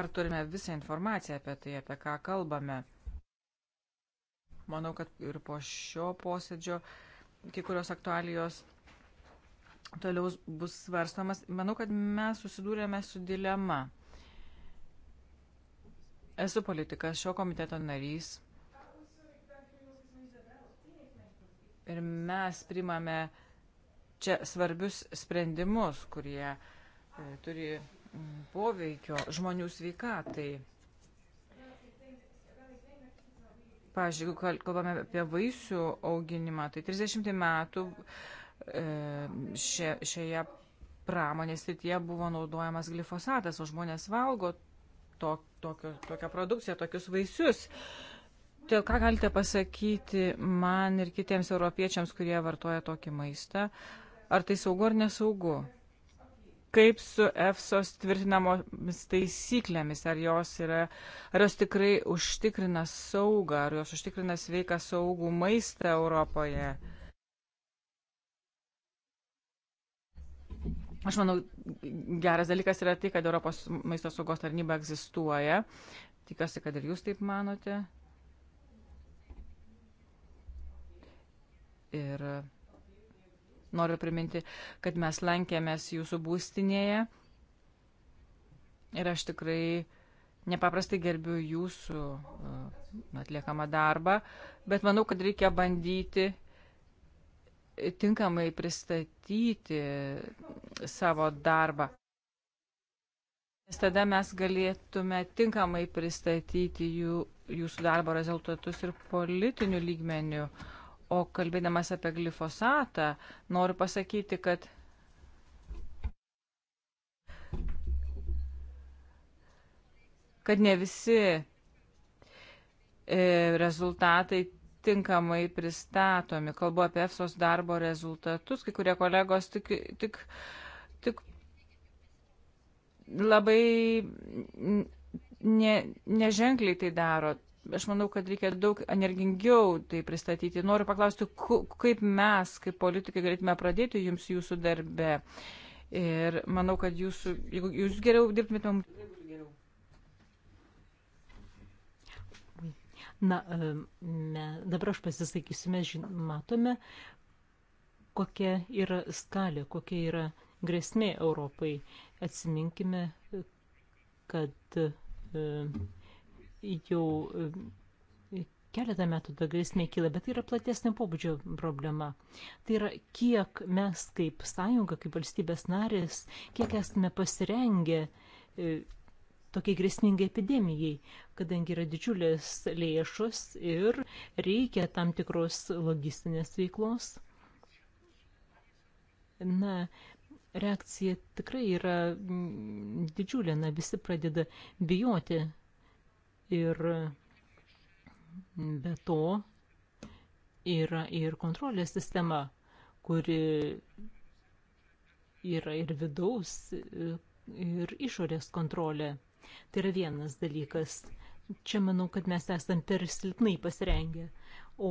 Ar turime visą informaciją apie tai, apie ką kalbame? Manau, kad ir po šio posėdžio kai kurios aktualijos toliau bus svarstomas. Manau, kad mes susidūrėme su dilema. Esu politikas, šio komiteto narys. Ir mes primame čia svarbius sprendimus, kurie e, turi mm, poveikio žmonių sveikatai. Pavyzdžiui, jeigu kalbame apie vaisių auginimą, tai 30 metų E, šioje pramonės srityje buvo naudojamas glifosatas, o žmonės valgo to, tokio, tokią produkciją, tokius vaisius. Todėl ką galite pasakyti man ir kitiems europiečiams, kurie vartoja tokį maistą, ar tai saugu ar nesaugu? Kaip su EFSOS tvirtinamomis taisyklėmis, ar jos, yra, ar jos tikrai užtikrina saugą, ar jos užtikrina sveiką saugų maistą Europoje? Mm. Aš manau, geras dalykas yra tai, kad Europos maisto saugos tarnyba egzistuoja. Tikiuosi, kad ir jūs taip manote. Ir noriu priminti, kad mes lankėmės jūsų būstinėje. Ir aš tikrai nepaprastai gerbiu jūsų uh, atliekamą darbą, bet manau, kad reikia bandyti tinkamai pristatyti savo darbą. Nes tada mes galėtume tinkamai pristatyti jų, jūsų darbo rezultatus ir politinių lygmenių. O kalbėdamas apie glifosatą, noriu pasakyti, kad kad ne visi e, rezultatai tinkamai pristatomi. Kalbu apie EFSOS darbo rezultatus, kai kurie kolegos tik, tik, tik labai ne, neženkliai tai daro. Aš manau, kad reikia daug energingiau tai pristatyti. Noriu paklausti, kaip mes, kaip politikai, galėtume pradėti jums jūsų darbę. Ir manau, kad jūsų, jeigu jūs geriau dirbtumėte mums. Na, e, me, dabar aš pasisakysiu, mes žin, matome, kokia yra skalė, kokia yra grėsmė Europai. Atsiminkime, kad e, jau e, keletą metų ta grėsmė kyla, bet tai yra platesnė pobūdžio problema. Tai yra, kiek mes kaip sąjunga, kaip valstybės narės, kiek esame pasirengę tokiai grėsmingai epidemijai, kadangi yra didžiulės lėšos ir reikia tam tikros logistinės veiklos. Na, reakcija tikrai yra mm, didžiulė, na, visi pradeda bijoti ir be to yra ir kontrolės sistema, kuri yra ir vidaus, ir išorės kontrolė. Tai yra vienas dalykas. Čia manau, kad mes esam per silpnai pasirengę. O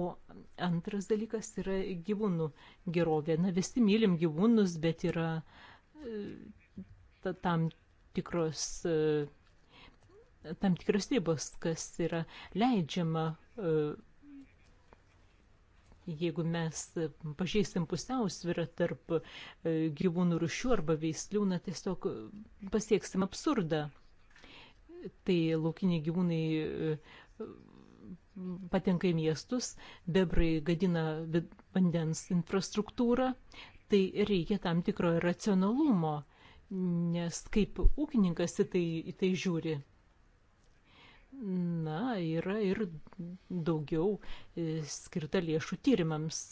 antras dalykas yra gyvūnų gerovė. Na, visi mylim gyvūnus, bet yra e, tam tikros, e, tam tikros ribos, kas yra leidžiama e, jeigu mes pažeisim pusiausvyrą tarp gyvūnų rušių arba veislių, na tiesiog pasieksim absurdą tai laukiniai gyvūnai e, patenka į miestus, bebrai gadina vandens infrastruktūrą, tai reikia tam tikro racionalumo, nes kaip ūkininkas į tai, į tai žiūri. Na, yra ir daugiau e, skirta lėšų tyrimams,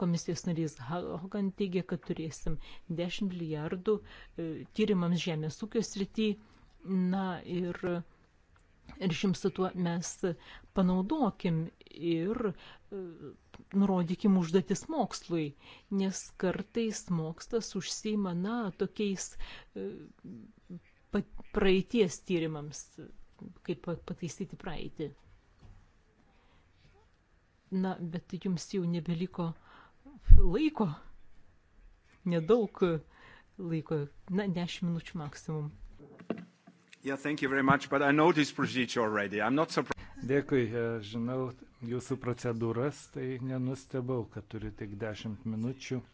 Komisijos narys Hogan teigia, kad turėsim 10 milijardų e, tyrimams žemės ūkio srity. Na ir ir šimt su tuo mes panaudokim ir e, nurodykim užduotis mokslui, nes kartais mokslas užsima, na, tokiais e, praeities tyrimams, kaip pataisyti praeitį. Na, bet jums jau nebeliko laiko, nedaug laiko, na, 10 minučių maksimum. Yeah, thank you very much, but I know this procedure already. I'm not surprised. Dėkui, e, žinau jūsų procedūras, tai nenustebau, kad turiu tik 10 minučių e,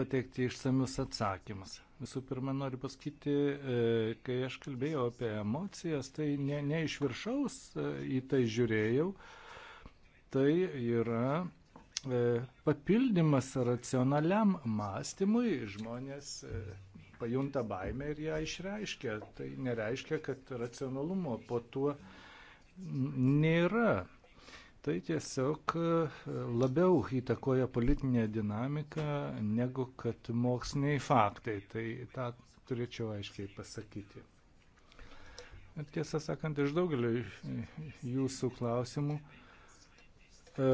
pateikti išsamius atsakymus. Visų pirma, noriu pasakyti, e, kai aš kalbėjau apie emocijas, tai ne, ne iš viršaus į tai žiūrėjau, tai yra e, papildymas racionaliam mąstymui, žmonės e, pajunta baimę ir ją išreiškia. Tai nereiškia, kad racionalumo po tuo nėra. Tai tiesiog e, labiau įtakoja politinę dinamiką negu kad moksliniai faktai. Tai tą turėčiau aiškiai pasakyti. Tiesą sakant, iš daugelio jūsų klausimų E,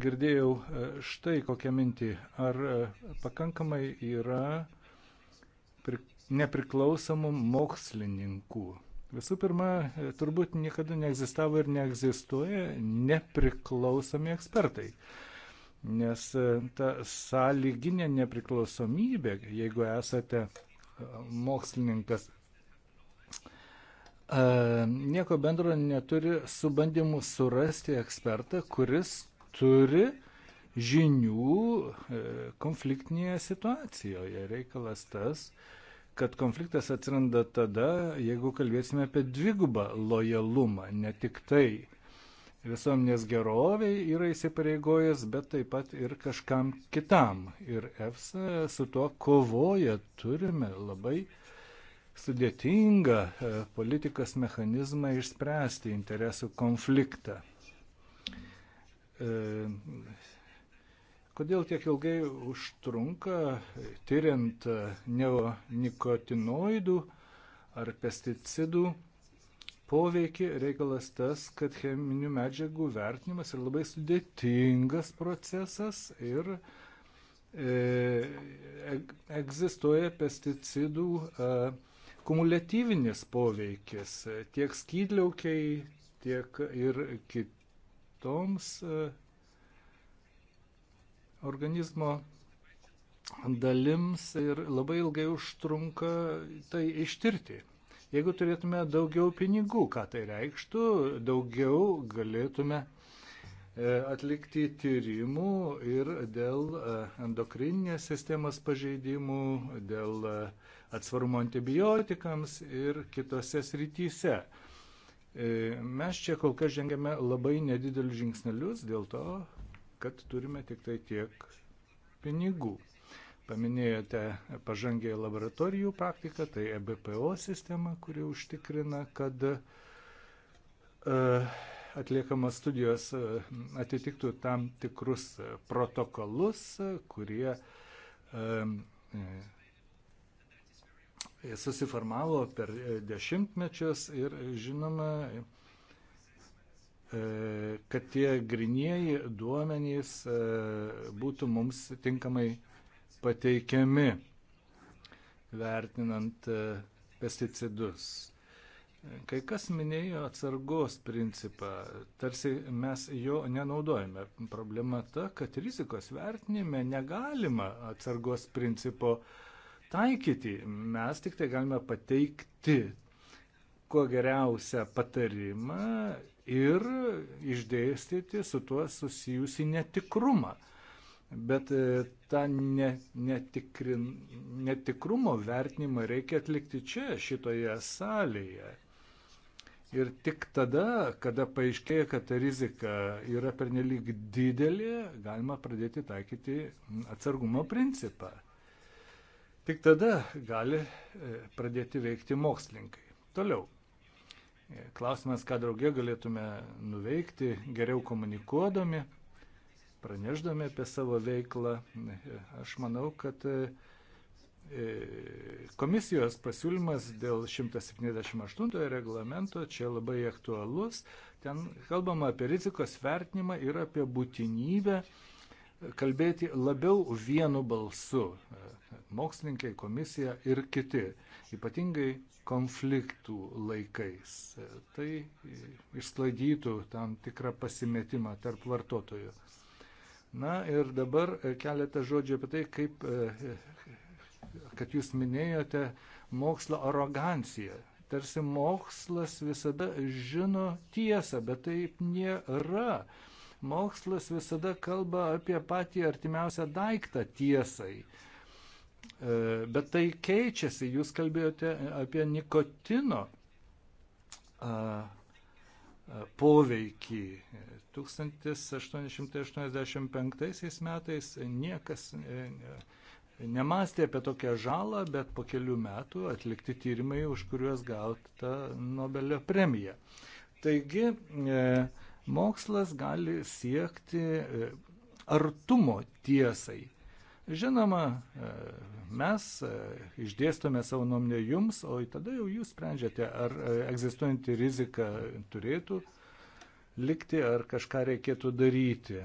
girdėjau e, štai kokią mintį. Ar e, pakankamai yra nepriklausomų mokslininkų? Visų pirma, turbūt niekada neegzistavo ir neegzistuoja nepriklausomi ekspertai. Nes ta sąlyginė nepriklausomybė, jeigu esate mokslininkas, E, nieko bendro neturi su bandymu surasti ekspertą, kuris turi žinių e, konfliktinėje situacijoje. Reikalas tas, kad konfliktas atsiranda tada, jeigu kalbėsime apie dvigubą lojalumą, ne tik tai visuomenės geroviai yra įsipareigojęs, bet taip pat ir kažkam kitam. Ir EFSA su tuo kovoja, turime labai uh, sudėtinga e, politikos mechanizmą išspręsti interesų konfliktą. E, kodėl tiek ilgai užtrunka tyriant e, neonikotinoidų ar pesticidų poveikį? Reikalas tas, kad cheminių medžiagų vertinimas yra labai sudėtingas procesas ir e, egzistuoja pesticidų e, kumuliatyvinis poveikis tiek skydliaukiai, tiek ir kitoms e, organizmo dalims ir labai ilgai užtrunka tai ištirti. Jeigu turėtume daugiau pinigų, ką tai reikštų, daugiau galėtume e, atlikti tyrimų ir dėl e, endokrininės sistemos pažeidimų, dėl uh, atsvarumo antibiotikams ir kitose srityse. E, mes čia kol kas žengėme labai nedidelius žingsnelius dėl to, kad turime tik tai tiek pinigų. Paminėjote pažangę laboratorijų praktiką, tai EBPO sistema, kuri užtikrina, kad e, atliekamas studijos e, atitiktų tam tikrus protokolus, kurie susiformavo per e, dešimtmečius ir e, žinoma, e, kad tie grinieji duomenys būtų mums tinkamai pateikiami, vertinant pesticidus. Kai kas minėjo atsargos principą, tarsi mes jo nenaudojame. Problema ta, kad rizikos vertinime negalima atsargos principo uh, taikyti. Mes tik tai galime pateikti kuo geriausią patarimą ir išdėstyti su tuo susijusi netikrumą. Bet e, tą ne, netikrin, netikrumo vertinimą reikia atlikti čia, šitoje salėje. Ir tik tada, kada paaiškėja, kad rizika yra pernelyg didelė, galima pradėti taikyti atsargumo principą. Tik tada gali e, pradėti veikti mokslininkai. Toliau. E, klausimas, ką draugė galėtume nuveikti geriau komunikuodami, praneždami apie savo veiklą. E, aš manau, kad komisijos pasiūlymas dėl 178 reglamento čia labai aktualus. Ten kalbama apie rizikos vertinimą ir apie būtinybę kalbėti labiau vienu balsu - mokslininkai, komisija ir kiti, ypatingai konfliktų laikais. Tai išsklaidytų tam tikrą pasimetimą tarp vartotojų. Na ir dabar keletą žodžių apie tai, kaip, kad jūs minėjote, mokslo aroganciją. Tarsi mokslas visada žino tiesą, bet taip nėra. E, Mokslas visada kalba apie patį artimiausią daiktą tiesai. E, bet tai keičiasi, jūs kalbėjote apie nikotino poveikį. 1885 metais niekas e, e, nemastė apie tokią žalą, bet po kelių metų atlikti tyrimai, už kuriuos gauta Nobelio premija. Taigi, e, mokslas gali siekti e, artumo tiesai. Žinoma, e, mes e, išdėstome savo nuomonę jums, o tada jau jūs sprendžiate, ar egzistuojanti rizika turėtų likti, ar kažką reikėtų daryti.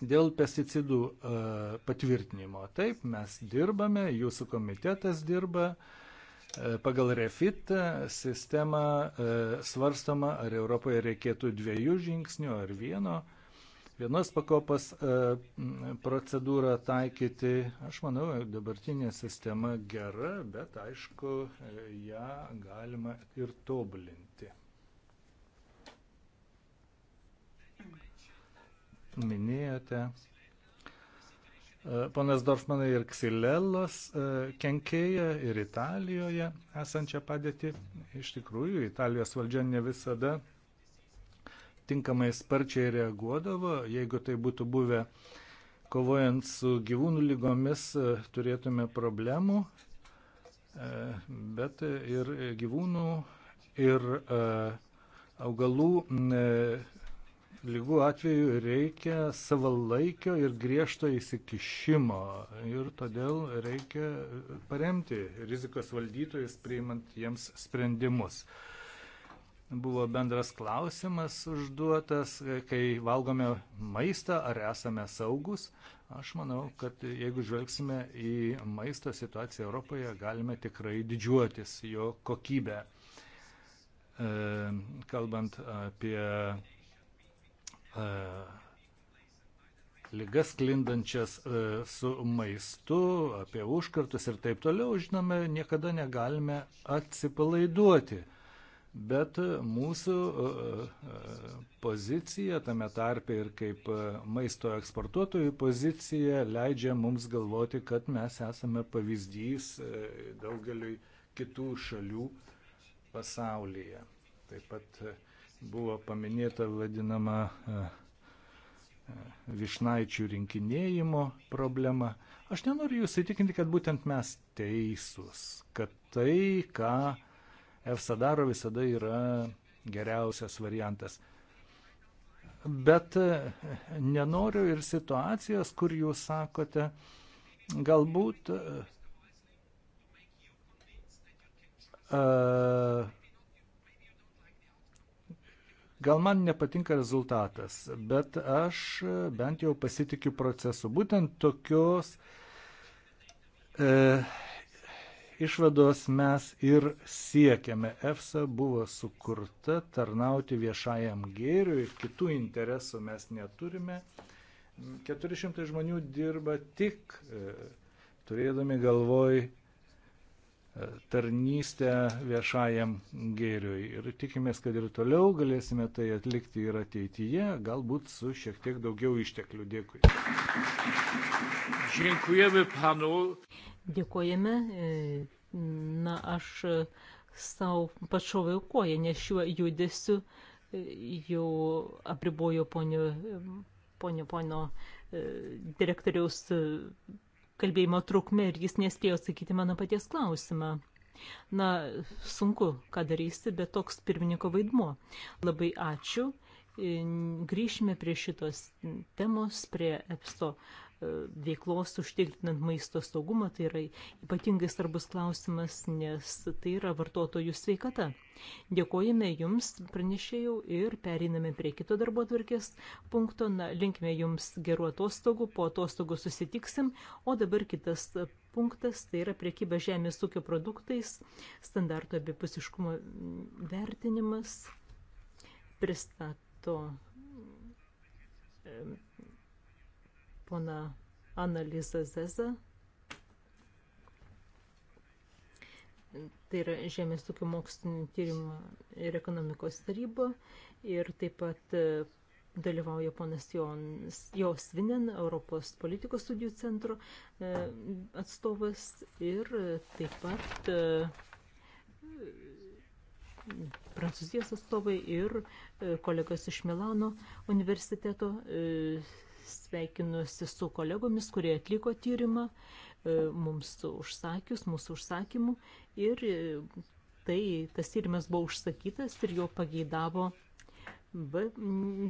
Dėl pesticidų patvirtinimo. Taip, mes dirbame, jūsų komitetas dirba, E, pagal refit e, sistemą e, svarstoma, ar Europoje reikėtų dviejų žingsnių ar vieno. Vienos pakopos procedūrą taikyti, aš manau, dabartinė sistema gera, bet aišku, ją galima ir tobulinti. Minėjote Ponas Dorfmanai ir Ksilelos e, kenkėja ir Italijoje esančią padėtį. Iš tikrųjų, Italijos valdžia ne visada tinkamai sparčiai reaguodavo. Jeigu tai būtų buvę kovojant su gyvūnų lygomis, e, turėtume problemų, e, bet ir gyvūnų, ir augalų lygų atveju reikia savalaikio ir griežto įsikišimo ir todėl reikia paremti rizikos valdytojus priimant jiems sprendimus. Buvo bendras klausimas užduotas, kai valgome maistą, ar esame saugus. Aš manau, kad jeigu žvelgsime į maisto situaciją Europoje, galime tikrai didžiuotis jo kokybę e, kalbant apie E, lygas klindančias e, su maistu, apie užkartus ir taip toliau, žinome, niekada negalime atsipalaiduoti. Bet mūsų e, pozicija, tame tarpe ir kaip maisto eksportuotojų pozicija, leidžia mums galvoti, kad mes esame pavyzdys daugeliui kitų šalių pasaulyje. Taip pat buvo paminėta vadinama e, e, višnaičių rinkinėjimo problema. Aš nenoriu jūs įtikinti, kad būtent mes teisūs, kad tai, ką EFSA daro, visada yra geriausias variantas. Bet e, nenoriu ir situacijos, kur jūs sakote, galbūt uh, Gal man nepatinka rezultatas, bet aš bent jau pasitikiu procesu. Būtent tokios e, išvados mes ir siekiame. EFSA buvo sukurta tarnauti viešajam gėriui, kitų interesų mes neturime. 400 žmonių dirba tik e, turėdami galvoj tarnystę viešajam gėriui. Ir tikimės, kad ir toliau galėsime tai atlikti ir ateityje, galbūt su šiek tiek daugiau išteklių. Dėkui. Dėkujame panu. Dėkojame. E, na, aš savo pašoviau koją, nes šiuo judesiu e, jau apribojo ponio, e, ponio, ponio direktoriaus kalbėjimo trukmė ir jis nespėjo atsakyti mano paties klausimą. Na, sunku, ką darysi, bet toks pirmininko vaidmuo. Labai ačiū. Grįšime prie šitos temos, prie EPSO veiklos užtikrinant maisto saugumą, tai yra ypatingai svarbus klausimas, nes tai yra vartotojų sveikata. Dėkojame Jums, pranešėjau, ir pereiname prie kito darbo atvarkės punkto. Na, linkime Jums gerų atostogų, po atostogų susitiksim, o dabar kitas punktas, tai yra priekyba žemės ūkio produktais, standarto abipusiškumo vertinimas, pristato pana Analisa Zeza. Tai yra Žemės ūkio mokslinio tyrimo ir ekonomikos taryba. Ir taip pat e, dalyvauja ponas Josvinen, Europos politikos studijų centro e, atstovas. Ir taip pat e, Prancūzijos atstovai ir kolegos iš Milano universiteto sveikinuosi su kolegomis, kurie atliko tyrimą e, mums užsakius, mūsų užsakymų. Ir e, tai tas tyrimas buvo užsakytas ir jo pageidavo B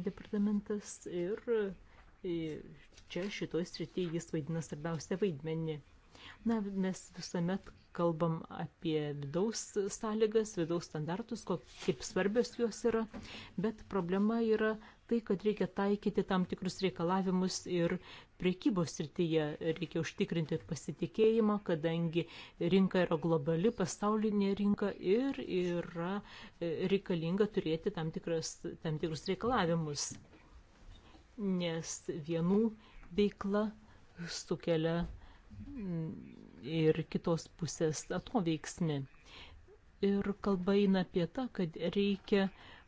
departamentas. Ir e, čia šitoj srityje jis vaidina svarbiausią vaidmenį. Na, mes visuomet kalbam apie vidaus sąlygas, vidaus standartus, kaip svarbios jos yra, bet problema yra tai, kad reikia taikyti tam tikrus reikalavimus ir priekybos srityje. Reikia užtikrinti pasitikėjimą, kadangi rinka yra globali, pasaulinė rinka ir yra e, reikalinga turėti tam, tikras, tam tikrus reikalavimus. Nes vienų veikla sukelia mm, ir kitos pusės atoveiksmi. Ir kalba eina apie tą, kad reikia uh,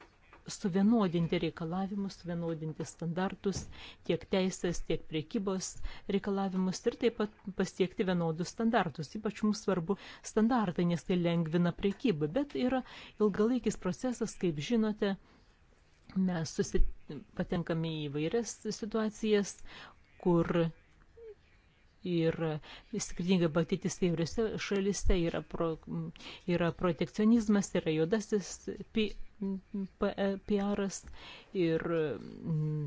suvienodinti reikalavimus, suvienodinti standartus, tiek teisės, tiek priekybos reikalavimus ir taip pat pasiekti vienodus standartus. Ypač mums svarbu standartai, nes tai lengvina priekybą, bet yra ilgalaikis procesas, kaip žinote, mes susit... patenkame į vairias situacijas, kur ir skirtingai batytis įvairiose šalise yra, pro, yra protekcionizmas, yra juodasis PRs ir mm,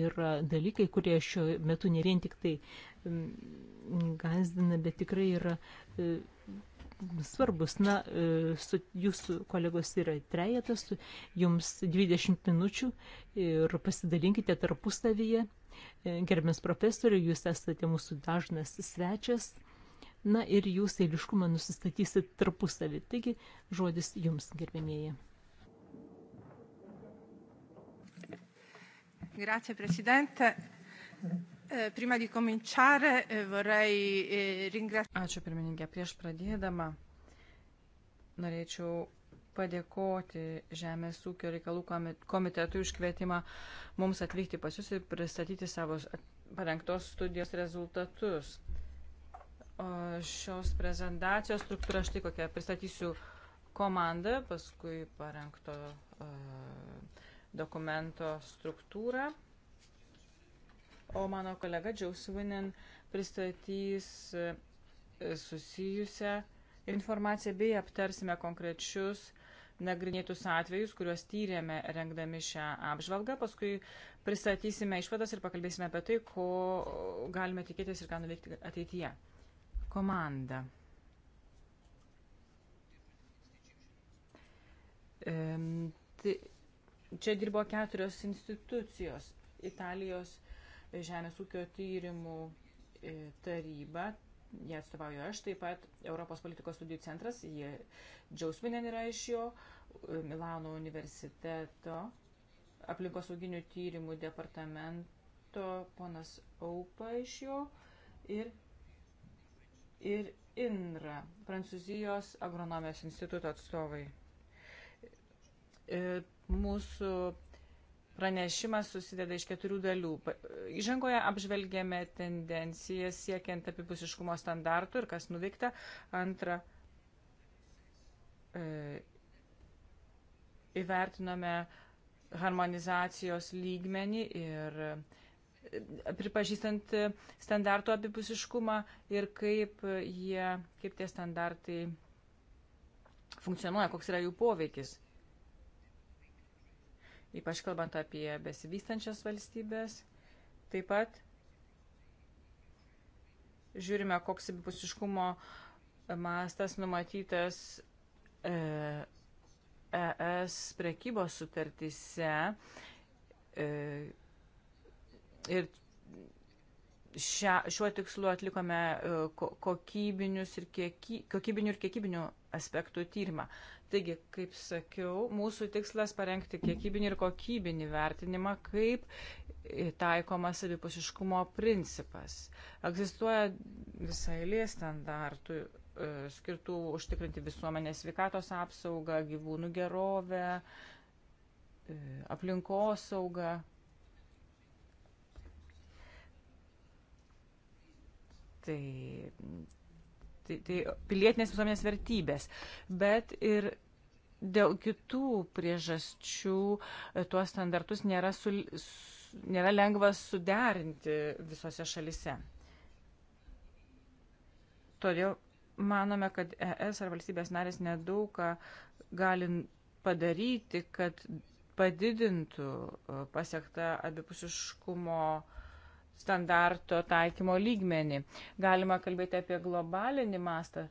yra dalykai, kurie šiuo metu ne vien tik tai mm, gazdina, bet tikrai yra e, svarbus. Na, e, su jūsų kolegos yra trejetas, jums 20 minučių ir pasidalinkite tarpusavyje. E, gerbiamas profesoriu, jūs esate mūsų dažnas svečias na ir jūs eiliškumą nusistatysit tarpusavį. Taigi, žodis jums, gerbėmėji. Grazie, prezidente. Eh, prima di cominciare eh, vorrei eh, ringraziare. Ačiū pirmininkė. Prieš pradėdama norėčiau padėkoti Žemės ūkio reikalų komitetui už kvietimą mums atvykti pas jūs ir pristatyti savo parengtos studijos rezultatus šios prezentacijos struktūra štai kokia. Pristatysiu komandą, paskui parengto dokumento struktūrą. O mano kolega Džiausvinin pristatys e, susijusią informaciją bei aptarsime konkrečius nagrinėtus atvejus, kuriuos tyrėme rengdami šią apžvalgą. Paskui pristatysime išvadas ir pakalbėsime apie tai, ko galime tikėtis ir ką nuveikti ateityje komanda. Čia dirbo keturios institucijos - Italijos žemės ūkio tyrimų e, taryba, jie atstovauju aš, taip pat Europos politikos studijų centras, jie džiausminen yra iš jo, e, Milano universiteto, aplinkosauginių tyrimų departamento, ponas Aupa iš jo ir ir INRA, Prancūzijos agronomijos instituto atstovai. E, mūsų pranešimas susideda iš keturių dalių. Įžangoje apžvelgėme tendencijas siekiant apipusiškumo standartų ir kas nuveikta. Antra, e, įvertinome harmonizacijos lygmenį ir e, pripažįstant standartų abipusiškumą ir kaip jie, kaip tie standartai funkcionuoja, koks yra jų poveikis. Ypač kalbant apie besivystančias valstybės. Taip pat žiūrime, koks abipusiškumo mastas numatytas e, ES prekybos sutartyse. E, Ir šia, šiuo tikslu atlikome e, kokybinius ir kieky, kokybinių ir kiekybinių aspektų tyrimą. Taigi, kaip sakiau, mūsų tikslas parengti kiekybinį ir kokybinį vertinimą, kaip taikomas abipusiškumo principas. Egzistuoja visai lė standartų e, skirtų užtikrinti visuomenės sveikatos apsaugą, gyvūnų gerovę, e, aplinkosaugą. Tai, tai, tai pilietinės visuomenės vertybės, bet ir dėl kitų priežasčių e, tuos standartus nėra, su, nėra lengva suderinti visose šalise. Todėl manome, kad ES ar valstybės narės nedaug ką gali padaryti, kad padidintų e, pasiektą abipusiškumo uh, standarto taikymo lygmenį. Galima kalbėti apie globalinį mastą.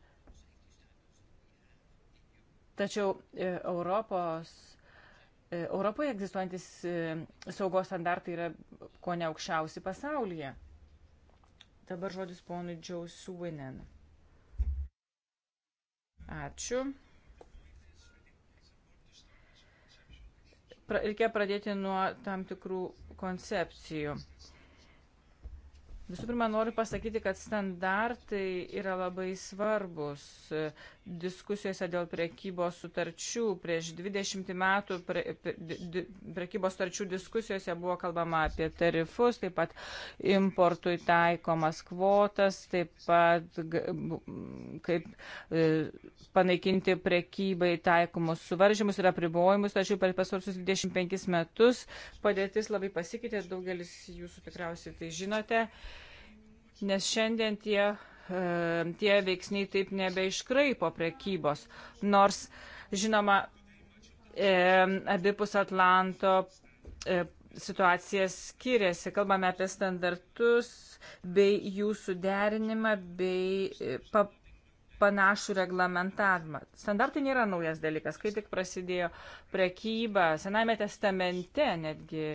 Tačiau e, Europos, e, Europoje egzistuojantis e, saugos standartai yra ko ne aukščiausi pasaulyje. Dabar žodis ponui Džiaus Suvinen. Ačiū. Pra, reikia pradėti nuo tam tikrų koncepcijų. E, Visų pirma, noriu pasakyti, kad standartai yra labai svarbus diskusijose dėl prekybos sutarčių. Prieš 20 metų pre, pre, pre, prekybos sutarčių diskusijose buvo kalbama apie tarifus, taip pat importui taikomas kvotas, taip pat kaip e, panaikinti prekybai taikomus suvaržymus ir apribojimus. Tačiau per pasvarsus 25 metus padėtis labai pasikeitė, daugelis jūsų tikriausiai tai žinote, nes šiandien tie E, tie veiksniai taip nebeiškraipo prekybos. Nors, žinoma, e, abipus Atlanto e, situacija skiriasi. Kalbame apie standartus bei jų suderinimą bei pa, panašų reglamentavimą. Standartai nėra naujas dalykas, kai tik prasidėjo prekyba, Sename testamente netgi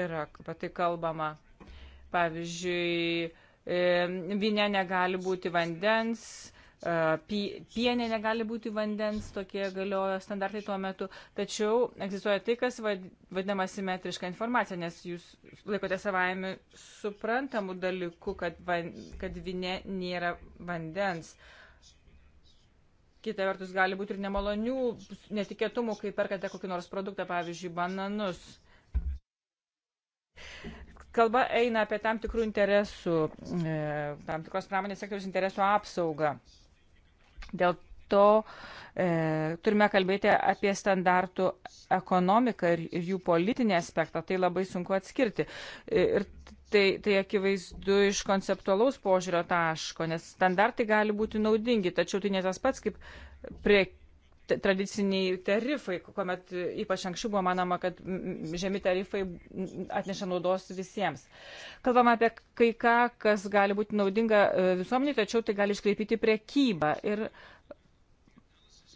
yra apie tai kalbama. Pavyzdžiui, E, vinė negali būti vandens, e, pienė negali būti vandens, tokie galiojo standartai tuo metu. Tačiau egzistuoja tai, kas vadinama simetriška informacija, nes jūs laikote savaime suprantamų dalykų, kad, van, kad vinė nėra vandens. Kita vertus, gali būti ir nemalonių netikėtumų, kai perkate kokį nors produktą, pavyzdžiui, bananus. Kalba eina apie tam tikrų interesų, e, tam tikros pramonės sektoriaus interesų apsaugą. Dėl to e, turime kalbėti apie standartų ekonomiką ir, ir jų politinį aspektą. Tai labai sunku atskirti. E, ir tai, tai akivaizdu iš konceptualaus požiūrio taško, nes standartai gali būti naudingi, tačiau tai ne tas pats kaip priekyba tradiciniai tarifai, kuomet ypač anksčiau buvo manoma, kad žemi tarifai atneša naudos visiems. Kalbam apie kai ką, kas gali būti naudinga e, visuomeniai, tačiau tai gali iškreipyti priekybą. Ir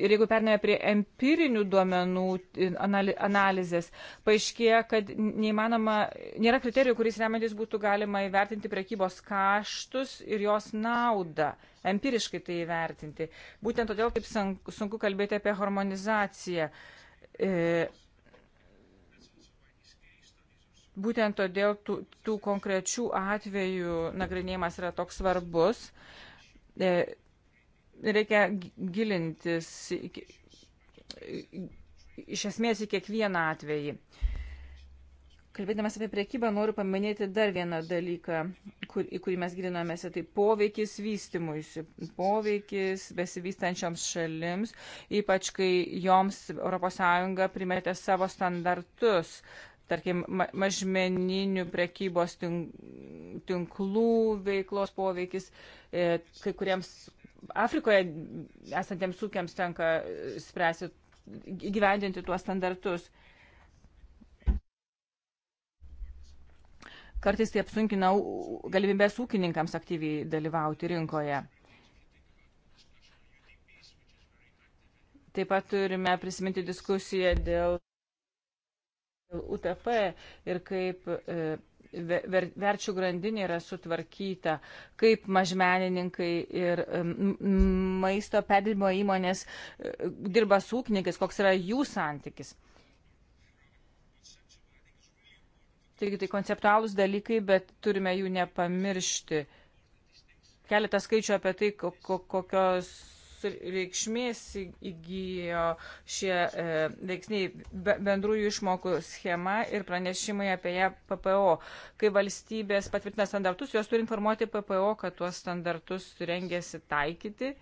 Ir jeigu pernėme prie empirinių duomenų e, analizės, paaiškėja, kad neįmanoma, nėra kriterijų, kuris remiantis būtų galima įvertinti prekybos kaštus ir jos naudą, empiriškai tai įvertinti. Būtent todėl taip sunku kalbėti apie harmonizaciją. E, būtent todėl tų, tų konkrečių atvejų nagrinėjimas yra toks svarbus e, reikia gilintis iš esmės į kiekvieną atvejį. Kalbėdamas apie priekybą, noriu paminėti dar vieną dalyką, kur, į kurį mes gilinomės, tai poveikis vystimuisi, poveikis besivystančioms šalims, ypač kai joms ES primetė savo standartus, tarkim, mažmeninių prekybos tinklų veiklos poveikis, e, kai kuriems Afrikoje esantiems ūkiams tenka e, spręsti, gyvendinti tuos standartus. Kartais tai apsunkina galimybės ūkininkams aktyviai dalyvauti rinkoje. Taip pat turime prisiminti diskusiją dėl UTP ir kaip e, ver, verčių grandinė yra sutvarkyta, kaip mažmenininkai ir maisto perdirbimo įmonės e, dirba su ūkininkais, koks yra jų santykis. Taigi tai konceptualūs dalykai, bet turime jų nepamiršti. Keletą skaičių apie tai, kokios reikšmės įgyjo šie e, veiksniai bendrųjų išmokų schema ir pranešimai apie ją PPO. Kai valstybės patvirtina standartus, jos turi informuoti PPO, kad tuos standartus rengėsi taikyti.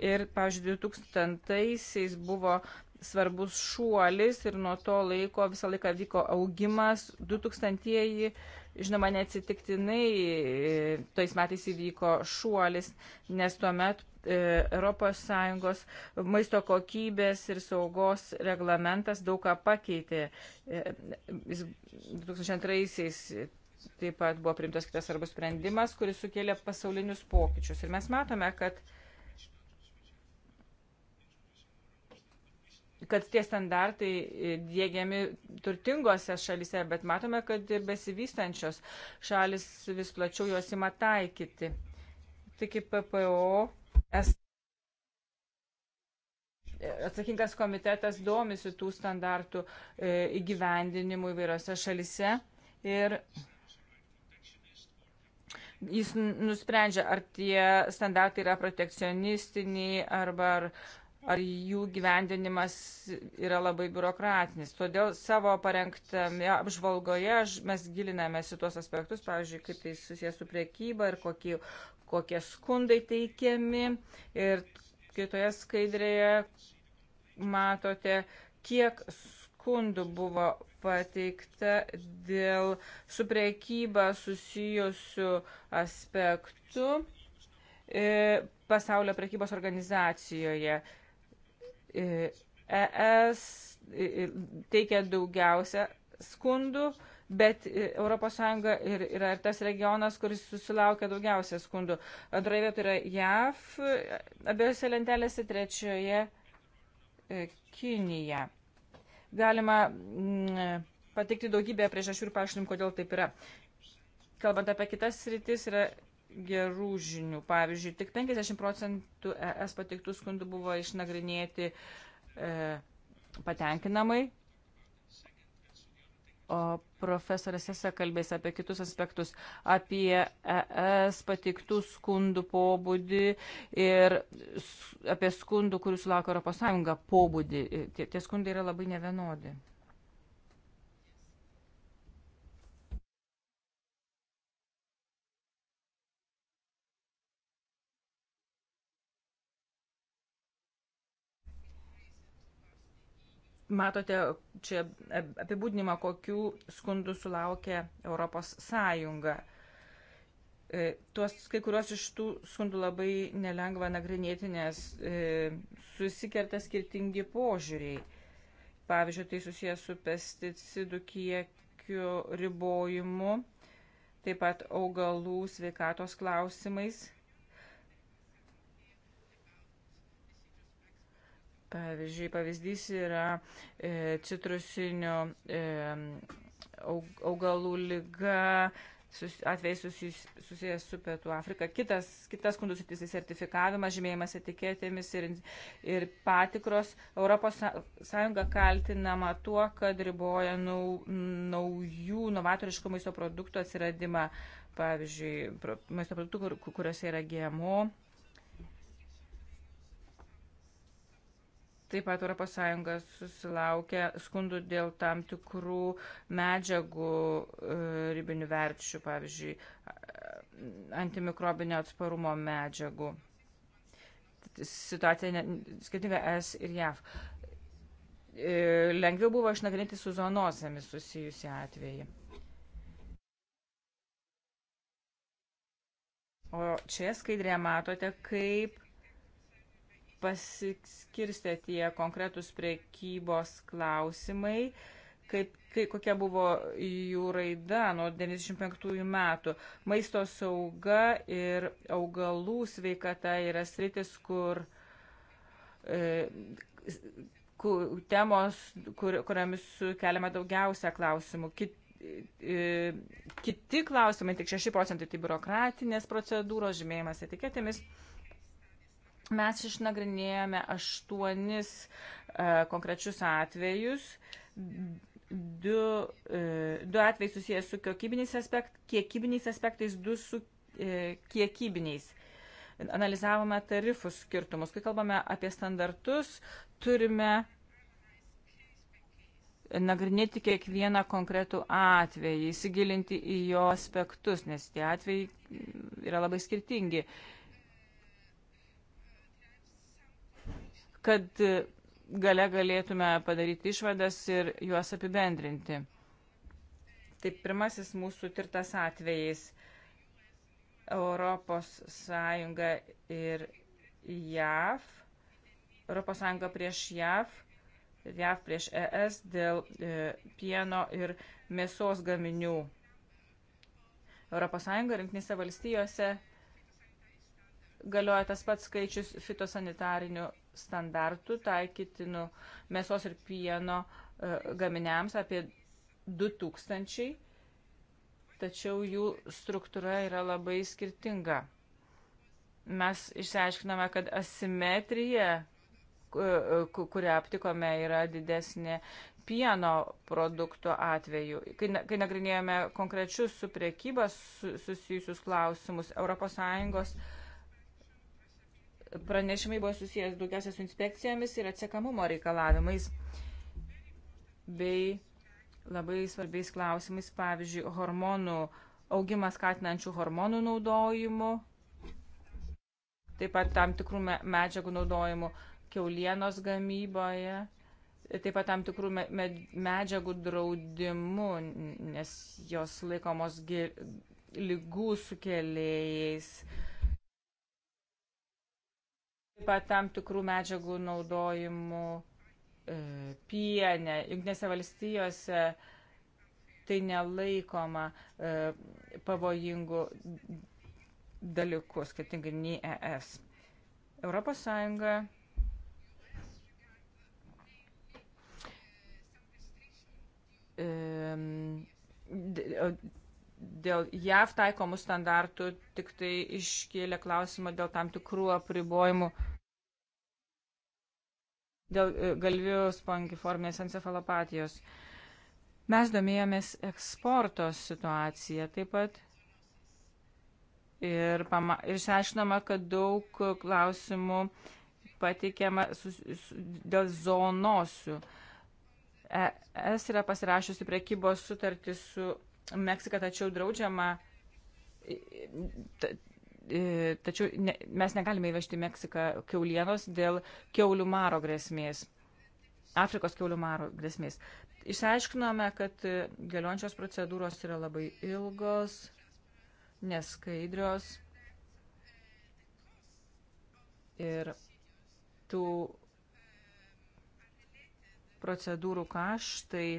Ir, pavyzdžiui, 2000-aisiais buvo svarbus šuolis ir nuo to laiko visą laiką vyko augimas. 2000-ieji Žinoma, neatsitiktinai e, tais metais įvyko šuolis, nes tuomet ES maisto kokybės ir saugos reglamentas daug ką pakeitė. 2002-aisiais e, taip pat buvo primtas kitas svarbus sprendimas, kuris sukėlė pasaulinius pokyčius. Ir mes matome, kad kad tie standartai dėgiami turtingose šalise, bet matome, kad ir besivystančios šalis vis plačiau juos ima taikyti. Tik PPO es... atsakingas komitetas domisi tų standartų e, įgyvendinimu įvairiose šalise ir jis nusprendžia, ar tie standartai yra protekcionistiniai arba ar ar jų gyvendinimas yra labai biurokratinis. Todėl savo parengtame apžvalgoje mes gilinamės į tuos aspektus, pavyzdžiui, kaip tai susijęs su priekyba ir kokie, kokie skundai teikiami. Ir kitoje skaidrėje matote, kiek skundų buvo pateikta dėl su priekyba susijusių aspektų e, pasaulio prekybos organizacijoje. ES teikia daugiausia skundų, bet ES ir, yra ir tas regionas, kuris susilaukia daugiausia skundų. Antroje vietoje yra JAV, abiejose lentelėse, trečioje e, Kinija. Galima mm, pateikti daugybę priežasčių ir paaiškinim, kodėl taip yra. Kalbant apie kitas sritis, yra gerų žinių. Pavyzdžiui, tik 50 procentų es pateiktų skundų buvo išnagrinėti e, patenkinamai. O profesorė Sesa kalbės apie kitus aspektus, apie ES pateiktų skundų pobūdį ir apie skundų, kurių sulaukia ES pobūdį. Tie, tie skundai yra labai nevienodi. matote čia apibūdinimą, kokių skundų sulaukė Europos Sąjunga. E, tuos kai kuriuos iš tų skundų labai nelengva nagrinėti, nes e, susikerta skirtingi požiūriai. Pavyzdžiui, tai susijęs su pesticidų kiekiu ribojimu, taip pat augalų sveikatos klausimais Pavyzdžiui, pavyzdys yra e, citrusinių e, augalų lyga, sus, atvejai susijęs, susijęs su Pietų Afrika. Kitas, kitas skundų sritis - tai sertifikavimas, žymėjimas etiketėmis ir, ir patikros. ES kaltinama tuo, kad riboja nau, naujų novatoriškų maisto produktų atsiradimą, pavyzdžiui, maisto produktų, kur, kuriuose yra GMO Taip pat ES susilaukia skundų dėl tam tikrų medžiagų e, ribinių verčių, pavyzdžiui, antimikrobinio atsparumo medžiagų. Situacija skirtinga S ir JAV. E, lengviau buvo išnagrinėti su zoonozėmis susijusi atvejai. O čia skaidrėje matote, kaip pasiskirstė tie konkretus priekybos klausimai, kaip, kai, kokia buvo jų raida nuo 95 metų. Maisto sauga ir augalų sveikata yra sritis, kur e, kur, temos, kur, kuriamis keliama daugiausia klausimų. Kit, e, Kiti klausimai, tik 6 procentai, tai biurokratinės procedūros, žymėjimas etiketėmis, Mes išnagrinėjome aštuonis e, konkrečius atvejus. Du, e, du atvejai susijęs su kiekybiniais, aspekt, kiekybiniais aspektais, du su e, kiekybiniais. Analizavome tarifų skirtumus. Kai kalbame apie standartus, turime nagrinėti kiekvieną konkretų atvejį, įsigilinti į jo aspektus, nes tie atvejai yra labai skirtingi. E, kad gale galėtume padaryti išvadas ir juos apibendrinti. Tai pirmasis mūsų tirtas atvejais Europos Sąjunga ir JAV, Europos Sąjunga prieš JAV, JAV prieš ES dėl e, pieno ir mėsos gaminių. Europos Sąjunga rinktinėse valstijose galioja tas pats skaičius fitosanitarinių standartų taikytinų mėsos ir pieno e, gaminiams apie 2000, tačiau jų struktūra yra labai skirtinga. Mes išsiaiškiname, kad asimetrija, kurią aptikome, yra didesnė pieno produktų atveju. Kai, kai nagrinėjome konkrečius su priekyba susijusius klausimus, ES Pranešimai buvo susijęs daugiausia su inspekcijomis ir atsiekamumo reikalavimais bei labai svarbiais klausimais, pavyzdžiui, hormonų augimą skatinančių hormonų naudojimu, taip pat tam tikrų medžiagų naudojimu keulienos gamyboje, taip pat tam tikrų medžiagų draudimu, nes jos laikomos lygų sukėlėjais. Taip pat tam tikrų medžiagų naudojimų e, pienė. Junknėse valstijose tai nelaikoma e, pavojingų dalykų, skirtingai nei ES. Europos Sąjunga e, dėl JAV taikomų standartų, tik tai iškėlė klausimą dėl tam tikrų apribojimų. Dėl e, galvijos pangiformės encefalopatijos. Mes domėjomės eksporto situaciją taip pat ir, pama, ir išsiaiškinama, kad daug klausimų pateikiama sus, su, dėl zonosių. E-, ES yra pasirašiusi prekybos sutartį su Meksika, tačiau draudžiama. Tačiau ne, mes negalime įvežti Meksiką keulienos dėl keulių maro grėsmės, Afrikos keulių maro grėsmės. Išsiaiškinome, kad e, galiojančios procedūros yra labai ilgos, neskaidrios ir tų procedūrų kaštai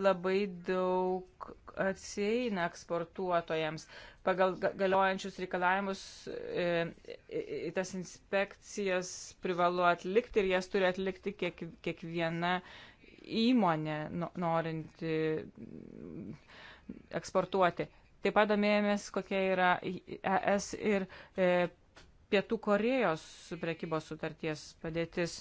labai daug atsieina eksportuotojams. Pagal galiojančius reikalavimus e, tas inspekcijas privalu atlikti ir jas turi atlikti kiek, kiekviena įmonė norinti eksportuoti. Taip pat domėjomės, kokia yra ES ir e, Pietų Korejos prekybos sutarties padėtis.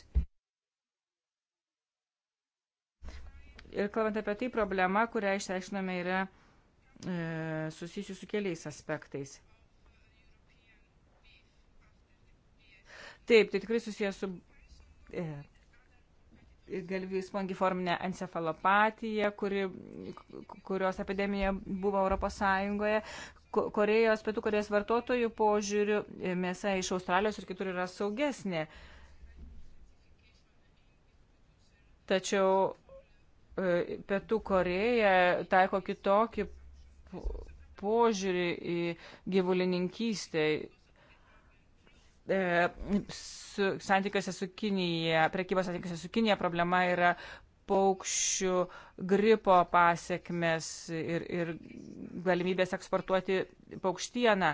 Ir kalbant apie tai, problema, kurią išsiaiškiname, yra e, susijusi su keliais aspektais. Taip, tai tikrai susijęs su e, galvijų spongiforminė encefalopatija, kuri, kurios epidemija buvo Europos Sąjungoje. Korejos, pietų Korejos vartotojų požiūrių e, mėsa iš Australijos ir kitur yra saugesnė. Tačiau E, Pietų Koreja taiko kitokį požiūrį į gyvulininkystę. E, santykiuose su Kinija, prekybos santykiuose su Kinija problema yra paukščių gripo pasiekmes ir, ir galimybės eksportuoti paukštieną.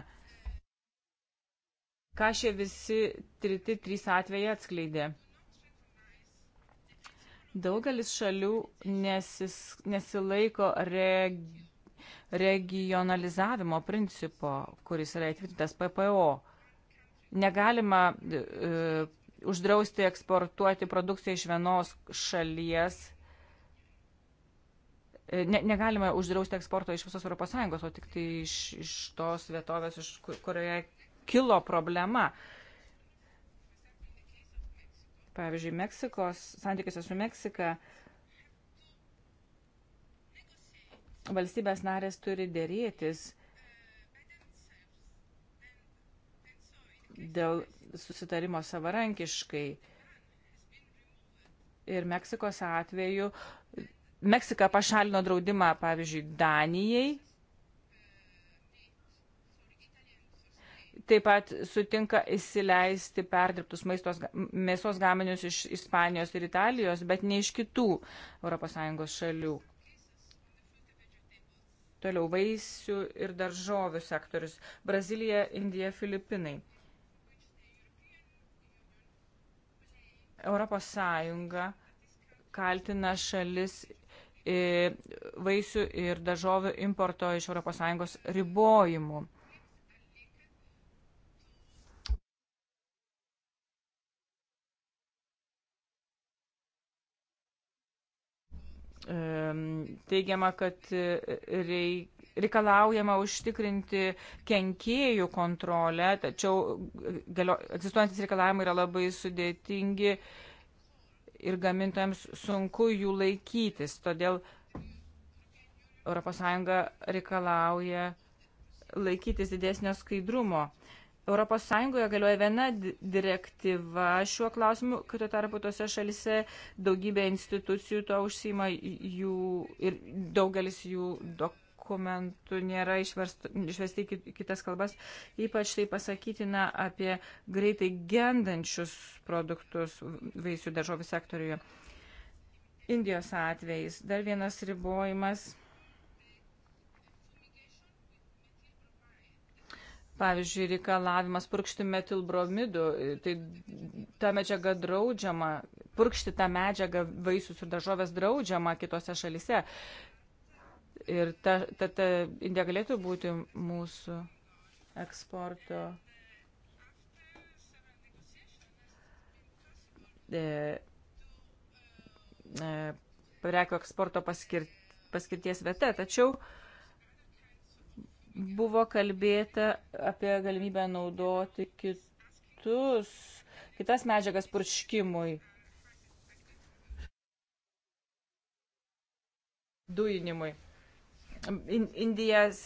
Ką šie visi triti trys atvejai atskleidė? Daugelis šalių nesis, nesilaiko reg, regionalizavimo principo, kuris yra įtvirtintas PPO. Negalima e, e, uždrausti eksportuoti produkciją iš vienos šalies e, ne, negalime uždrausti eksporto iš visos ES, o tik tai iš, iš tos vietovės, iš kur, kurioje kilo problema. Pavyzdžiui, Meksikos, santykiuose su Meksika valstybės narės turi dėrėtis dėl susitarimo savarankiškai. Ir Meksikos atveju Meksika pašalino draudimą, pavyzdžiui, Danijai taip pat sutinka įsileisti perdirbtus maistos, mėsos gaminius iš Ispanijos ir Italijos, bet ne iš kitų ES šalių. Toliau vaisių ir daržovių sektorius - Brazilija, Indija, Filipinai. ES kaltina šalis e, vaisių ir daržovių importo iš ES ribojimų teigiama, kad e, reikalaujama užtikrinti kenkėjų kontrolę, tačiau galio, egzistuojantis reikalavimai yra labai sudėtingi ir gamintojams sunku jų laikytis. Todėl ES reikalauja laikytis didesnio skaidrumo. ES galioja viena direktyva šiuo klausimu, kad tuo tarpu tose šalise daugybė institucijų to užsima jų ir daugelis jų dokumentų nėra išvesti į kitas kalbas. Ypač tai pasakytina apie greitai gendančius produktus vaisių daržovių sektoriuje. Indijos atvejais dar vienas ribojimas Pavyzdžiui, reikalavimas purkšti metilbromidų, tai ta medžiaga draudžiama, purkšti tą medžiagą vaisius ir daržovės draudžiama kitose šalise. Ir ta, ta, ta Indija galėtų būti mūsų eksporto e, e, prekių eksporto paskirt, paskirties vieta. Tačiau e, Buvo kalbėta apie galimybę naudoti kitus, kitas medžiagas purškimui. Dujinimui. In, Indijas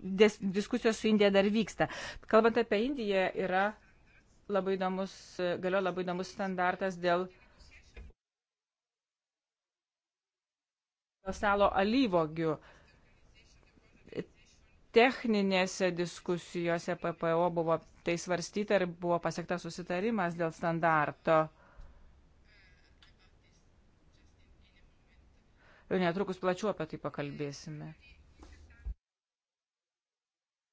dis, diskusijos su Indija dar vyksta. Kalbant apie Indiją, yra labai įdomus, galio labai įdomus standartas dėl salo alyvogių techninėse diskusijose PPO buvo tai svarstyta ir buvo pasiektas susitarimas dėl standarto. Ir netrukus plačiu apie tai pakalbėsime.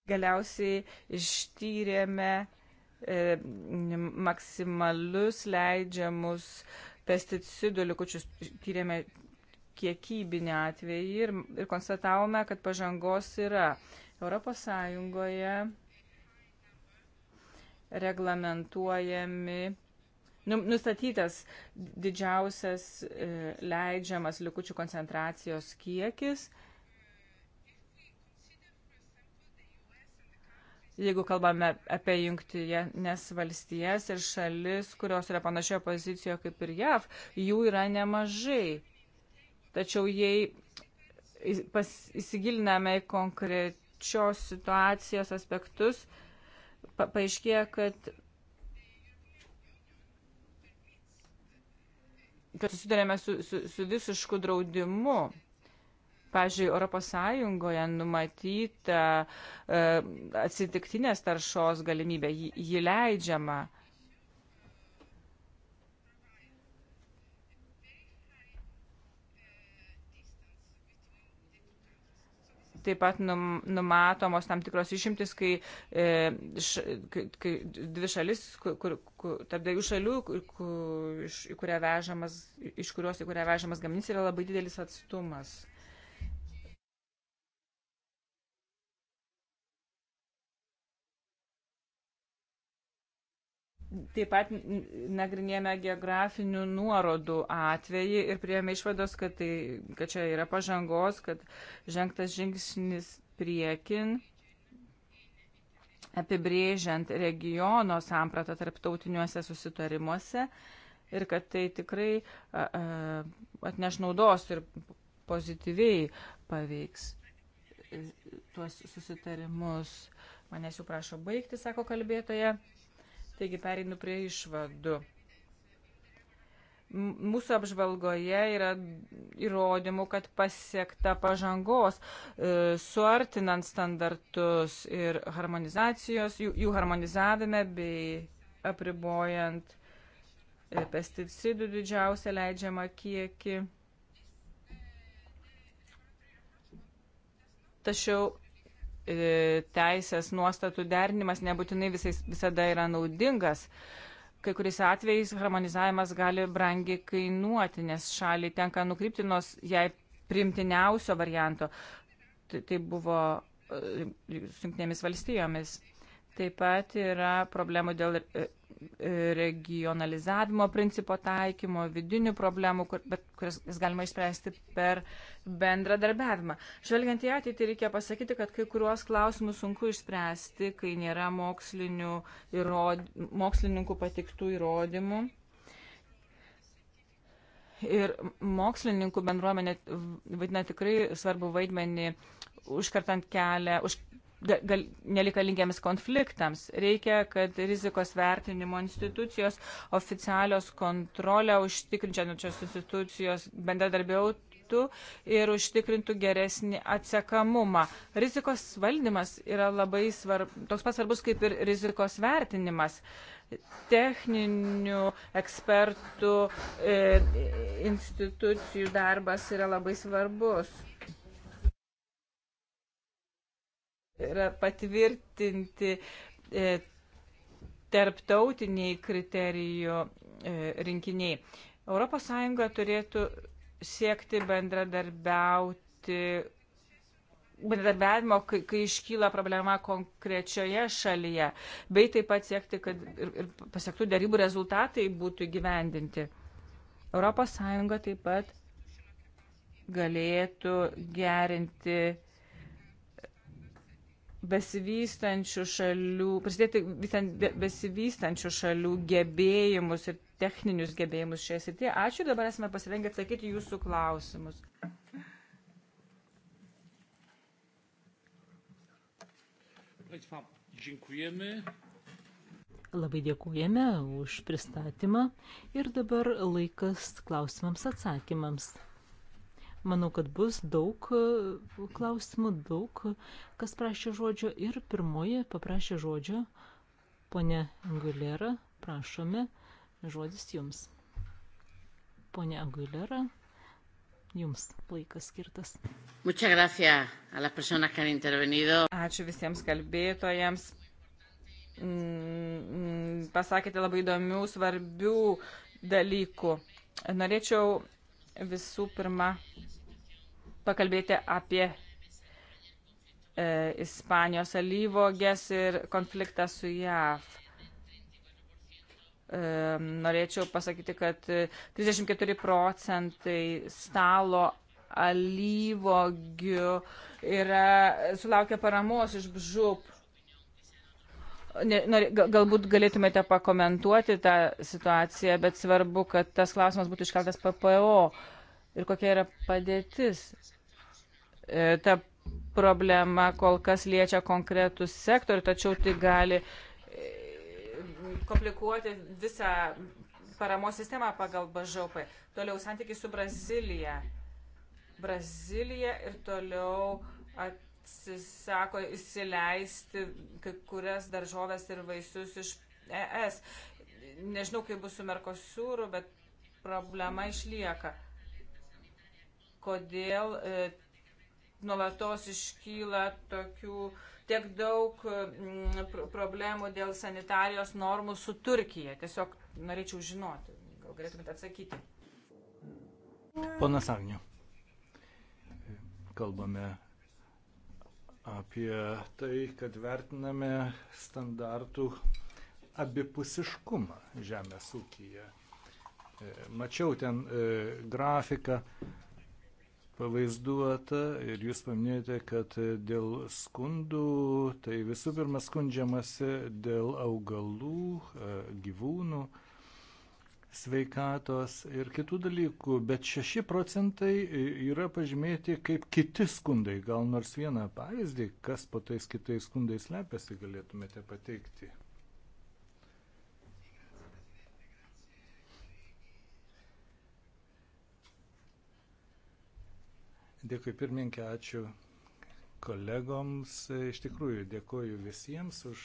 Galiausiai ištyrėme e, maksimalius leidžiamus pesticidų likučius, tyrėme kiekybinį atvejį ir, ir konstatavome, kad pažangos yra. E, Europos Sąjungoje reglamentuojami nu, Nustatytas didžiausias e, leidžiamas likučių koncentracijos kiekis. Jeigu kalbame apie jungtinės valstijas ir šalis, kurios yra panašioje pozicijoje kaip ir JAV, jų yra nemažai. Tačiau jei įsigiliname į konkrečią šios situacijos aspektus, pa paaiškėja, kad, kad susidurėme su, su, su visišku draudimu. Pavyzdžiui, Europos Sąjungoje numatyta e, atsitiktinės taršos galimybė, ji, ji leidžiama. E, taip pat num, numatomos tam tikros išimtis, kai, e, š, kai, kai dvi šalis, kur, kur, kur, tarp dviejų šalių, kur, kur, iš, kurią vežamas, iš kurios į kurią vežamas gaminys yra labai didelis atstumas. Taip pat nagrinėjame geografinių nuorodų atvejį ir prieėmė išvados, kad, tai, kad čia yra pažangos, kad žengtas žingsnis priekin, apibrėžiant regiono sampratą tarptautiniuose susitarimuose ir kad tai tikrai a, a, atneš naudos ir pozityviai paveiks tuos susitarimus. Manęs jau prašo baigti, sako kalbėtoje. Taigi pereinu prie išvadų. Mūsų apžvalgoje yra įrodymų, kad pasiekta pažangos, e, suartinant standartus ir harmonizacijos, jų, jų harmonizavime bei apribojant e, pesticidų didžiausią leidžiamą kiekį. Tačiau E, teisės nuostatų derinimas nebūtinai visais, visada yra naudingas. Kai kuriais atvejais harmonizavimas gali brangiai kainuoti, nes šaliai tenka nukrypti nuo jai primtiniausio varianto. Tai, tai buvo e, jungtinėmis valstijomis. Taip pat yra problemų dėl e, e, regionalizavimo principo taikymo, vidinių problemų, kur, bet kurias galima išspręsti per bendradarbiavimą. Žvelgiant į ateitį, reikia pasakyti, kad kai kuriuos klausimus sunku išspręsti, kai nėra įrod, mokslininkų patiktų įrodymų. Ir mokslininkų bendruomenė vaidina tikrai svarbu vaidmenį užkartant kelią, už, gal, nelikalingiams konfliktams. Reikia, kad rizikos vertinimo institucijos, oficialios kontrolę užtikrinčiančios institucijos bendradarbiautų ir užtikrintų geresnį atsekamumą. Rizikos valdymas yra labai svarb, toks pats svarbus kaip ir rizikos vertinimas. Techninių ekspertų e, institucijų darbas yra labai svarbus yra patvirtinti e, tarptautiniai kriterijų e, rinkiniai. ES turėtų siekti bendradarbiauti bendradarbiavimo, kai, kai iškyla problema konkrečioje šalyje, bei taip pat siekti, kad ir, ir pasiektų darybų rezultatai būtų gyvendinti. ES taip pat galėtų gerinti besivystančių šalių, prisidėti vystant, besivystančių šalių gebėjimus ir techninius gebėjimus šioje srityje. Ačiū, dabar esame pasirengę atsakyti jūsų klausimus. Labai dėkujame už pristatymą ir dabar laikas klausimams atsakymams. Manau, kad bus daug e, klausimų, daug e, kas prašė žodžio. Ir pirmoji paprašė žodžio ponė Angulera. Prašome, žodis jums. Pone Angulera, jums laikas skirtas. Ačiū visiems kalbėtojams. Mm, mm, pasakėte labai įdomių, svarbių dalykų. Norėčiau visų pirma pakalbėti apie e, Ispanijos alyvogės ir konfliktą su JAV. E, norėčiau pasakyti, kad 34 e, procentai stalo alyvogių yra, sulaukia paramos iš BŽUP Galbūt galėtumėte pakomentuoti tą situaciją, bet svarbu, kad tas klausimas būtų iškeltas PPO ir kokia yra padėtis. E, ta problema kol kas liečia konkretų sektorių, tačiau tai gali e, komplikuoti visą paramos sistemą pagal BŽP. Toliau santykiai su Brazilija. Brazilija ir toliau at, atsisako įsileisti kai kurias daržovės ir vaisius iš ES. Nežinau, kaip bus su Merkosūru, bet problema išlieka. Kodėl e, nuolatos iškyla tokių tiek daug m, mm, problemų dėl sanitarijos normų su Turkija? Tiesiog norėčiau žinoti. Gal galėtumėte atsakyti? Ponas Agniu. Kalbame apie tai, kad vertiname standartų abipusiškumą žemės ūkyje. E, mačiau ten e, grafiką pavaizduota ir jūs paminėjote, kad e, dėl skundų, tai visų pirma skundžiamasi dėl augalų, gyvūnų, sveikatos ir kitų dalykų, bet 6 procentai yra pažymėti kaip kiti skundai. Gal nors vieną pavyzdį, kas po tais kitais skundais slepiasi, galėtumėte pateikti. Dėkui pirmininkė, ačiū kolegoms. Iš tikrųjų, dėkoju visiems už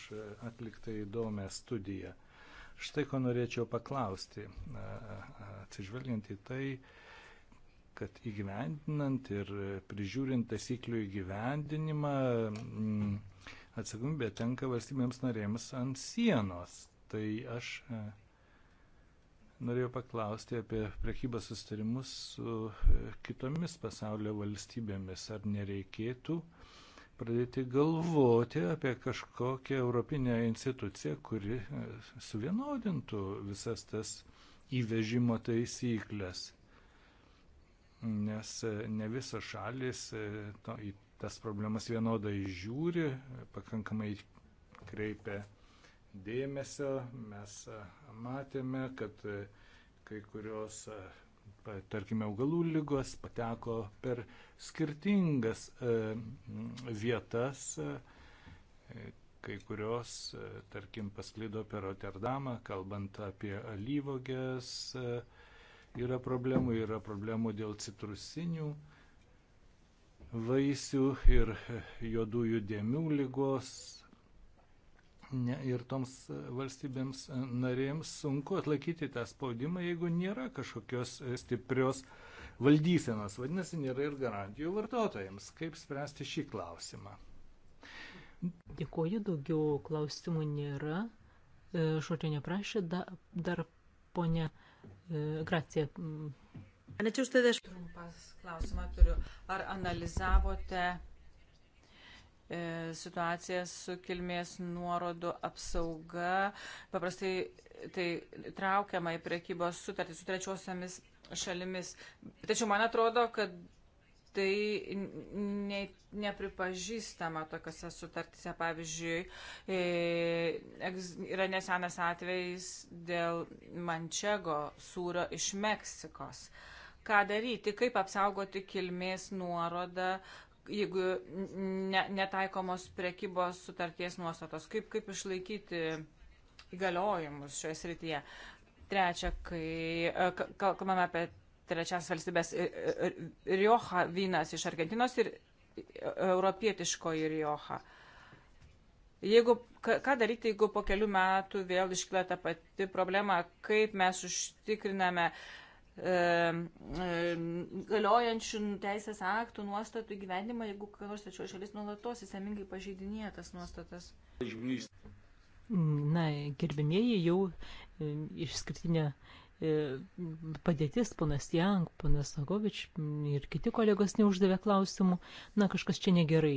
atliktą įdomią studiją. Štai ko norėčiau paklausti, atsižvelgiant į tai, kad įgyvendinant ir prižiūrint taisyklių įgyvendinimą atsakomybė tenka valstybėms narėms ant sienos. Tai aš norėjau paklausti apie prekybos sustarimus su kitomis pasaulio valstybėmis. Ar nereikėtų uh, pradėti galvoti apie kažkokią europinę instituciją, kuri e, suvienodintų visas tas įvežimo taisyklės. Nes e, ne visos šalis e, to, į tas problemas vienodai žiūri, pakankamai kreipia dėmesio. Mes matėme, kad kai kurios tarkime, augalų lygos pateko per skirtingas e, vietas, e, kai kurios, e, tarkim, pasklido per Rotterdamą, kalbant apie alyvogės, yra problemų, yra problemų dėl citrusinių vaisių ir juodųjų dėmių lygos ne, ir toms e, valstybėms e, narėms sunku atlaikyti tą spaudimą, jeigu nėra kažkokios e, stiprios valdysenos. Vadinasi, nėra ir garantijų vartotojams. Kaip spręsti šį klausimą? Dėkuoju, daugiau klausimų nėra. Šodžio neprašė, da, dar ponia Gracija. Nečiau štai aš trumpas klausimą turiu. Ar analizavote E, situacija su kilmės nuorodų apsauga. Paprastai tai traukiama į prekybos sutartį su trečiosiamis šalimis. Tačiau man atrodo, kad tai ne, nepripažįstama tokiuose sutartise. Pavyzdžiui, e, yra nesenas atvejis dėl mančego sūrio iš Meksikos ką daryti, kaip apsaugoti kilmės nuorodą jeigu ne, netaikomos prekybos sutarties nuostatos, kaip, kaip išlaikyti įgaliojimus šioje srityje. Trečia, kai e, kalbame apie trečias valstybės, e, e, Rioja vynas iš Argentinos ir europietiškoji Rioja. Jeigu, ką daryti, jeigu po kelių metų vėl iškyla ta pati problema, kaip mes užtikriname uh, E, e, galiojančių teisės aktų nuostatų įgyvendimą, jeigu kokia nors trečioji šalis nuolatos įsamingai pažeidinėja tas nuostatas. Na, gerbimieji jau e, išskirtinė padėtis, ponas Jank, ponas Sagovič ir kiti kolegos neuždavė klausimų, na kažkas čia negerai.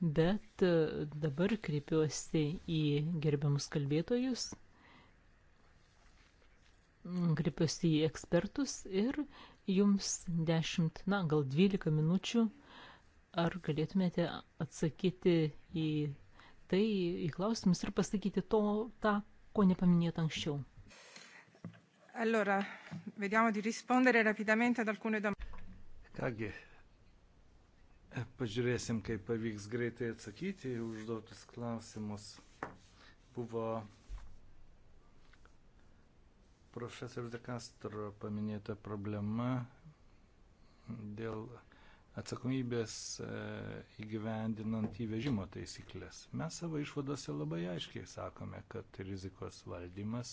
Bet dabar kreipiuosi į gerbiamus kalbėtojus kreipiuosi į ekspertus ir jums 10, na gal 12 minučių, ar galėtumėte atsakyti į tai, į klausimus ir pasakyti to, tą, ko nepaminėt anksčiau. Allora, vediamo di rispondere rapidamente ad alcune domande. Kągi, e, pažiūrėsim, kaip pavyks greitai atsakyti užduotus klausimus. Buvo profesorius De Castro paminėta problema dėl atsakomybės e, įgyvendinant įvežimo taisyklės. Mes savo išvadose labai aiškiai sakome, kad rizikos valdymas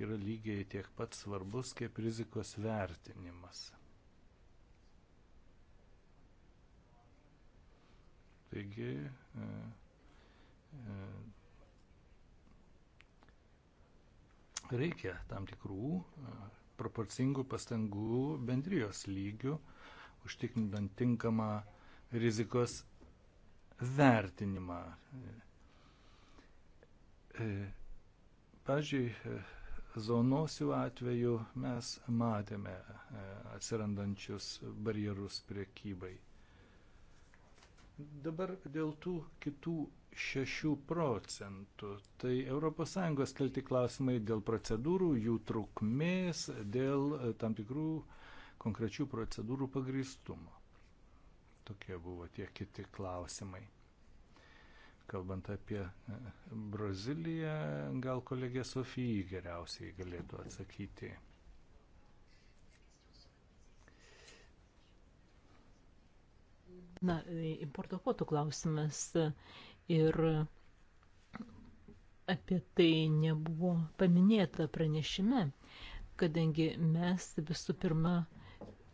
yra lygiai tiek pat svarbus kaip rizikos vertinimas. Taigi, e, e, reikia tam tikrų e, proporcingų pastangų bendrijos lygių, užtikrinant tinkamą rizikos vertinimą. E, pavyzdžiui, e, zonosių atveju mes matėme atsirandančius barjerus priekybai. Dabar dėl tų kitų 6 procentų. Tai ES kelti klausimai dėl procedūrų, jų trukmės, dėl e, tam tikrų konkrečių procedūrų pagristumo. Tokie buvo tie kiti klausimai. Kalbant apie e, Braziliją, gal kolegė Sofija geriausiai galėtų atsakyti. Na, importo kvotų klausimas ir apie tai nebuvo paminėta pranešime, kadangi mes visų pirma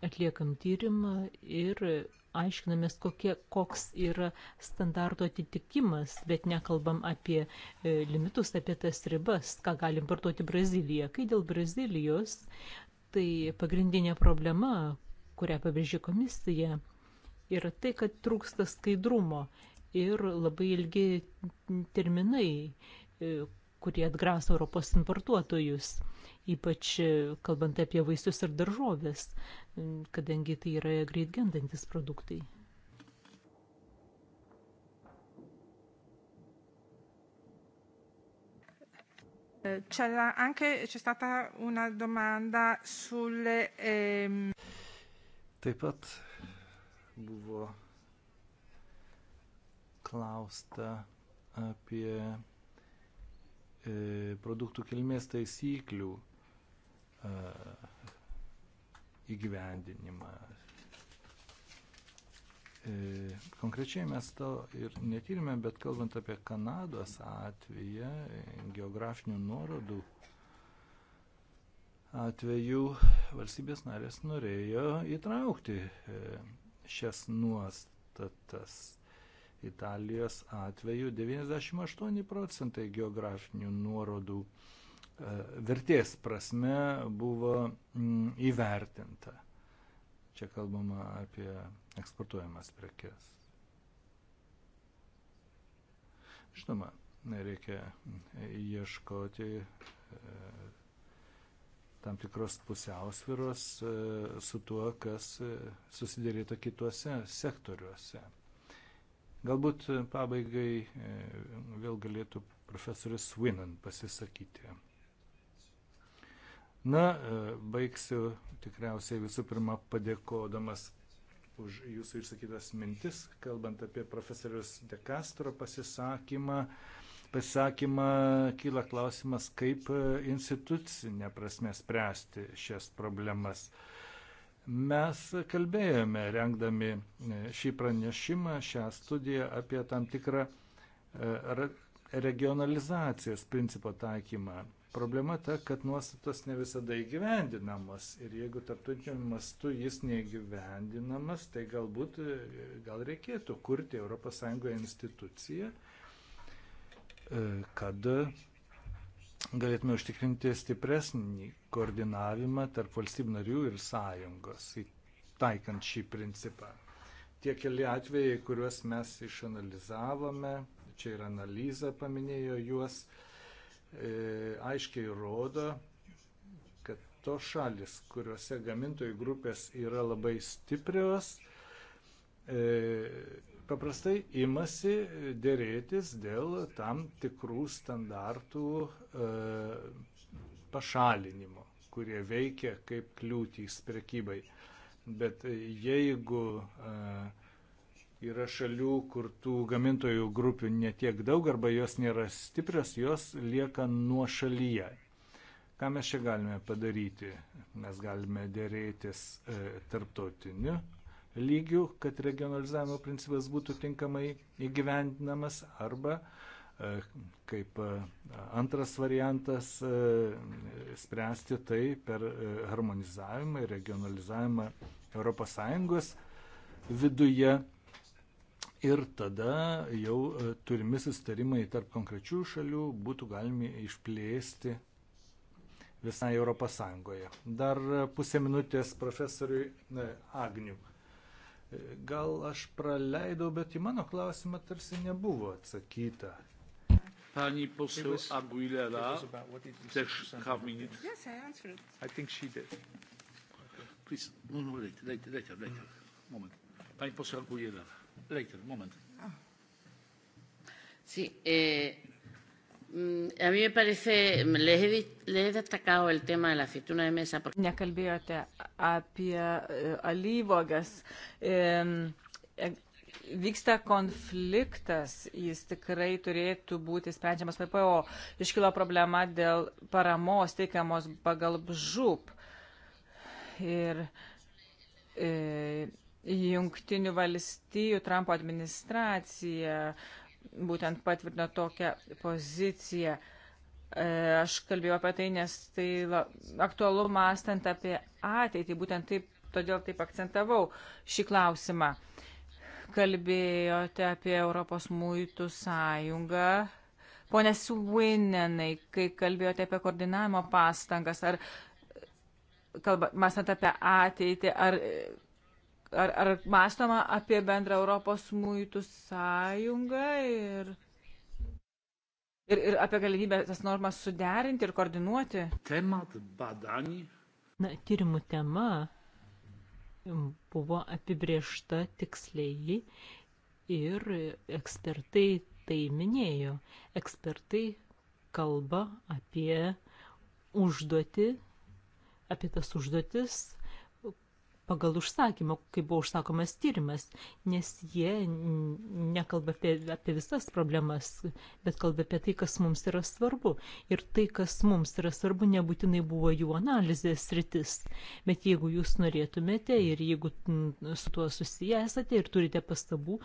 atliekam tyrimą ir aiškinamės, kokie, koks yra standarto atitikimas, bet nekalbam apie e, limitus, apie tas ribas, ką galim vartoti Braziliją. Kai dėl Brazilijos, tai pagrindinė problema, kurią pabrėžė komisija, yra tai, kad trūksta skaidrumo ir labai ilgi terminai, e, kurie atgraso Europos importuotojus, ypač e, kalbant apie vaisius ir daržovės, e, kadangi tai yra greit gendantis produktai. C'era anche, c'è stata una domanda sulle... Ehm... Taip pat buvo paklausta apie e, produktų kilmės taisyklių e, įgyvendinimą. E, konkrečiai mes to ir netyrime, bet kalbant apie Kanados atveją, geografinių nuorodų atveju valstybės narės norėjo įtraukti šias nuostatas. Italijos atveju 98 procentai geografinių nuorodų e, vertės prasme buvo mm, įvertinta. Čia kalbama apie eksportuojamas prekes. Žinoma, reikia ieškoti e, tam tikros pusiausviros e, su tuo, kas susidėrėta kituose sektoriuose. Galbūt e, pabaigai e, vėl galėtų profesorius Winan pasisakyti. Na, e, baigsiu tikriausiai visų pirma padėkodamas už jūsų išsakytas mintis, kalbant apie profesorius De Castro pasisakymą. Pasisakymą kyla klausimas, kaip institucinė prasme spręsti šias problemas. Uh, Mes kalbėjome, rengdami e, šį pranešimą, šią studiją apie tam tikrą e, regionalizacijos principo taikymą. Problema ta, kad nuostatos ne visada įgyvendinamos ir jeigu tarptautiniu mastu jis neįgyvendinamas, tai galbūt e, gal reikėtų kurti ES instituciją, kad galėtume užtikrinti stipresnį koordinavimą tarp valstybių narių ir sąjungos, taikant šį principą. Tie keli atvejai, kuriuos mes išanalizavome, čia ir analiza paminėjo juos, e, aiškiai rodo, kad tos šalis, kuriuose gamintojų grupės yra labai stiprios, e, paprastai imasi dėrėtis dėl tam tikrų standartų e, pašalinimo, kurie veikia kaip kliūtys prekybai. Bet jeigu e, yra šalių, kur tų gamintojų grupių netiek daug arba jos nėra stiprios, jos lieka nuo šalyje. Ką mes čia galime padaryti? Mes galime dėrėtis e, tarptautiniu lygių, kad regionalizavimo principas būtų tinkamai įgyvendinamas arba e, kaip e, antras variantas e, spręsti tai per harmonizavimą ir regionalizavimą ES viduje. Ir tada jau turimi sustarimai tarp konkrečių šalių būtų galimi išplėsti visai ES. Dar pusę minutės profesoriui Agniu. Gal aš praleidau, bet į mano klausimą tarsi nebuvo atsakyta. Pani poseł Aguilera, też half minute. Yes, I answered it. I think she did. Please, no, no, later, later, later, later. Moment. Pani poseł Aguilera. Later, moment. Oh. Sí, eh, Mm, a mí me parece, les he, les he destacado el tema de la aceituna de mesa. Porque... Nekalbėjote apie eh, alyvogas. E, vyksta konfliktas, jis tikrai turėtų būti sprendžiamas PPO. Iškilo problema dėl paramos teikiamos pagal žūp. Ir e, jungtinių valstijų Trumpo administracija e, būtent patvirtino tokią poziciją. E, aš kalbėjau apie tai, nes tai aktualu mąstant apie ateitį, būtent taip, todėl taip akcentavau šį klausimą. Kalbėjote apie Europos muitų sąjungą. Pone Suvinenai, kai kalbėjote apie koordinavimo pastangas, ar kalba, mąstant apie ateitį, ar ar, ar mąstoma apie bendrą Europos muitų sąjungą ir, ir, ir apie galimybę tas normas suderinti ir koordinuoti? Temat badanį. Na, tyrimų tema buvo apibriešta tiksliai ir ekspertai tai minėjo. Ekspertai kalba apie užduotį, apie tas užduotis, pagal užsakymą, kai buvo užsakomas tyrimas, nes jie nekalba apie, apie visas problemas, bet kalba apie tai, kas mums yra svarbu. Ir tai, kas mums yra svarbu, nebūtinai buvo jų analizės rytis. Bet jeigu jūs norėtumėte ir jeigu su tuo susiję esate ir turite pastabų,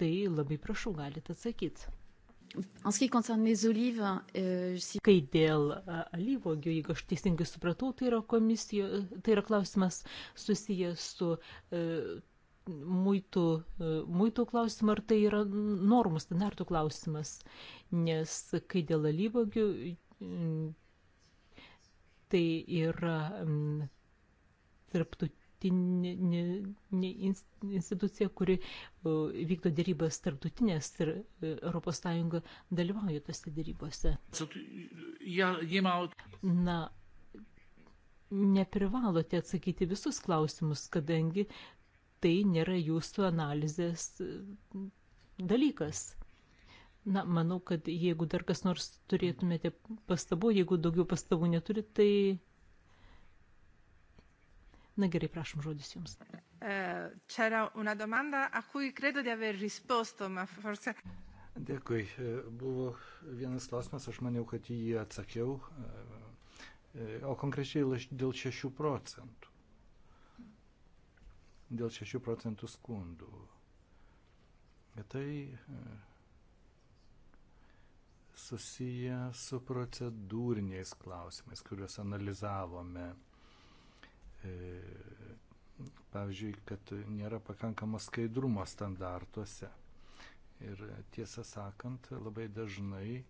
tai labai prašau galite atsakyti. Euh, kai dėl alyvogių, jeigu aš teisingai supratau, tai yra, komisijo, tai yra klausimas susijęs su e, muitų, e, muitų klausimu, ar tai yra normų standartų klausimas. Nes kai dėl alyvogių, tai yra m, tarptautinė tarptautinė institucija, kuri vykdo dėrybas tarptautinės ir ES dalyvauja tose dėrybose. Na, neprivalote atsakyti visus klausimus, kadangi tai nėra jūsų analizės e, dalykas. Na, manau, kad jeigu dar kas nors turėtumėte pastabų, jeigu daugiau pastabų neturi, tai Na gerai, prašom žodis jums. Dėkui. E, buvo vienas klausimas, aš maniau, kad jį atsakiau, e, e, o konkrečiai dėl 6 procentų. Dėl 6 procentų skundų. Tai susiję su procedūriniais klausimais, kuriuos analizavome E, pavyzdžiui, kad nėra pakankamas skaidrumo standartuose. Ir tiesą sakant, labai dažnai e,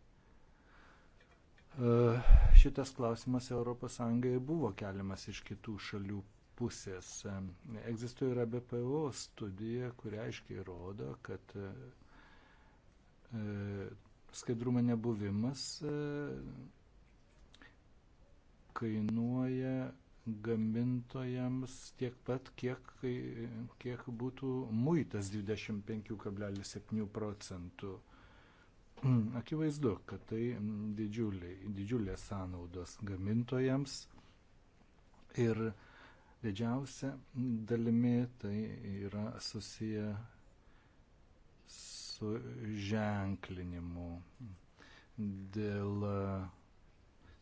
šitas klausimas ES buvo keliamas iš kitų šalių pusės. Egzistuoja ir ABPO studija, kuri aiškiai rodo, kad e, skaidrumo nebuvimas kainuoja gamintojams tiek pat, kiek, kiek būtų muitas 25,7 procentų. Akivaizdu, kad tai didžiulės sąnaudos gamintojams ir didžiausia dalimi tai yra susiję su ženklinimu dėl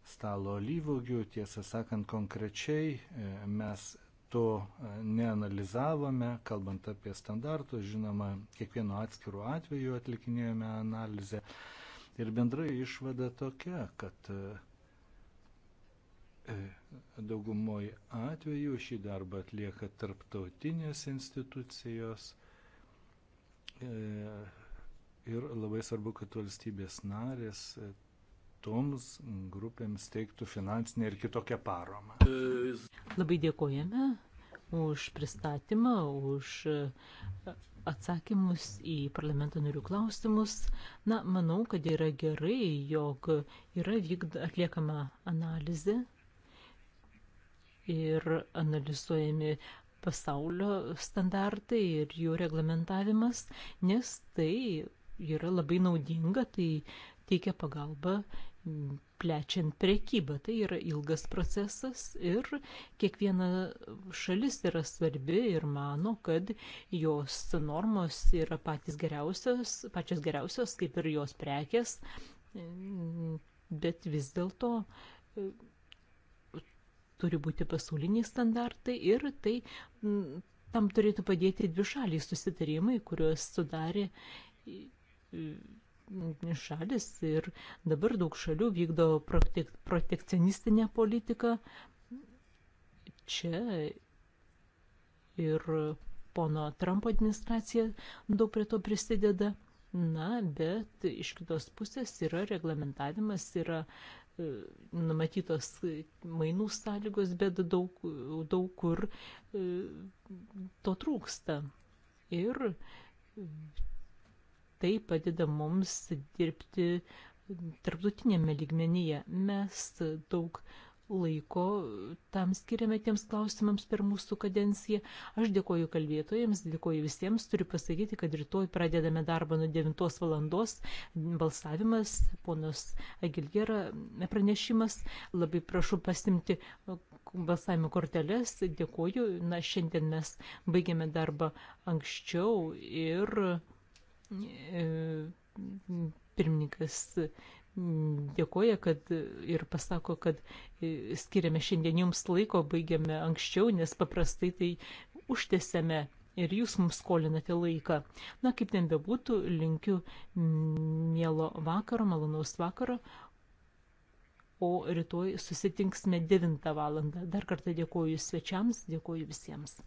stalo lyvogių. Tiesą sakant, konkrečiai e, mes to e, neanalizavome, kalbant apie standartus, žinoma, kiekvieno atskirų atveju atlikinėjome analizę. Ir bendrai išvada tokia, kad e, daugumoji atveju šį darbą atlieka tarptautinės institucijos. Ir labai svarbu, kad valstybės narės toms grupėms teiktų finansinę ir kitokią paramą. Labai dėkojame už pristatymą, už e, atsakymus į parlamento narių klausimus. Na, manau, kad yra gerai, jog yra vykd, atliekama analizė ir analizuojami pasaulio standartai ir jų reglamentavimas, nes tai yra labai naudinga, tai teikia pagalbą plečiant prekybą. Tai yra ilgas procesas ir kiekviena šalis yra svarbi ir mano, kad jos normos yra patys geriausios, pačios geriausios, kaip ir jos prekės, bet vis dėlto e, turi būti pasauliniai standartai ir tai tam turėtų padėti dvi šaliai susitarimai, kuriuos sudarė šalis ir dabar daug šalių vykdo protek protekcionistinę politiką. Čia ir pono Trumpo administracija daug prie to prisideda. Na, bet iš kitos pusės yra reglamentavimas, yra e, numatytos mainų sąlygos, bet daug, daug kur e, to trūksta. Ir tai padeda mums dirbti tarptautinėme lygmenyje. Mes daug laiko tam skiriame tiems klausimams per mūsų kadenciją. Aš dėkoju kalbėtojams, dėkoju visiems. Turiu pasakyti, kad rytoj pradedame darbą nuo 9 valandos. Balsavimas, ponos Agilgera pranešimas. Labai prašau pasimti balsavimo korteles. Dėkoju. Na, šiandien mes baigėme darbą anksčiau ir pirmininkas dėkoja kad ir pasako, kad skiriame šiandien jums laiko, baigiame anksčiau, nes paprastai tai užtėsėme ir jūs mums skolinate laiką. Na, kaip ten bebūtų, linkiu mielo vakaro, malonaus vakaro, o rytoj susitinksime 9 valandą. Dar kartą dėkoju svečiams, dėkoju visiems.